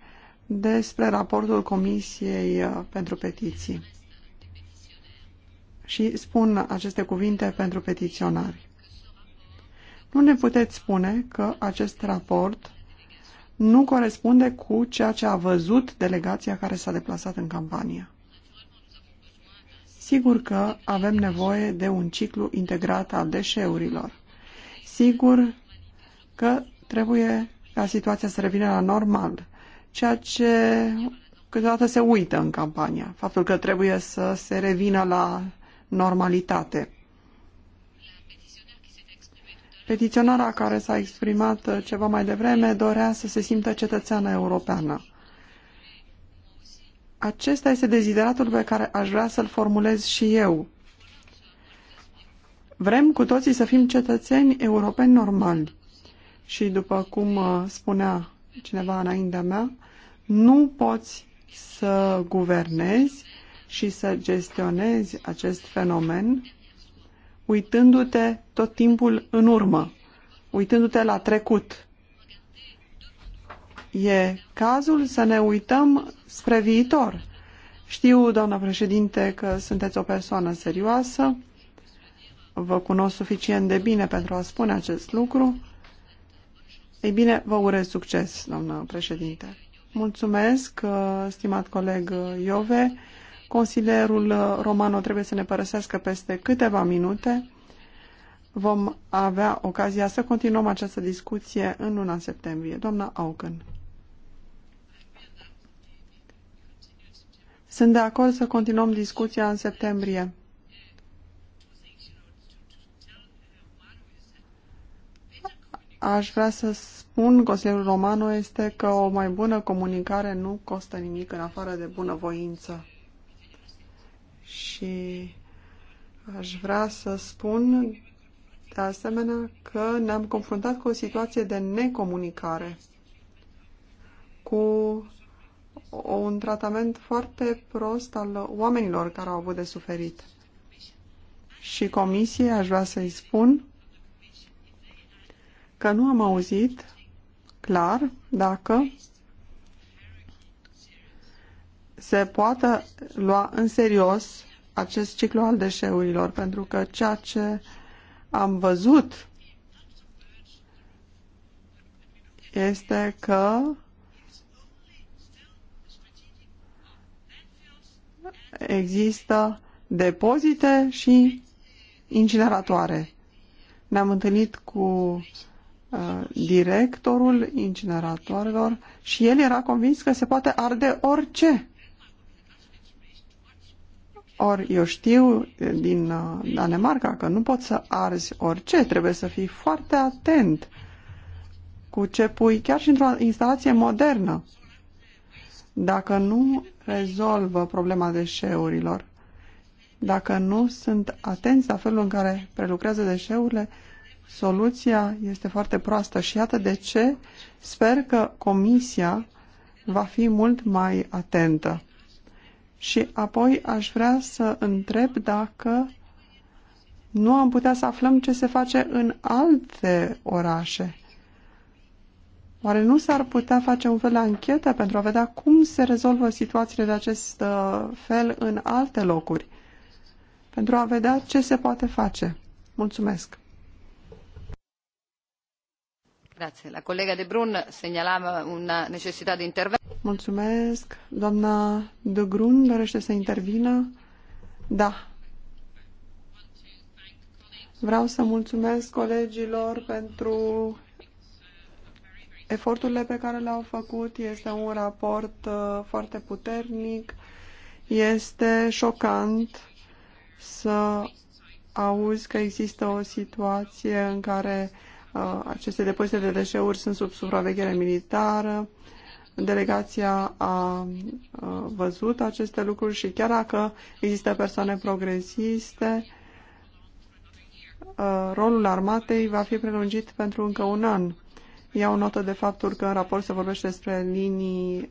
despre raportul Comisiei uh, pentru Petiții și spun aceste cuvinte pentru petiționari. Nu ne puteți spune că acest raport nu corespunde cu ceea ce a văzut delegația care s-a deplasat în campania. Sigur că avem nevoie de un ciclu integrat al deșeurilor. Sigur că trebuie ca situația să revină la normal, ceea ce câteodată se uită în campania. Faptul că trebuie să se revină la normalitate. Petiționara care s-a exprimat uh, ceva mai devreme dorea să se simtă cetățeană europeană. Acesta este dezideratul pe care aș vrea să-l formulez și eu. Vrem cu toții să fim cetățeni europeni normali. Și după cum uh, spunea cineva înaintea mea, nu poți să guvernezi și să gestionezi acest fenomen uitându-te tot timpul în urmă, uitându-te la trecut. E cazul să ne uităm spre viitor. Știu, doamna președinte, că sunteți o persoană serioasă. Vă cunosc suficient de bine pentru a spune acest lucru. Ei bine, vă urez succes, doamnă președinte. Mulțumesc, stimat coleg Iove. Consilierul uh, Romano trebuie să ne părăsească peste câteva minute. Vom avea ocazia să continuăm această discuție în luna septembrie. Doamna Augen. Sunt de acord să continuăm discuția în septembrie. Aș vrea să spun, Consiliul Romano, este că o mai bună comunicare nu costă nimic în afară de bunăvoință și aș vrea să spun de asemenea că ne-am confruntat cu o situație de necomunicare, cu un tratament foarte prost al oamenilor care au avut de suferit. Și comisiei aș vrea să-i spun că nu am auzit clar dacă se poată lua în serios acest ciclu al deșeurilor, pentru că ceea ce am văzut este că există depozite și incineratoare. Ne-am întâlnit cu uh, directorul incineratoarelor și el era convins că se poate arde orice. Ori eu știu eh, din eh, Danemarca că nu poți să arzi orice, trebuie să fii foarte atent cu ce pui, chiar și într-o instalație modernă. Dacă nu rezolvă problema deșeurilor, dacă nu sunt atenți la felul în care prelucrează deșeurile, soluția este foarte proastă și iată de ce sper că Comisia va fi mult mai atentă. Și apoi aș vrea să întreb dacă nu am putea să aflăm ce se face în alte orașe. Oare nu s-ar putea face un fel de anchetă pentru a vedea cum se rezolvă situațiile de acest uh, fel în alte locuri? Pentru a vedea ce se poate face. Mulțumesc! La colega de Brun segnalava una necessità di Mulțumesc. Doamna de Brun dorește să intervină? Da. Vreau să mulțumesc colegilor pentru eforturile pe care le-au făcut. Este un raport uh, foarte puternic. Este șocant să auzi că există o situație în care Uh, aceste depozite de deșeuri sunt sub supraveghere militară. Delegația a uh, văzut aceste lucruri și chiar dacă există persoane progresiste, uh, rolul armatei va fi prelungit pentru încă un an. Iau notă de faptul că în raport se vorbește despre linii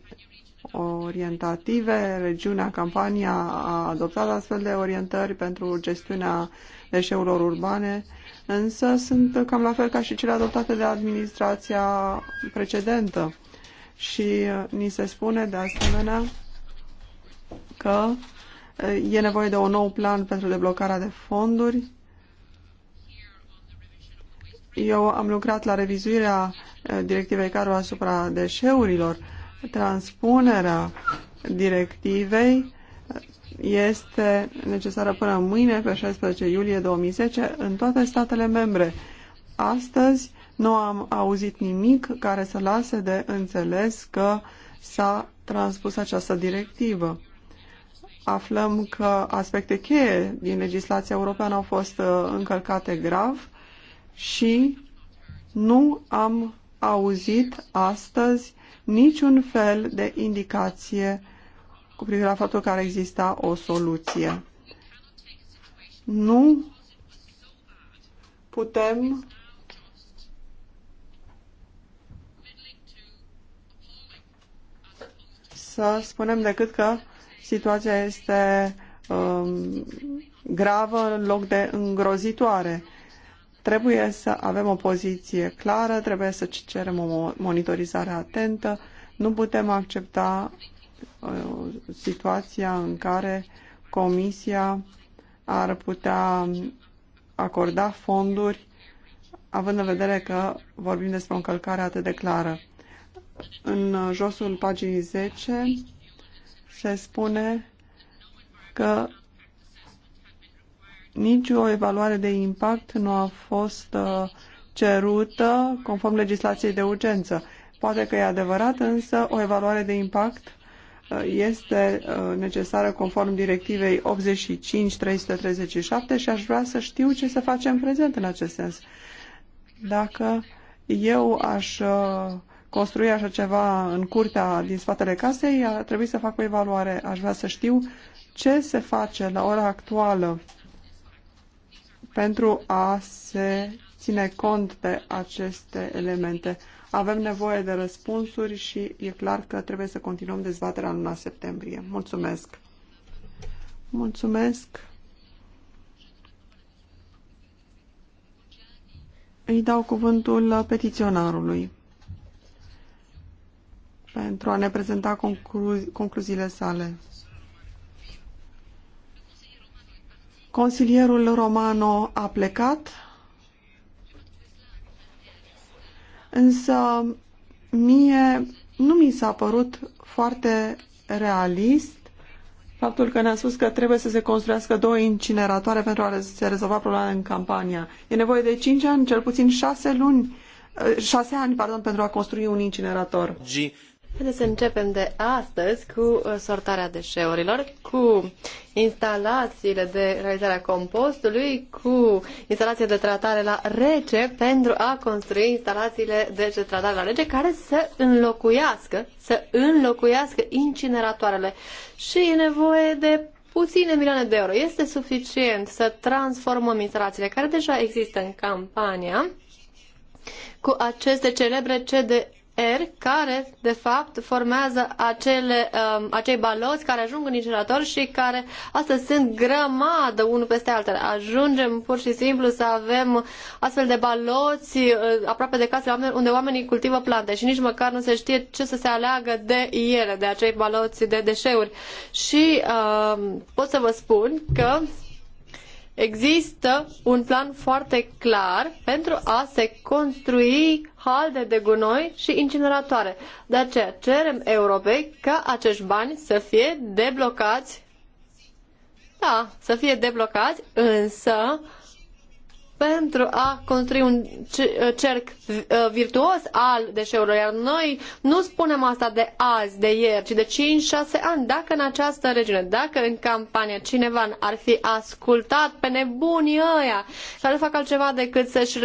orientative. Regiunea Campania a adoptat astfel de orientări pentru gestiunea deșeurilor urbane însă sunt cam la fel ca și cele adoptate de administrația precedentă. Și ni se spune de asemenea că e nevoie de un nou plan pentru deblocarea de fonduri. Eu am lucrat la revizuirea directivei CARO asupra deșeurilor. Transpunerea directivei este necesară până mâine, pe 16 iulie 2010, în toate statele membre. Astăzi nu am auzit nimic care să lase de înțeles că s-a transpus această directivă. Aflăm că aspecte cheie din legislația europeană au fost uh, încălcate grav și nu am auzit astăzi niciun fel de indicație cu privire la faptul că ar exista o soluție. Nu putem să spunem decât că situația este um, gravă în loc de îngrozitoare. Trebuie să avem o poziție clară, trebuie să cerem o monitorizare atentă, nu putem accepta Uh, situația în care Comisia ar putea acorda fonduri, având în vedere că vorbim despre o încălcare atât de clară. În josul paginii 10 se spune că nicio evaluare de impact nu a fost uh, cerută conform legislației de urgență. Poate că e adevărat, însă o evaluare de impact este uh, necesară conform directivei 85-337 și aș vrea să știu ce se face în prezent în acest sens. Dacă eu aș uh, construi așa ceva în curtea din spatele casei, ar trebui să fac o evaluare. Aș vrea să știu ce se face la ora actuală pentru a se ține cont de aceste elemente. Avem nevoie de răspunsuri și e clar că trebuie să continuăm dezbaterea în luna septembrie. Mulțumesc! Mulțumesc! Îi dau cuvântul petiționarului pentru a ne prezenta conclu concluziile sale. Consilierul Romano a plecat. însă mie nu mi s-a părut foarte realist faptul că ne-a spus că trebuie să se construiască două incineratoare pentru a se rezolva problema în campania. E nevoie de 5 ani, cel puțin 6 luni, 6 eh, ani, pardon, pentru a construi un incinerator. Haideți să începem de astăzi cu uh, sortarea deșeurilor, cu instalațiile de realizare a compostului, cu instalația de tratare la rece pentru a construi instalațiile de tratare la rece care să înlocuiască, să înlocuiască incineratoarele. Și e nevoie de puține milioane de euro. Este suficient să transformăm instalațiile care deja există în campania cu aceste celebre CDE R, care, de fapt, formează acele, um, acei baloți care ajung în incinerator și care astăzi sunt grămadă unul peste altele. Ajungem pur și simplu să avem astfel de baloți uh, aproape de casele oamenilor, unde oamenii cultivă plante și nici măcar nu se știe ce să se aleagă de ele, de acei baloți de deșeuri. Și uh, pot să vă spun că există un plan foarte clar pentru a se construi halde de gunoi și incineratoare. De aceea cerem Europei ca acești bani să fie deblocați. Da, să fie deblocați, însă pentru a construi un uh, cerc uh, virtuos al deșeurilor. Iar noi nu spunem asta de azi, de ieri, ci de 5-6 ani. Dacă în această regiune, dacă în campania cineva ar fi ascultat pe nebunii ăia care nu fac altceva decât să-și,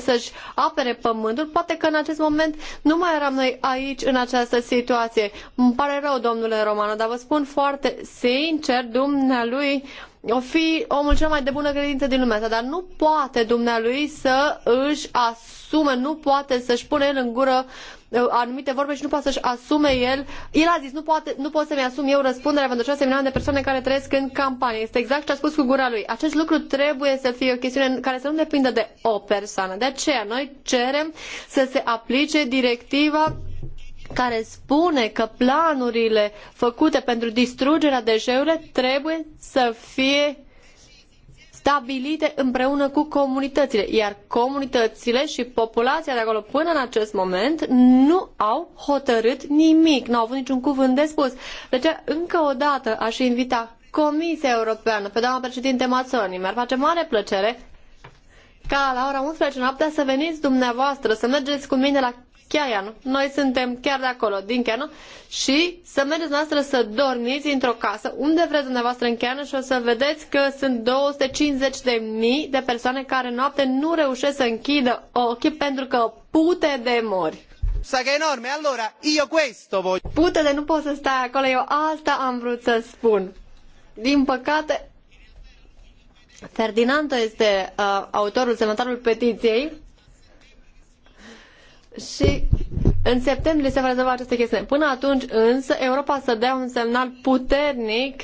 să apere pământul, poate că în acest moment nu mai eram noi aici în această situație. Îmi pare rău, domnule Romano, dar vă spun foarte sincer, dumnealui o fi omul cel mai de bună credință din lumea asta, dar nu poate dumnealui să își asume, nu poate să-și pune el în gură uh, anumite vorbe și nu poate să-și asume el. El a zis, nu, poate, nu pot să-mi asum eu răspunderea pentru șase milioane de persoane care trăiesc în campanie. Este exact ce a spus cu gura lui. Acest lucru trebuie să fie o chestiune care să nu depindă de o persoană. De aceea noi cerem să se aplice directiva care spune că planurile făcute pentru distrugerea deșeurilor trebuie să fie stabilite împreună cu comunitățile, iar comunitățile și populația de acolo până în acest moment nu au hotărât nimic, nu au avut niciun cuvânt de spus. Deci, încă o dată aș invita Comisia Europeană, pe doamna președinte Mazzoni, mi-ar face mare plăcere ca la ora 11 noaptea să veniți dumneavoastră, să mergeți cu mine la Chiaianu. Noi suntem chiar de acolo, din Chiaianu și să mergeți noastră să dormiți într-o casă unde vreți dumneavoastră în Chiaianu și o să vedeți că sunt 250 de mii de persoane care noapte nu reușesc să închidă ochii pentru că pute de mori. Sa che enorme, allora io questo voglio. Pute de nu poți să stai acolo, eu asta am vrut să spun. Din păcate, Ferdinando este uh, autorul, semnatarul petiției și în septembrie se va rezolva această chestiune. Până atunci, însă, Europa să dea un semnal puternic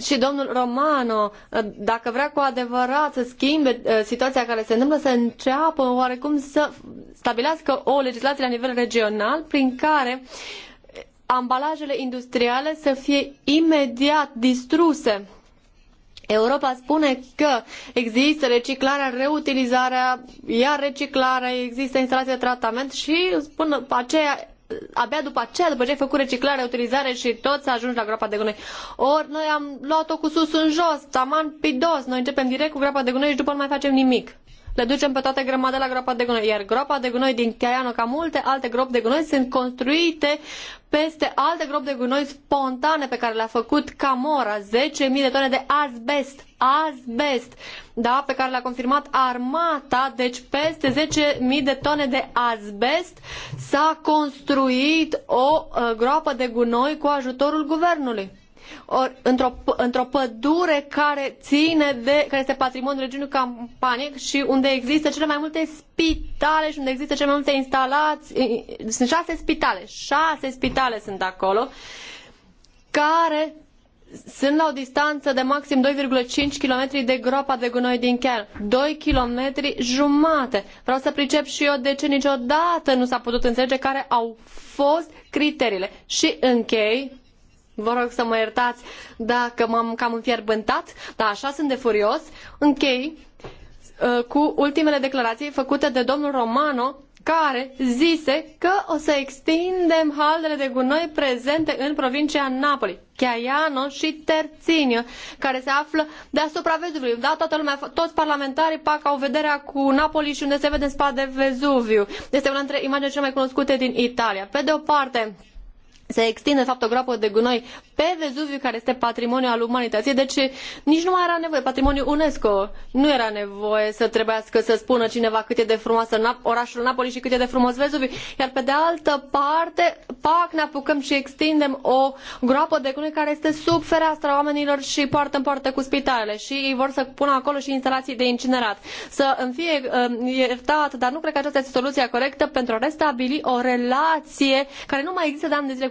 și domnul Romano, dacă vrea cu adevărat să schimbe uh, situația care se întâmplă, să înceapă oarecum să stabilească o legislație la nivel regional prin care ambalajele industriale să fie imediat distruse Europa spune că există reciclarea, reutilizarea, iar reciclarea, există instalații de tratament și spun aceea abia după aceea, după ce ai făcut reciclare, utilizare și tot să ajungi la groapa de gunoi. Ori noi am luat-o cu sus în jos, taman pidos, noi începem direct cu groapa de gunoi și după nu mai facem nimic. Le ducem pe toate grămadele la groapa de gunoi, iar groapa de gunoi din Chiaiano, ca multe alte gropi de gunoi, sunt construite peste alte gropi de gunoi spontane pe care le-a făcut Camora, 10.000 de tone de azbest, azbest, da, pe care l-a confirmat armata, deci peste 10.000 de tone de azbest s-a construit o uh, groapă de gunoi cu ajutorul guvernului într-o, într-o pădure care ține de, care este patrimoniul regiunii Campanic și unde există cele mai multe spitale și unde există cele mai multe instalații, sunt șase spitale, șase spitale sunt acolo, care sunt la o distanță de maxim 2,5 km de groapa de gunoi din Cairn. 2 km jumate. Vreau să pricep și eu de ce niciodată nu s-a putut înțelege care au fost criteriile. Și închei Vă rog să mă iertați dacă m-am cam înfierbântat, dar așa sunt de furios. Închei uh, cu ultimele declarații făcute de domnul Romano, care zise că o să extindem haldele de gunoi prezente în provincia Napoli, Chiaiano și Terținiu, care se află deasupra Vezuviu. Da, toată lumea, toți parlamentarii pac au vederea cu Napoli și unde se vede în spate Vezuviu. Este una dintre imagini cele mai cunoscute din Italia. Pe de o parte, se extinde, de fapt, o groapă de gunoi pe Vezuviu, care este patrimoniu al umanității, deci nici nu mai era nevoie. Patrimoniul UNESCO nu era nevoie să trebuiască să spună cineva cât e de frumoasă Nap- orașul Napoli și cât e de frumos Vezuviu. Iar pe de altă parte, pac, ne apucăm și extindem o groapă de gunoi care este sub fereastra oamenilor și poartă în poartă cu spitalele și ei vor să pună acolo și instalații de incinerat. Să îmi fie uh, iertat, dar nu cred că aceasta este soluția corectă pentru a restabili o relație care nu mai există de ani de zile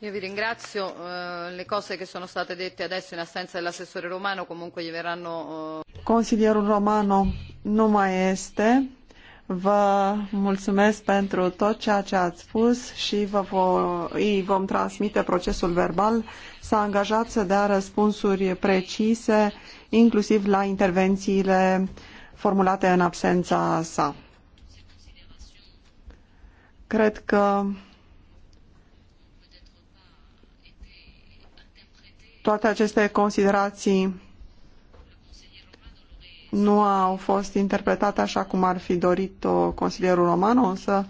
Io vi ringrazio, eh, le cose che sono state dette adesso in assenza dell'assessore Romano comunque gli verranno... Uh... Consilierul Romano nu mai este, Vă mulțumesc pentru tot ceea ce ați spus și vă vo, îi vom transmite procesul verbal. S-a angajat să dea răspunsuri precise, inclusiv la intervențiile formulate în absența sa. Cred că toate aceste considerații nu au fost interpretate așa cum ar fi dorit uh, consilierul roman, însă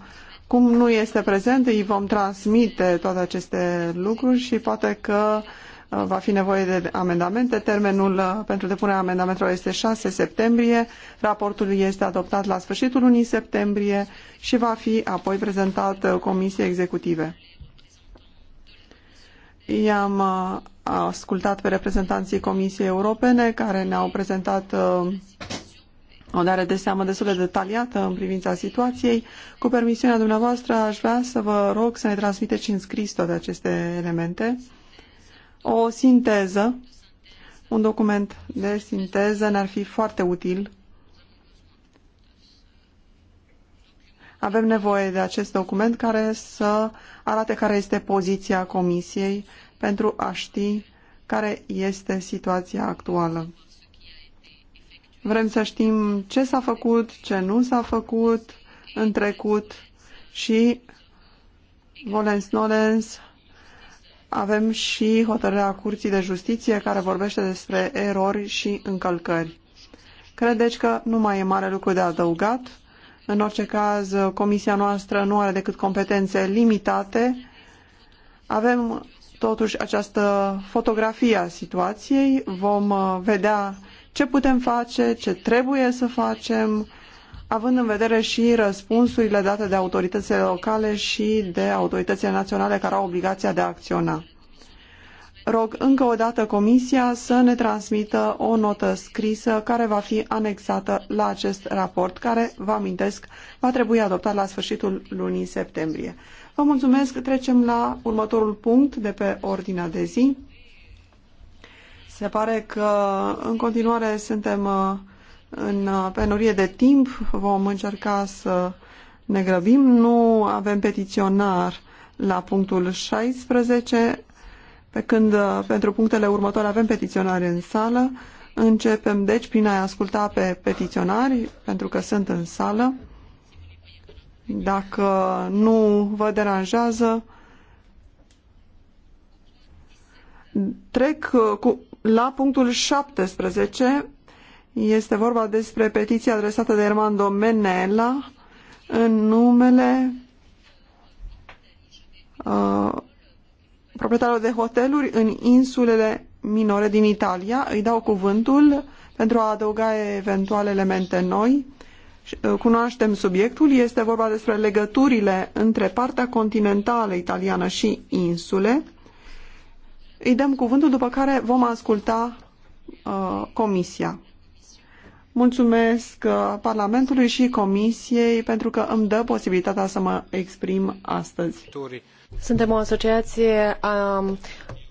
cum nu este prezent, îi vom transmite toate aceste lucruri și poate că uh, va fi nevoie de amendamente. Termenul uh, pentru depunerea amendamentelor este 6 septembrie, raportul este adoptat la sfârșitul lunii septembrie și va fi apoi prezentat Comisiei Executive. I-am uh, ascultat pe reprezentanții Comisiei Europene care ne-au prezentat uh, o dare de seamă destul de detaliată în privința situației. Cu permisiunea dumneavoastră, aș vrea să vă rog să ne transmiteți în scris toate aceste elemente. O sinteză, un document de sinteză ne-ar fi foarte util Avem nevoie de acest document care să arate care este poziția Comisiei pentru a ști care este situația actuală. Vrem să știm ce s-a făcut, ce nu s-a făcut în trecut și Volens Nolens avem și hotărârea Curții de Justiție care vorbește despre erori și încălcări. Credeți că nu mai e mare lucru de adăugat? În orice caz, comisia noastră nu are decât competențe limitate. Avem totuși această fotografie a situației. Vom uh, vedea ce putem face, ce trebuie să facem, având în vedere și răspunsurile date de autoritățile locale și de autoritățile naționale care au obligația de a acționa rog încă o dată Comisia să ne transmită o notă scrisă care va fi anexată la acest raport, care, vă amintesc, va trebui adoptat la sfârșitul lunii septembrie. Vă mulțumesc. Trecem la următorul punct de pe ordinea de zi. Se pare că în continuare suntem uh, în penurie de timp. Vom încerca să ne grăbim. Nu avem petiționar la punctul 16, pe când uh, pentru punctele următoare avem petiționari în sală, începem deci prin a asculta pe petiționari, pentru că sunt în sală. Dacă nu vă deranjează, trec uh, cu, la punctul 17. Este vorba despre petiția adresată de Armando Menela în numele uh, proprietarilor de hoteluri în insulele minore din Italia. Îi dau cuvântul pentru a adăuga eventual elemente noi. Uh, cunoaștem subiectul, este vorba despre legăturile între partea continentală italiană și insule. Îi dăm cuvântul, după care vom asculta uh, comisia. Mulțumesc uh, Parlamentului și Comisiei pentru că îmi dă posibilitatea să mă exprim astăzi. Suntem o asociație a,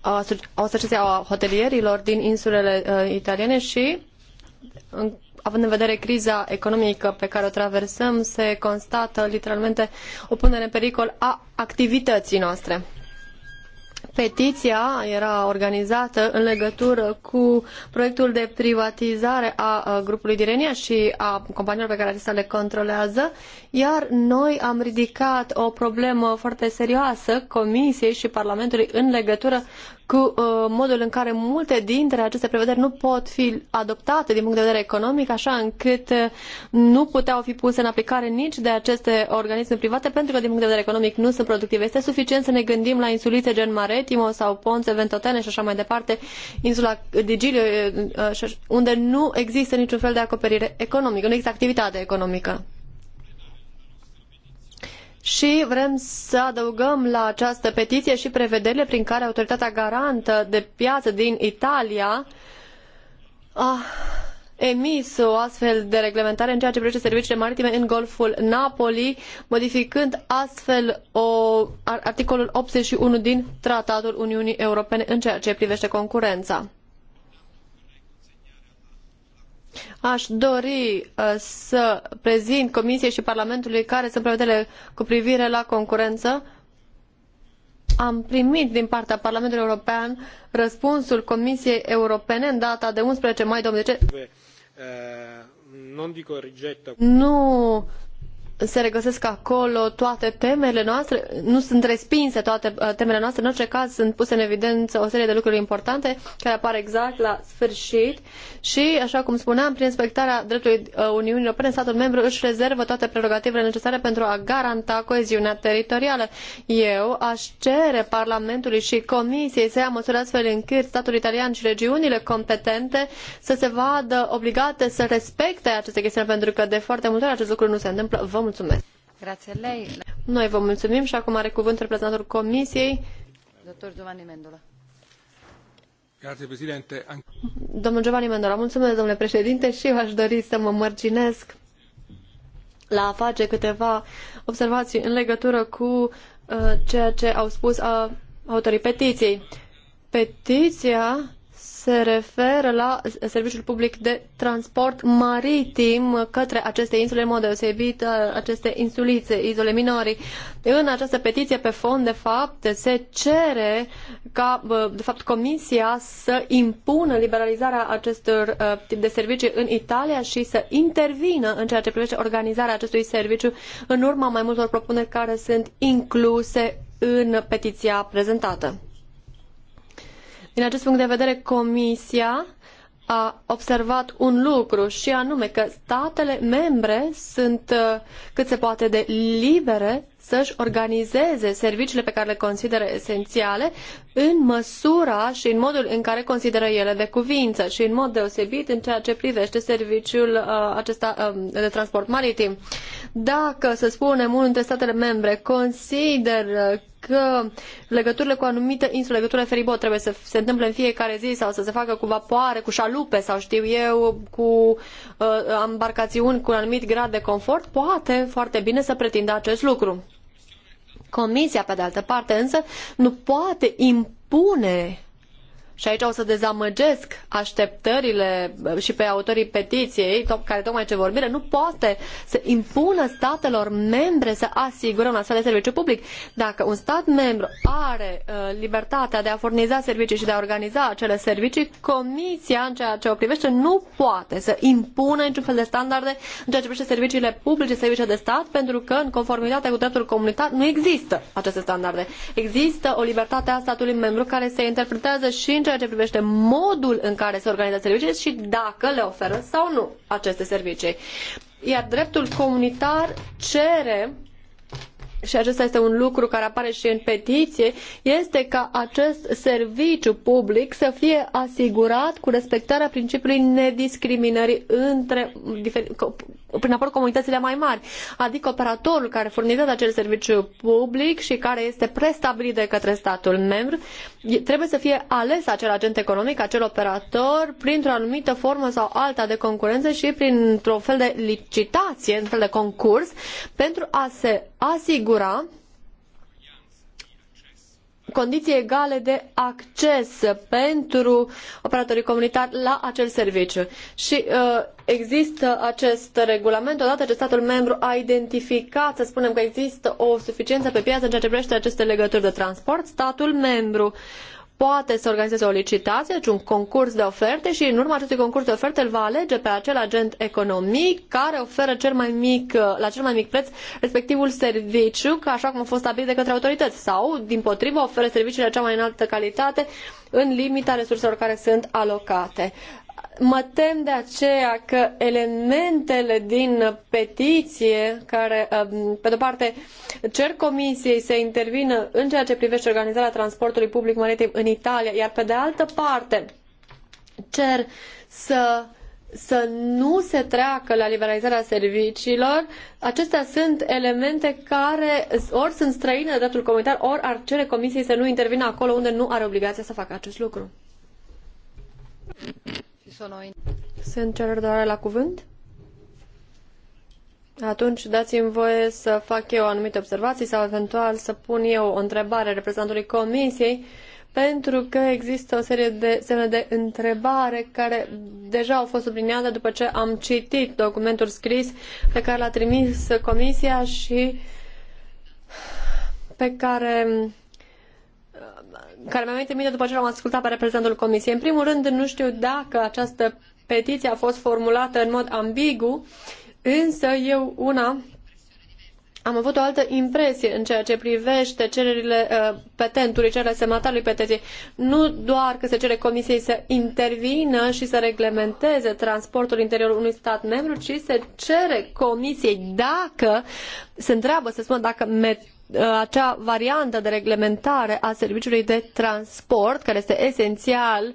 a, o asociație a hotelierilor din insulele italiene și în, având în vedere criza economică pe care o traversăm, se constată literalmente o punere în pericol a activității noastre. Petiția era organizată în legătură cu proiectul de privatizare a grupului Direnia și a companiilor pe care acestea le controlează, iar noi am ridicat o problemă foarte serioasă Comisiei și Parlamentului în legătură cu uh, modul în care multe dintre aceste prevederi nu pot fi adoptate din punct de vedere economic, așa încât uh, nu puteau fi puse în aplicare nici de aceste organisme private, pentru că din punct de vedere economic nu sunt productive. Este suficient să ne gândim la insulițe gen Maretimo sau Ponce, Ventotene și așa mai departe, insula Digilio, uh, unde nu există niciun fel de acoperire economică, nu există activitate economică și vrem să adăugăm la această petiție și prevederile prin care autoritatea garantă de piață din Italia a emis o astfel de reglementare în ceea ce privește serviciile maritime în Golful Napoli, modificând astfel o, articolul 81 din Tratatul Uniunii Europene în ceea ce privește concurența. Aș dori uh, să prezint Comisiei și Parlamentului care sunt prevederile cu privire la concurență. Am primit din partea Parlamentului European răspunsul Comisiei Europene în data de 11 mai 2010. Deci, uh, nu se regăsesc acolo toate temele noastre, nu sunt respinse toate uh, temele noastre, în orice caz sunt puse în evidență o serie de lucruri importante care apar exact la sfârșit și, așa cum spuneam, prin respectarea dreptului uh, Uniunii Europene, statul membru își rezervă toate prerogativele necesare pentru a garanta coeziunea teritorială. Eu aș cere Parlamentului și Comisiei să ia măsuri astfel încât statul italian și regiunile competente să se vadă obligate să respecte aceste chestiuni, pentru că de foarte multe ori acest lucru nu se întâmplă. Vă mulțumesc. Noi vă mulțumim și acum are cuvânt reprezentantul Comisiei. Dr. Giovanni Mendola. Grazie, Presidente. Domnul Giovanni Mendola, mulțumesc, domnule președinte, și eu aș dori să mă mărginesc la a face câteva observații în legătură cu uh, ceea ce au spus uh, autorii petiției. Petiția se referă la serviciul public de transport maritim către aceste insule, în mod deosebit uh, aceste insulițe, izole minori. În această petiție pe fond, de fapt, se cere ca, uh, de fapt, Comisia să impună liberalizarea acestor uh, tip de servicii în Italia și să intervină în ceea ce privește organizarea acestui serviciu în urma mai multor propuneri care sunt incluse în petiția prezentată. Din acest punct de vedere, Comisia a observat un lucru și anume că statele membre sunt uh, cât se poate de libere să-și organizeze serviciile pe care le consideră esențiale în măsura și în modul în care consideră ele de cuvință și în mod deosebit în ceea ce privește serviciul uh, acesta um, de transport maritim. Dacă, să spunem, unul dintre statele membre consideră că legăturile cu anumite insule, legăturile feribot trebuie să se întâmple în fiecare zi sau să se facă cu vapoare, cu șalupe sau știu eu, cu uh, embarcațiuni cu un anumit grad de confort, poate foarte bine să pretindă acest lucru. Comisia, pe de altă parte, însă, nu poate impune și aici o să dezamăgesc așteptările și pe autorii petiției, care tocmai ce vorbire, nu poate să impună statelor membre să asigure un astfel de serviciu public. Dacă un stat membru are uh, libertatea de a furniza servicii și de a organiza acele servicii, Comisia, în ceea ce o privește, nu poate să impună niciun fel de standarde în ceea ce privește serviciile publice, serviciile de stat, pentru că, în conformitate cu dreptul comunitar, nu există aceste standarde. Există o libertate a statului membru care se interpretează și în ceea ce privește modul în care se organizează serviciile și dacă le oferă sau nu aceste servicii. Iar dreptul comunitar cere și acesta este un lucru care apare și în petiție, este ca acest serviciu public să fie asigurat cu respectarea principiului nediscriminării între prin acord comunitățile mai mari, adică operatorul care furnizează acel serviciu public și care este prestabilit de către statul membru, trebuie să fie ales acel agent economic, acel operator, printr-o anumită formă sau alta de concurență și printr o fel de licitație, un fel de concurs, pentru a se asigura condiții egale de acces pentru operatorii comunitari la acel serviciu. Și uh, există acest regulament odată ce statul membru a identificat, să spunem că există o suficiență pe piață în ceea ce privește aceste legături de transport, statul membru uh, poate să organizeze o licitație, deci un concurs de oferte și în urma acestui concurs de oferte îl va alege pe acel agent economic care oferă cel mai mic, uh, la cel mai mic preț respectivul serviciu, ca așa cum a fost stabilit de către autorități, sau, din potrivă, oferă serviciile de cea mai înaltă calitate în limita resurselor care sunt alocate. Mă tem de aceea că elementele din petiție, care, um, pe de-o parte, cer comisiei să intervină în ceea ce privește organizarea transportului public maritim în Italia, iar pe de altă parte cer să să nu se treacă la liberalizarea serviciilor, acestea sunt elemente care ori sunt străine de dreptul comunitar, ori ar cere comisiei să nu intervină acolo unde nu are obligația să facă acest lucru. Sunt cereri de la cuvânt? Atunci dați-mi voie să fac eu anumite observații sau eventual să pun eu o întrebare reprezentantului Comisiei, pentru că există o serie de semne de întrebare care deja au fost subliniate după ce am citit documentul scris pe care l-a trimis Comisia și pe care care mi-am după ce l-am ascultat pe reprezentantul Comisiei. În primul rând, nu știu dacă această petiție a fost formulată în mod ambigu, însă eu una am avut o altă impresie în ceea ce privește cererile uh, petentului, cererile semnatarului petenției. Nu doar că se cere comisiei să intervină și să reglementeze transportul interiorul unui stat membru, ci se cere comisiei dacă se întreabă, să spună, dacă met Uh, acea variantă de reglementare a serviciului de transport, care este esențial,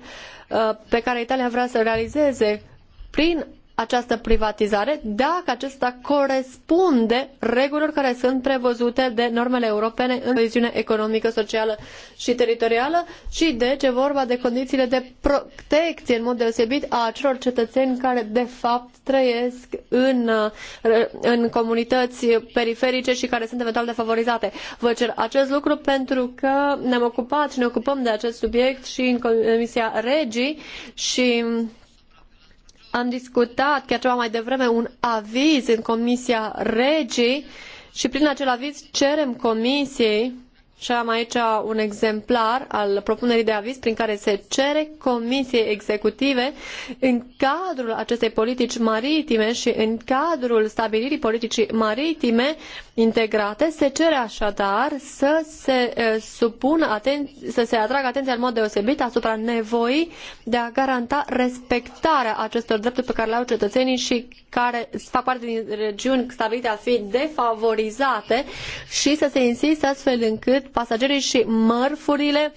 uh, pe care Italia vrea să o realizeze prin această privatizare dacă acesta corespunde regulilor care sunt prevăzute de normele europene în coeziune economică, socială și teritorială și deci ce vorba de condițiile de protecție în mod deosebit a acelor cetățeni care de fapt trăiesc în, în comunități periferice și care sunt eventual defavorizate. Vă cer acest lucru pentru că ne-am ocupat și ne ocupăm de acest subiect și în Comisia Regii și am discutat chiar ceva mai devreme un aviz în Comisia Regii și prin acel aviz cerem Comisiei și am aici un exemplar al propunerii de aviz prin care se cere Comisiei Executive în cadrul acestei politici maritime și în cadrul stabilirii politicii maritime integrate, se cere așadar să se supună să se atragă atenția în mod deosebit asupra nevoii de a garanta respectarea acestor drepturi pe care le au cetățenii și care fac parte din regiuni stabilite a fi defavorizate și să se insiste astfel încât pasagerii și mărfurile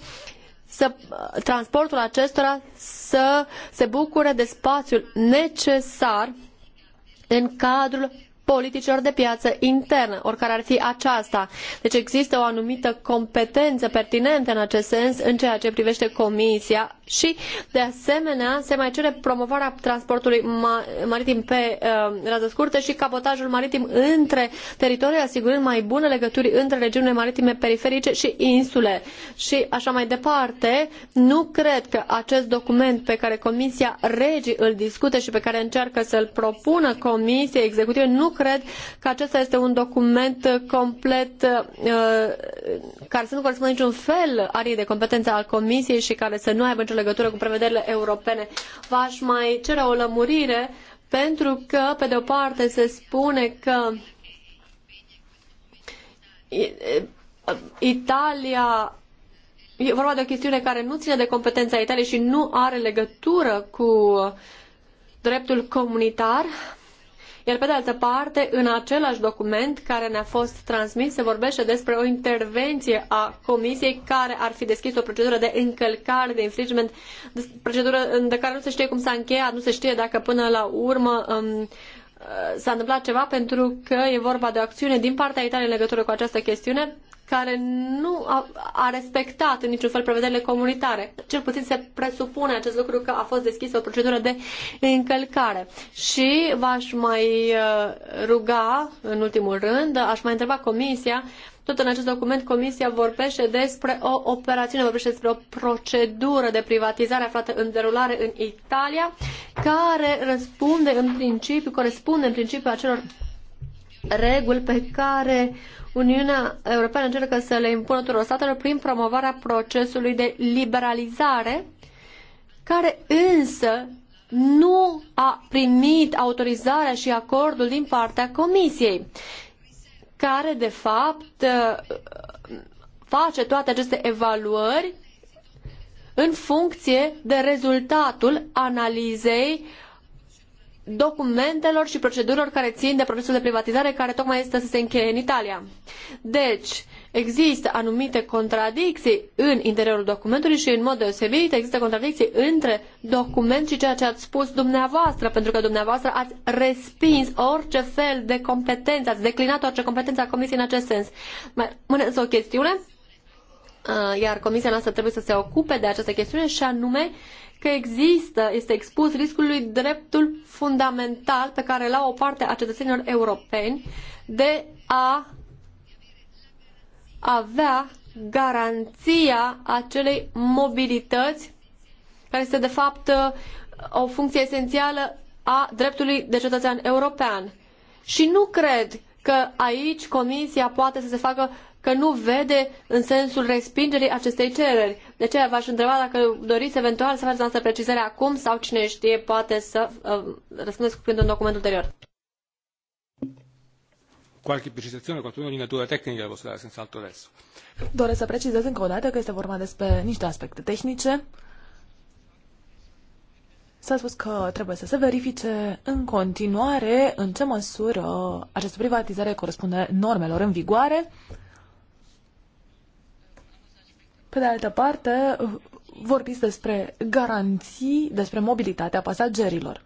să, transportul acestora să se bucure de spațiul necesar în cadrul politicilor de piață internă, oricare ar fi aceasta. Deci există o anumită competență pertinentă în acest sens în ceea ce privește Comisia și, de asemenea, se mai cere promovarea transportului maritim pe uh, rază scurtă și cabotajul maritim între teritorii, asigurând mai bune legături între regiunile maritime periferice și insule. Și așa mai departe, nu cred că acest document pe care Comisia Regi îl discute și pe care încearcă să-l propună Comisiei Executive nu cred că acesta este un document complet uh, care să nu corespundă niciun fel arii de competență al Comisiei și care să nu aibă nicio legătură cu prevederile europene. V-aș mai cere o lămurire pentru că, pe de o parte, se spune că Italia e vorba de o chestiune care nu ține de competența Italiei și nu are legătură cu dreptul comunitar. Iar pe de altă parte, în același document care ne-a fost transmis, se vorbește despre o intervenție a Comisiei care ar fi deschis o procedură de încălcare, de infringement, procedură de care nu se știe cum s-a încheiat, nu se știe dacă până la urmă um, uh, s-a întâmplat ceva pentru că e vorba de o acțiune din partea Italiei în legătură cu această chestiune care nu a, a respectat în niciun fel prevederile comunitare. Cel puțin se presupune acest lucru că a fost deschisă o procedură de încălcare. Și v-aș mai uh, ruga, în ultimul rând, aș mai întreba Comisia tot în acest document Comisia vorbește despre o operațiune, vorbește despre o procedură de privatizare aflată în derulare în Italia, care răspunde în principiu, corespunde în principiu acelor reguli pe care Uniunea Europeană încearcă să le impună tuturor statelor prin promovarea procesului de liberalizare, care însă nu a primit autorizarea și acordul din partea Comisiei, care de fapt uh, face toate aceste evaluări în funcție de rezultatul analizei uh, documentelor și procedurilor care țin de procesul de privatizare care tocmai este să se încheie în Italia. Deci, există anumite contradicții în interiorul documentului și în mod deosebit există contradicții între document și ceea ce ați spus dumneavoastră, pentru că dumneavoastră ați respins orice fel de competență, ați declinat orice competență a Comisiei în acest sens. Mai rămâne o chestiune Uh, iar comisia noastră trebuie să se ocupe de această chestiune și anume că există, este expus riscului dreptul fundamental pe care l-au o parte a cetățenilor europeni de a avea garanția acelei mobilități care este de fapt uh, o funcție esențială a dreptului de cetățean european. Și nu cred că aici Comisia poate să se facă că nu vede în sensul respingerii acestei cereri. De ce v-aș întreba dacă doriți eventual să faceți această precizare acum sau cine știe poate să uh, răspundeți cu un document ulterior. Qualche precisazione, qualcuno di natura tecnica posso dare senz'altro adesso. Doresc să precizez încă o dată că este vorba despre niște aspecte tehnice. S-a spus că trebuie să se verifice în continuare în ce măsură această privatizare corespunde normelor în vigoare pe de altă parte, vorbiți despre garanții, despre mobilitatea pasagerilor.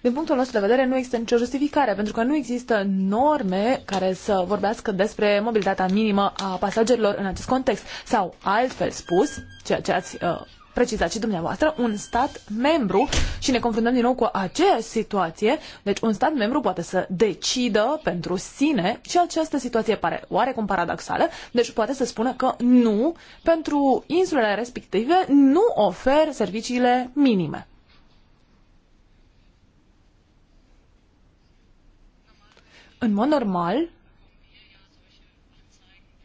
Din punctul nostru de vedere, nu există nicio justificare, pentru că nu există norme care să vorbească despre mobilitatea minimă a pasagerilor în acest context. Sau, altfel spus, ceea ce ați uh, precizat și dumneavoastră, un stat membru și ne confruntăm din nou cu aceeași situație. Deci un stat membru poate să decidă pentru sine și această situație pare oarecum paradoxală, deci poate să spună că nu, pentru insulele respective nu ofer serviciile minime. În mod normal,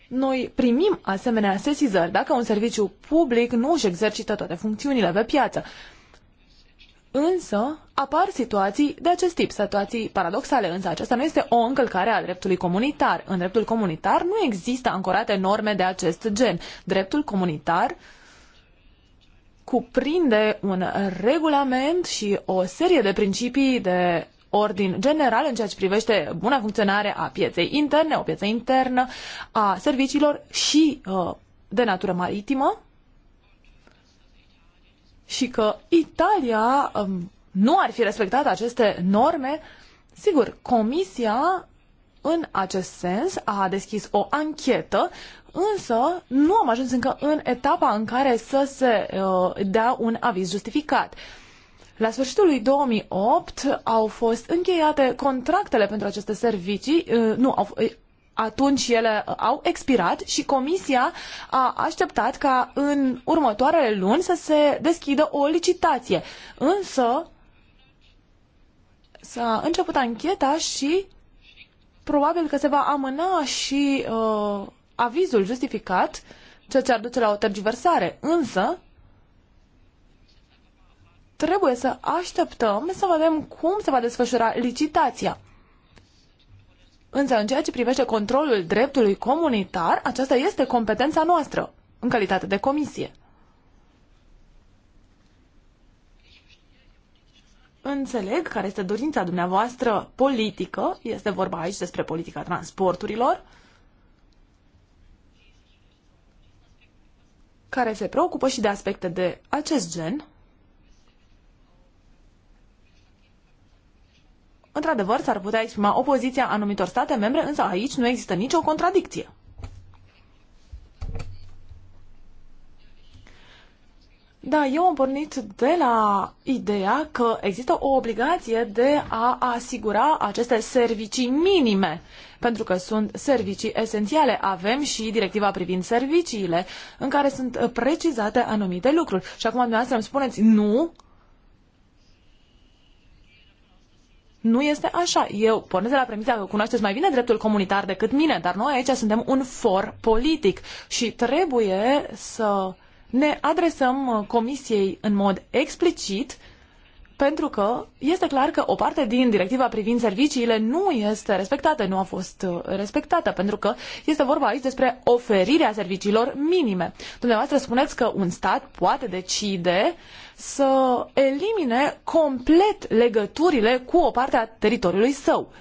noi primim asemenea sesizări dacă un serviciu public nu își exercită toate funcțiunile pe piață. Însă apar situații de acest tip, situații paradoxale, însă aceasta nu este o încălcare a dreptului comunitar. În dreptul comunitar nu există ancorate norme de acest gen. Dreptul comunitar cuprinde un regulament și o serie de principii de ordin general în ceea ce privește buna funcționare a pieței interne, o pieță internă, a serviciilor și uh, de natură maritimă și că Italia um, nu ar fi respectat aceste norme, sigur, Comisia în acest sens a deschis o anchetă, însă nu am ajuns încă în etapa în care să se uh, dea un aviz justificat. Uh, la sfârșitul lui 2008 au fost încheiate contractele pentru aceste servicii, uh, nu, au, uh, atunci ele uh, au expirat și comisia a așteptat ca în următoarele luni să se deschidă o licitație. Însă s-a început ancheta și probabil că se va amâna și uh, avizul justificat, ceea ce ar duce la o tergiversare. Însă trebuie să așteptăm să vedem cum se va desfășura licitația. Însă, în ceea ce privește controlul dreptului comunitar, aceasta este competența noastră, în calitate de comisie. Înțeleg care este dorința dumneavoastră politică, este vorba aici despre politica transporturilor, care se preocupă și de aspecte de acest gen, Într-adevăr, s-ar putea exprima opoziția anumitor state membre, însă aici nu există nicio contradicție. Da, eu am pornit de la ideea că există o obligație de a asigura aceste servicii minime, pentru că sunt servicii esențiale. Avem și directiva privind serviciile, în care sunt precizate anumite lucruri. Și acum dumneavoastră îmi spuneți, nu, Nu este așa. Eu pornesc de la premisa că cunoașteți mai bine dreptul comunitar decât mine, dar noi aici suntem un for politic și trebuie să ne adresăm uh, Comisiei în mod explicit pentru că este clar că o parte din directiva privind serviciile nu este respectată, nu a fost uh, respectată, pentru că este vorba aici despre oferirea serviciilor minime. Dumneavoastră spuneți că un stat poate decide uh, să elimine complet legăturile cu o parte a teritoriului său.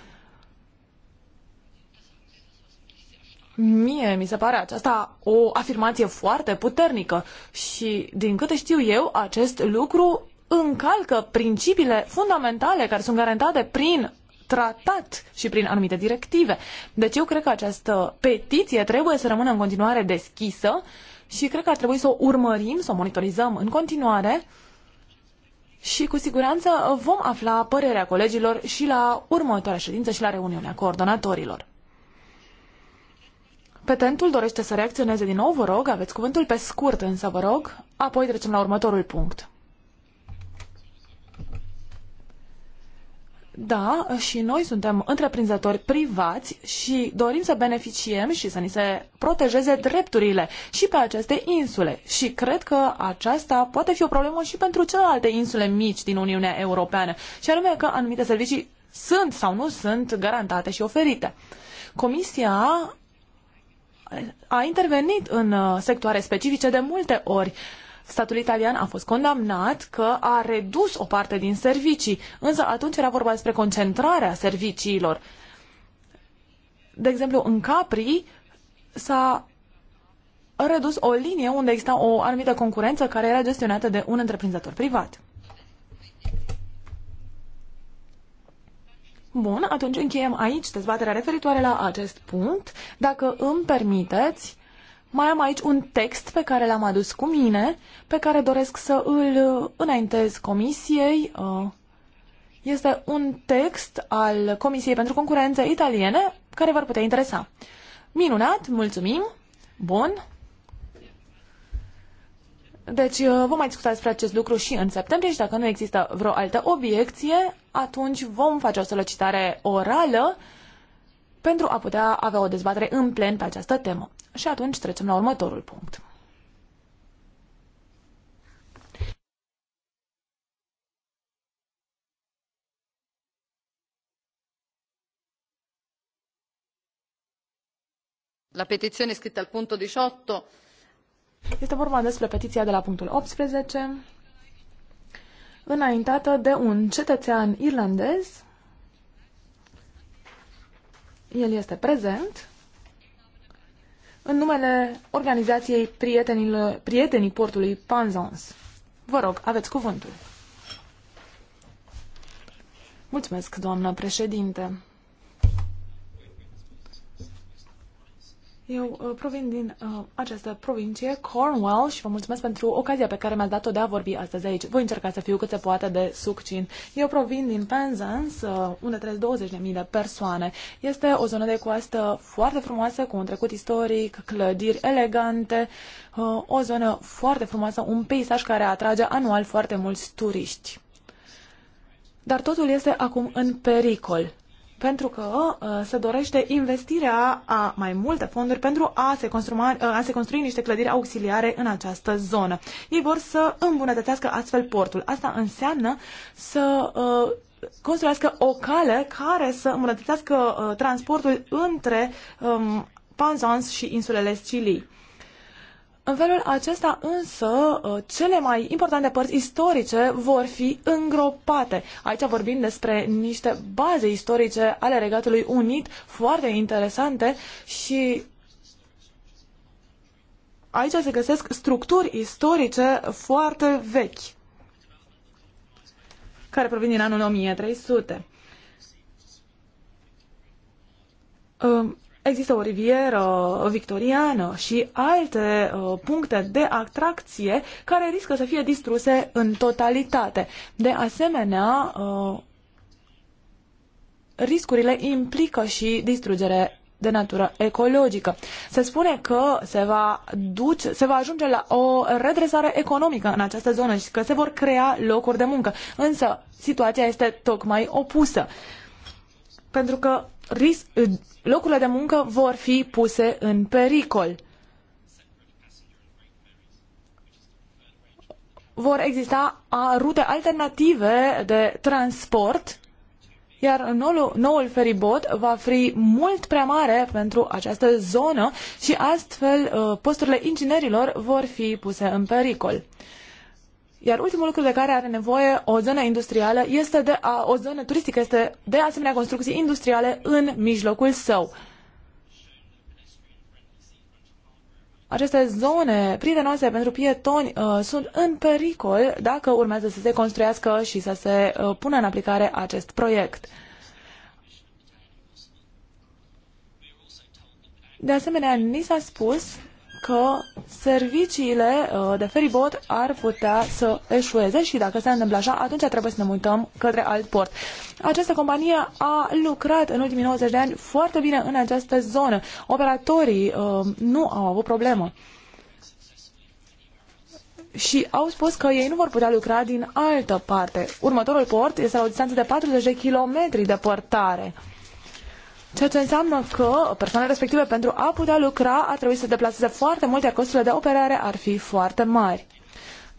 Mie mi se pare aceasta o afirmație foarte puternică și, din câte știu eu, acest lucru încalcă principiile fundamentale care sunt garantate prin tratat și prin anumite directive. Deci eu cred că această petiție trebuie să rămână în continuare deschisă și cred că ar trebui să o urmărim, să o monitorizăm în continuare și cu siguranță vom afla părerea colegilor și la următoarea ședință și la reuniunea coordonatorilor. Petentul dorește să reacționeze din nou, vă rog, aveți cuvântul pe scurt însă, vă rog, apoi trecem la următorul punct. Da, și noi suntem întreprinzători privați și dorim să beneficiem și să ni se protejeze drepturile și pe aceste insule. Și cred că aceasta poate fi o problemă și pentru celelalte insule mici din Uniunea Europeană, și anume că anumite servicii sunt sau nu sunt garantate și oferite. Comisia a intervenit în uh, sectoare specifice de multe ori Statul italian a fost condamnat că a redus o parte din servicii, însă atunci era vorba despre concentrarea serviciilor. De exemplu, în Capri s-a redus o linie unde exista o anumită concurență care era gestionată de un întreprinzător privat. Bun, atunci încheiem aici dezbaterea referitoare la acest punct. Dacă îmi permiteți, mai am aici un text pe care l-am adus cu mine, pe care doresc să îl uh, înaintez comisiei. Uh, este un text al Comisiei pentru Concurență Italiene care v-ar putea interesa. Minunat, mulțumim, bun. Deci uh, vom mai discuta despre acest lucru și în septembrie și dacă nu există vreo altă obiecție, atunci vom face o solicitare orală pentru a putea avea o dezbatere în plen pe această temă. Și atunci trecem la următorul punct. La petiție scrisă al punctul 18. Este vorba despre petiția de la punctul 18, înaintată de un cetățean irlandez el este prezent. În numele organizației Prietenii, Prietenii Portului Panzans. Vă rog, aveți cuvântul. Mulțumesc, doamnă președinte. Eu uh, provin din uh, această provincie, Cornwall, și vă mulțumesc pentru ocazia pe care mi-ați dat-o de a vorbi astăzi aici. Voi încerca să fiu cât se poate de succin. Eu provin din Penzance, uh, unde trăiesc 20.000 de persoane. Este o zonă de coastă foarte frumoasă, cu un trecut istoric, clădiri elegante, uh, o zonă foarte frumoasă, un peisaj care atrage anual foarte mulți turiști. Dar totul este acum în pericol pentru că uh, se dorește investirea a mai multe fonduri pentru a se, construma, uh, a se construi niște clădiri auxiliare în această zonă. Ei vor să îmbunătățească astfel portul. Asta înseamnă să uh, construiască o cale care să îmbunătățească uh, transportul între um, Panzans și insulele Scilii. În felul acesta însă, ă, cele mai importante părți istorice vor fi îngropate. Aici vorbim despre niște baze istorice ale Regatului Unit, foarte interesante și aici se găsesc structuri istorice foarte vechi, care provin din anul 1300 există o rivieră victoriană și alte uh, puncte de atracție care riscă să fie distruse în totalitate. De asemenea, uh, riscurile implică și distrugere de natură ecologică. Se spune că se va, duce, se va ajunge la o redresare economică în această zonă și că se vor crea locuri de muncă. Însă, situația este tocmai opusă. Pentru că risc, locurile de muncă vor fi puse în pericol. Vor exista rute alternative de transport, iar noul, noul feribot va fi mult prea mare pentru această zonă și astfel ă, posturile inginerilor vor fi puse în pericol. Iar ultimul lucru de care are nevoie o zonă industrială este de a, o zonă turistică este de asemenea construcții industriale în mijlocul său. Aceste zone prietenoase pentru pietoni uh, sunt în pericol dacă urmează să se construiască și să se uh, pună în aplicare acest proiect. De asemenea, ni s-a spus că serviciile uh, de feribot ar putea să eșueze și dacă se întâmplă așa, atunci trebuie să ne mutăm către alt port. Această companie a lucrat în ultimii 90 de ani foarte bine în această zonă. Operatorii uh, nu au avut problemă și au spus că ei nu vor putea lucra din altă parte. Următorul port este la o distanță de 40 de kilometri de părtare. Ceea ce înseamnă că persoanele respective pentru a putea lucra ar trebui să deplaseze foarte mult, iar costurile de operare ar fi foarte mari.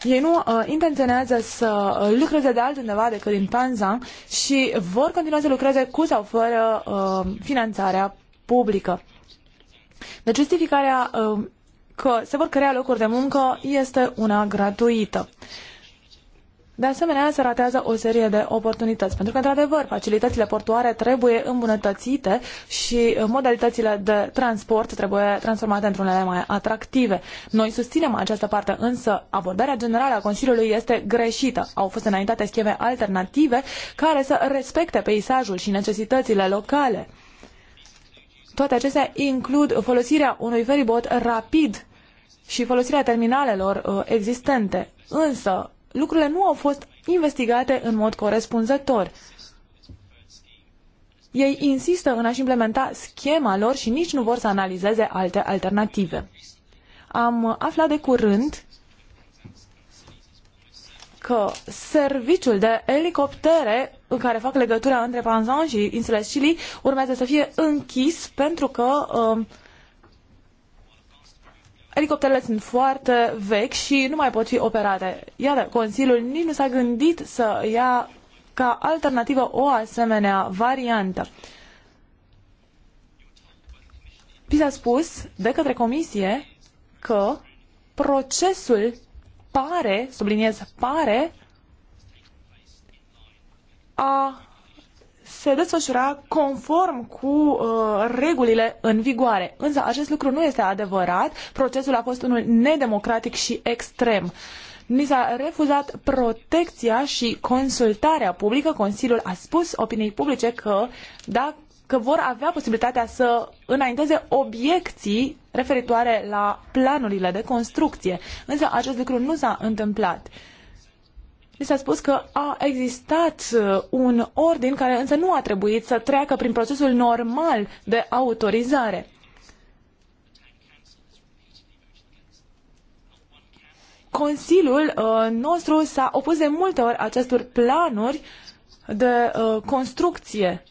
Ei nu uh, intenționează să uh, lucreze de altundeva decât din Panza și vor continua să lucreze cu sau fără uh, finanțarea publică. Deci justificarea uh, că se vor crea locuri de muncă este una gratuită. Uh, de asemenea, se ratează o serie de oportunități, pentru că, într-adevăr, facilitățile portuare trebuie îmbunătățite și modalitățile de transport trebuie transformate într-unele mai atractive. Noi susținem această parte, însă abordarea generală a Consiliului este greșită. Au fost înaintate scheme alternative care să respecte peisajul și necesitățile locale. Toate acestea includ folosirea unui feribot rapid și folosirea terminalelor uh, existente. Însă, lucrurile nu au fost investigate în mod corespunzător. Ei insistă în a-și implementa schema lor și nici nu vor să analizeze alte alternative. Am aflat de curând că serviciul de elicoptere în care fac legătura între Panzan și insulele Chili urmează să fie închis pentru că uh, Elicopterele sunt foarte vechi și nu mai pot fi operate. Iar Consiliul nici nu s-a gândit să ia ca alternativă o asemenea variantă. Vi s-a spus de către Comisie că procesul pare, subliniez pare, a se desfășura conform cu uh, regulile în vigoare. Însă acest lucru nu este adevărat. Procesul a fost unul nedemocratic și extrem. Ni s-a refuzat protecția și consultarea publică. Consiliul a spus opiniei publice că dacă că vor avea posibilitatea să înainteze obiecții referitoare la planurile de construcție. Însă acest lucru nu s-a întâmplat. Uh, Li s-a spus că a existat uh, un ordin care însă nu a trebuit să treacă prin procesul normal de autorizare. Consiliul uh, nostru s-a opus de multe ori acestor planuri de uh, construcție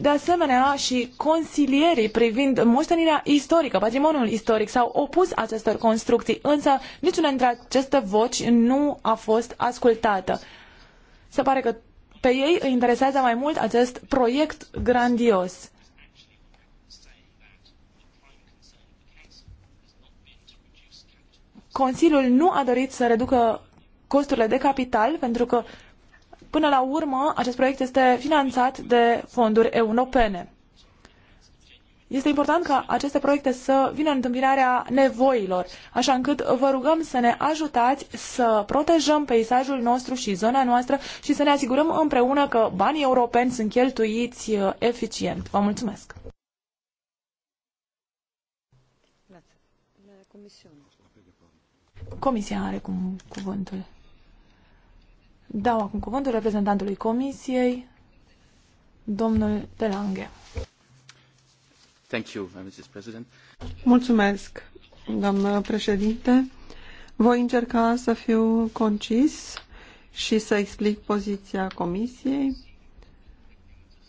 de asemenea și consilierii privind moștenirea istorică, patrimoniul istoric, s-au opus acestor construcții, însă niciuna dintre aceste voci nu a fost ascultată. Se pare că pe ei îi interesează mai mult acest proiect grandios. Consiliul nu a dorit să reducă costurile de capital pentru că Până la urmă, acest proiect este finanțat de fonduri europene. Este important ca aceste proiecte să vină în întâmpinarea nevoilor, așa încât vă rugăm să ne ajutați să protejăm peisajul nostru și zona noastră și să ne asigurăm împreună că banii europeni sunt cheltuiți uh, eficient. Vă mulțumesc! Comisia are cum cuvântul. Dau acum cuvântul reprezentantului Comisiei, domnul Delange. Thank you, Mrs. President. Mulțumesc, doamnă președinte. Voi încerca să fiu concis și să explic poziția Comisiei.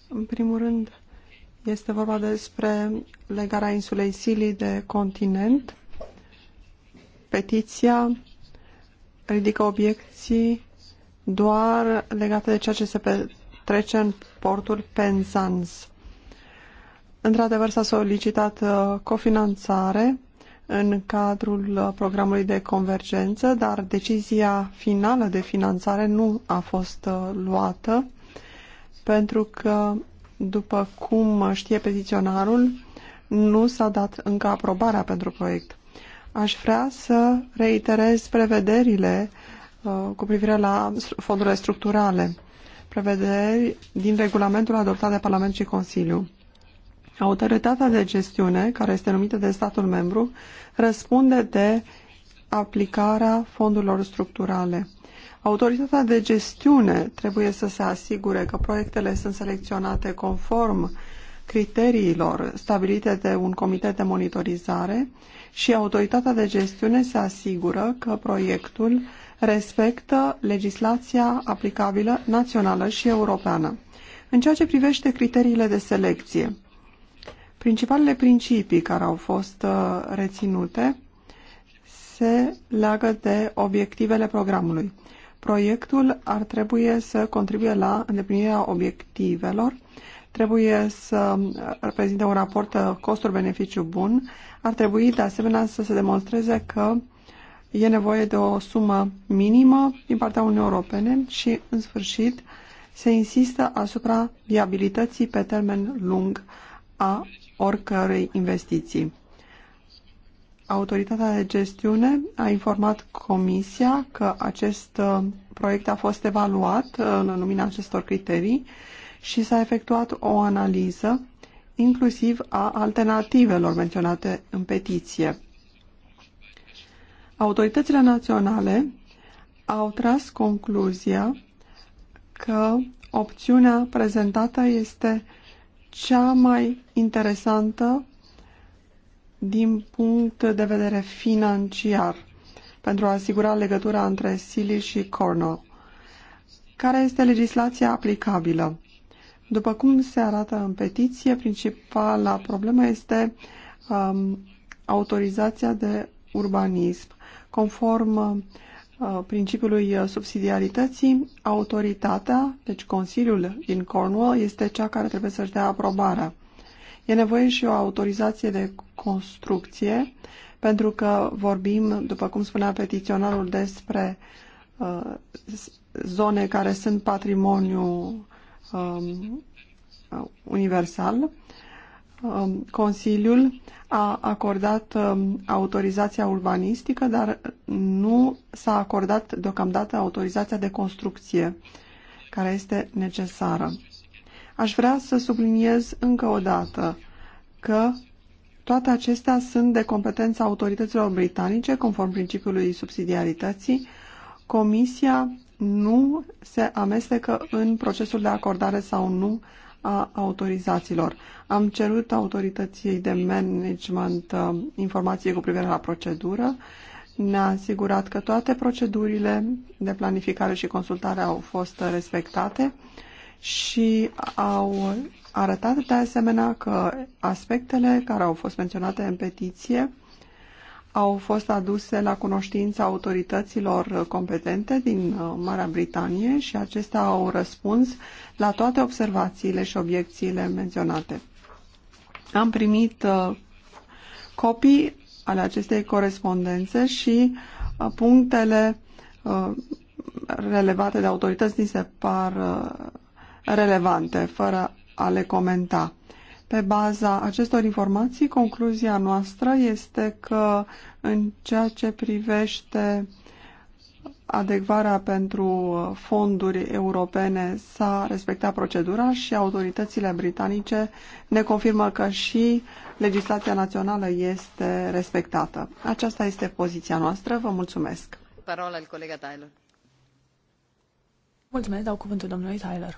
În primul rând, este vorba despre legarea insulei Silii de continent. Petiția ridică obiecții doar legate de ceea ce se petrece în portul Penzans. Într-adevăr, s-a solicitat uh, cofinanțare în cadrul uh, programului de convergență, dar decizia finală de finanțare nu a fost uh, luată, pentru că, după cum știe petiționarul, nu s-a dat încă aprobarea pentru proiect. Aș vrea să reiterez prevederile Uh, cu privire la fondurile structurale, prevederi din regulamentul adoptat de Parlament și Consiliu. Autoritatea de gestiune, care este numită de statul membru, răspunde de aplicarea fondurilor structurale. Autoritatea de gestiune trebuie să se asigure că proiectele sunt selecționate conform criteriilor stabilite de un comitet de monitorizare și autoritatea de gestiune se asigură că proiectul respectă legislația aplicabilă națională și europeană. În ceea ce privește criteriile de selecție, principalele principii care au fost uh, reținute se leagă de obiectivele programului. Proiectul ar trebui să contribuie la îndeplinirea obiectivelor, trebuie să uh, reprezinte un raport uh, costuri-beneficiu bun, ar trebui de asemenea să se demonstreze că e nevoie de o sumă minimă din partea Uniunii Europene și, în sfârșit, se insistă asupra viabilității pe termen lung a oricărei investiții. Autoritatea de gestiune a informat Comisia că acest uh, proiect a fost evaluat uh, în lumina acestor criterii și s-a efectuat o analiză inclusiv a alternativelor menționate în petiție autoritățile naționale au tras concluzia că opțiunea prezentată este cea mai interesantă din punct de vedere financiar pentru a asigura legătura între Sili și Cornell. Care este legislația aplicabilă? După cum se arată în petiție, principala problemă este um, autorizația de urbanism. Conform uh, principiului subsidiarității, autoritatea, deci Consiliul din Cornwall, este cea care trebuie să-și dea aprobarea. E nevoie și o autorizație de construcție, pentru că vorbim, după cum spunea petiționarul, despre uh, zone care sunt patrimoniu um, universal. Um, Consiliul a acordat um, autorizația urbanistică, dar nu s-a acordat deocamdată autorizația de construcție care este necesară. Aș vrea să subliniez încă o dată că toate acestea sunt de competența autorităților britanice, conform principiului subsidiarității. Comisia nu se amestecă în procesul de acordare sau nu a autorizațiilor. Am cerut autorității de management uh, informație cu privire la procedură. Ne-a asigurat că toate procedurile de planificare și consultare au fost respectate și au arătat de asemenea că aspectele care au fost menționate în petiție au fost aduse la cunoștința autorităților competente din uh, Marea Britanie și acestea au răspuns la toate observațiile și obiecțiile menționate. Am primit uh, copii ale acestei corespondențe și uh, punctele relevate de autorități ni se par relevante, fără a le comenta. Pe baza acestor informații, concluzia noastră este că în ceea ce privește adecvarea pentru fonduri europene s-a respectat procedura și autoritățile britanice ne confirmă că și legislația națională este respectată. Aceasta este poziția noastră. Vă mulțumesc. Parola al colega Tyler. Mulțumesc, dau cuvântul domnului Tyler.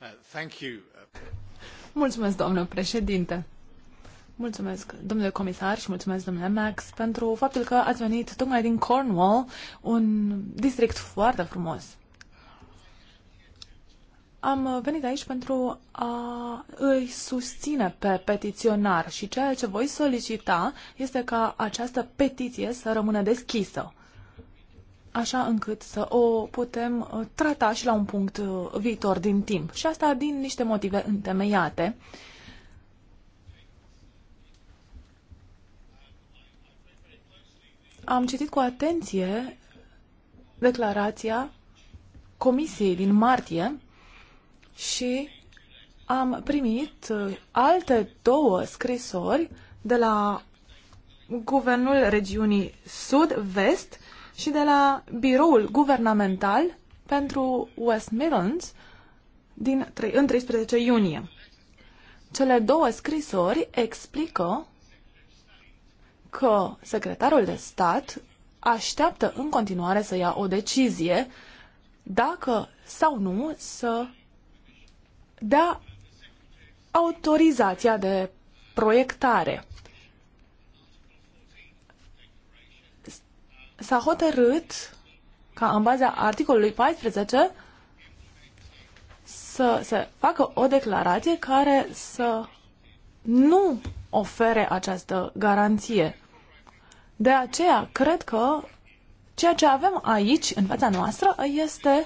Uh, mulțumesc, doamnă președinte. Mulțumesc, domnule comisar și mulțumesc, domnule Max, pentru faptul că ați venit tocmai din Cornwall, un district foarte frumos. Am venit aici pentru a îi susține pe petiționar și ceea ce voi solicita este ca această petiție să rămână deschisă așa încât să o putem uh, trata și la un punct uh, viitor din timp. Și asta din niște motive întemeiate. Am citit cu atenție declarația Comisiei din martie și am primit uh, alte două scrisori de la Guvernul Regiunii Sud-Vest și de la biroul guvernamental pentru West Midlands din, în 13 iunie. Cele două scrisori explică că secretarul de stat așteaptă în continuare să ia o decizie dacă sau nu să dea autorizația de proiectare. s-a hotărât ca în baza articolului 14 să se facă o declarație care să nu ofere această garanție. De aceea, cred că ceea ce avem aici, în fața noastră, este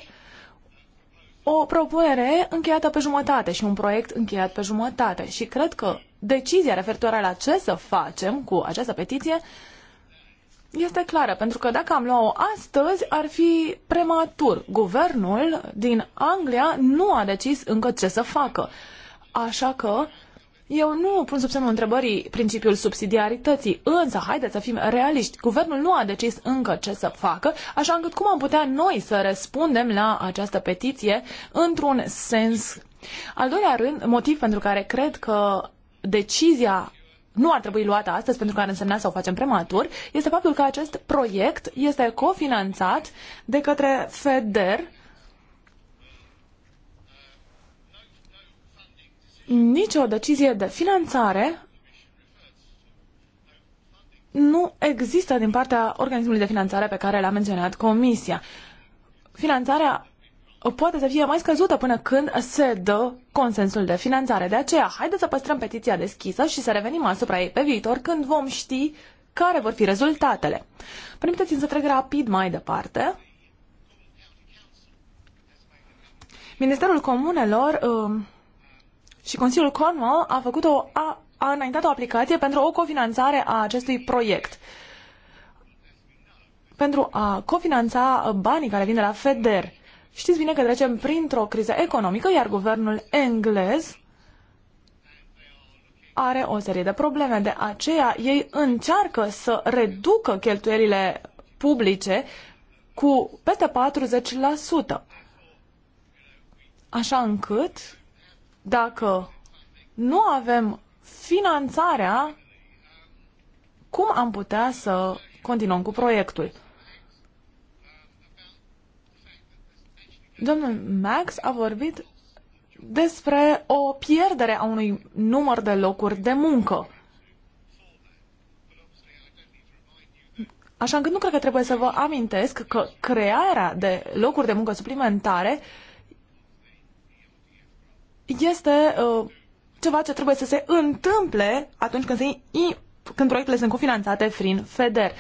o propunere încheiată pe jumătate și un proiect încheiat pe jumătate. Și cred că decizia referitoare la ce să facem cu această petiție este clară, pentru că dacă am luat-o astăzi, ar fi prematur. Guvernul din Anglia nu a decis încă ce să facă. Așa că eu nu pun sub semnul întrebării principiul subsidiarității, însă haideți să fim realiști. Guvernul nu a decis încă ce să facă, așa încât cum am putea noi să răspundem la această petiție într-un sens. Al doilea rând, motiv pentru care cred că decizia nu ar trebui luată astăzi pentru că ar însemna să o facem prematur, este faptul că acest proiect este cofinanțat de către FEDER, nicio decizie de finanțare nu există din partea organismului de finanțare pe care l-a menționat Comisia. Finanțarea poate să fie mai scăzută până când se dă consensul de finanțare. De aceea, haideți să păstrăm petiția deschisă și să revenim asupra ei pe viitor când vom ști care vor fi rezultatele. Permiteți-mi să trec rapid mai departe. Ministerul Comunelor um, și Consiliul Cornwall a, făcut o, a, a înaintat o aplicație pentru o cofinanțare a acestui proiect. Pentru a cofinanța banii care vin de la FEDER Știți bine că trecem printr-o criză economică, iar guvernul englez are o serie de probleme. De aceea ei încearcă să reducă cheltuielile publice cu peste 40%. Așa încât, dacă nu avem finanțarea, cum am putea să continuăm cu proiectul? Domnul Max a vorbit despre o pierdere a unui număr de locuri de muncă. Așa încât nu cred că trebuie să vă amintesc că crearea de locuri de muncă suplimentare este uh, ceva ce trebuie să se întâmple atunci când, se, când proiectele sunt cofinanțate prin FEDER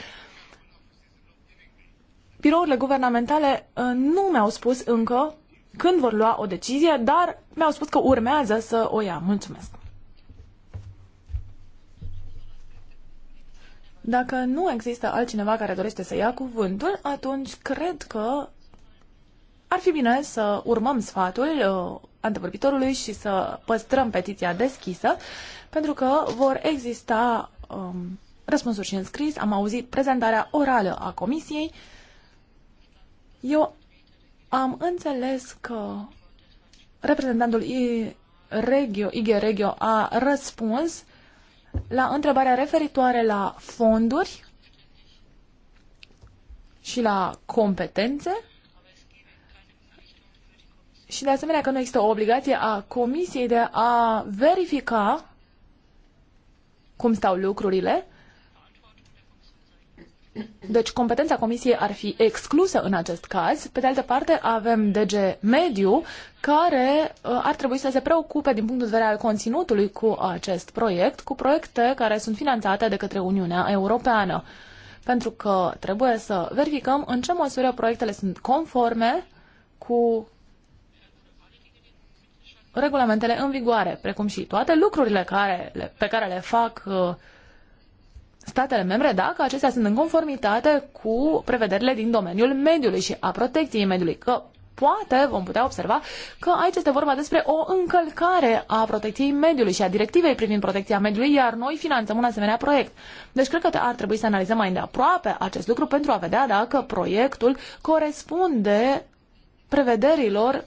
birourile guvernamentale uh, nu mi-au spus încă când vor lua o decizie, dar mi-au spus că urmează să o ia. Mulțumesc! Dacă nu există altcineva care dorește să ia cuvântul, atunci cred că ar fi bine să urmăm sfatul uh, antevorbitorului și să păstrăm petiția deschisă, pentru că vor exista um, răspunsuri și înscris. Am auzit prezentarea orală a comisiei. Uh, eu am înțeles că reprezentantul I Regio, IG Regio a răspuns la întrebarea referitoare la fonduri și la competențe și de asemenea că nu există o obligație a Comisiei de a verifica cum stau lucrurile deci competența comisiei ar fi exclusă în acest caz. Pe de altă parte, avem DG Mediu, care uh, ar trebui să se preocupe din punctul de vedere al conținutului cu acest proiect, cu proiecte care sunt finanțate de către Uniunea Europeană. Pentru că trebuie să verificăm în ce măsură proiectele sunt conforme cu regulamentele în vigoare, precum și toate lucrurile care, pe care le fac uh, statele membre dacă acestea sunt în conformitate cu prevederile din domeniul mediului și a protecției mediului. Că poate vom putea observa că aici este vorba despre o încălcare a protecției mediului și a directivei privind protecția mediului, iar noi finanțăm un asemenea proiect. Deci cred că ar trebui să analizăm mai îndeaproape acest lucru pentru a vedea dacă proiectul corespunde prevederilor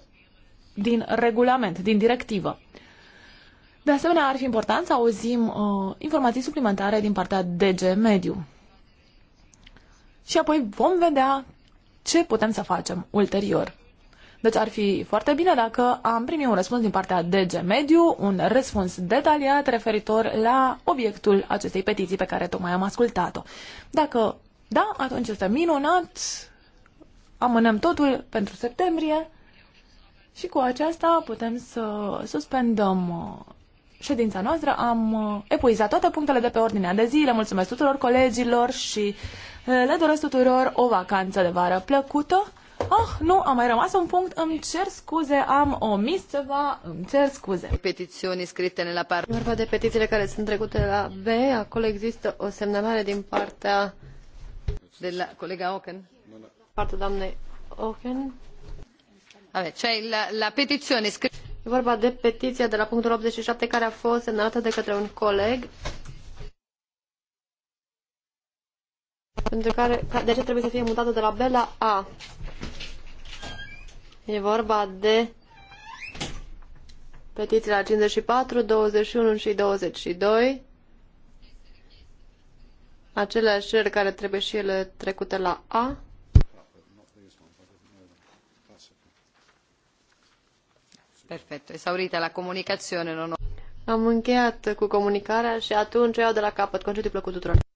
din regulament, din directivă. De asemenea, ar fi important să auzim uh, informații suplimentare din partea DG Mediu. Și apoi vom vedea ce putem să facem ulterior. Deci ar fi foarte bine dacă am primit un răspuns din partea DG Mediu, un răspuns detaliat referitor la obiectul acestei petiții pe care tocmai am ascultat-o. Dacă da, atunci este minunat, amânăm totul pentru septembrie și cu aceasta putem să suspendăm uh, ședința noastră. Am uh, epuizat toate punctele de pe ordinea de zi. Le mulțumesc tuturor colegilor și uh, le doresc tuturor o vacanță de vară plăcută. Ah, nu, a mai rămas un punct. Îmi cer scuze, am omis ceva. Îmi cer scuze. Petiții scrise la parte. Vorba de petițiile care sunt trecute la B. Acolo există o semnalare din partea de la colega Oken. Partea doamnei Oken. Vabbè, cioè la, la petizione scritta. E vorba de petiția de la punctul 87 care a fost semnată de către un coleg pentru care, de ce trebuie să fie mutată de la B la A. E vorba de petiția la 54, 21 și 22, aceleași care trebuie și ele trecute la A. Perfetto, esaurita la comunicazione. Non ho... Am încheiat cu comunicarea și atunci o iau de la capăt. Concediu plăcut tuturor.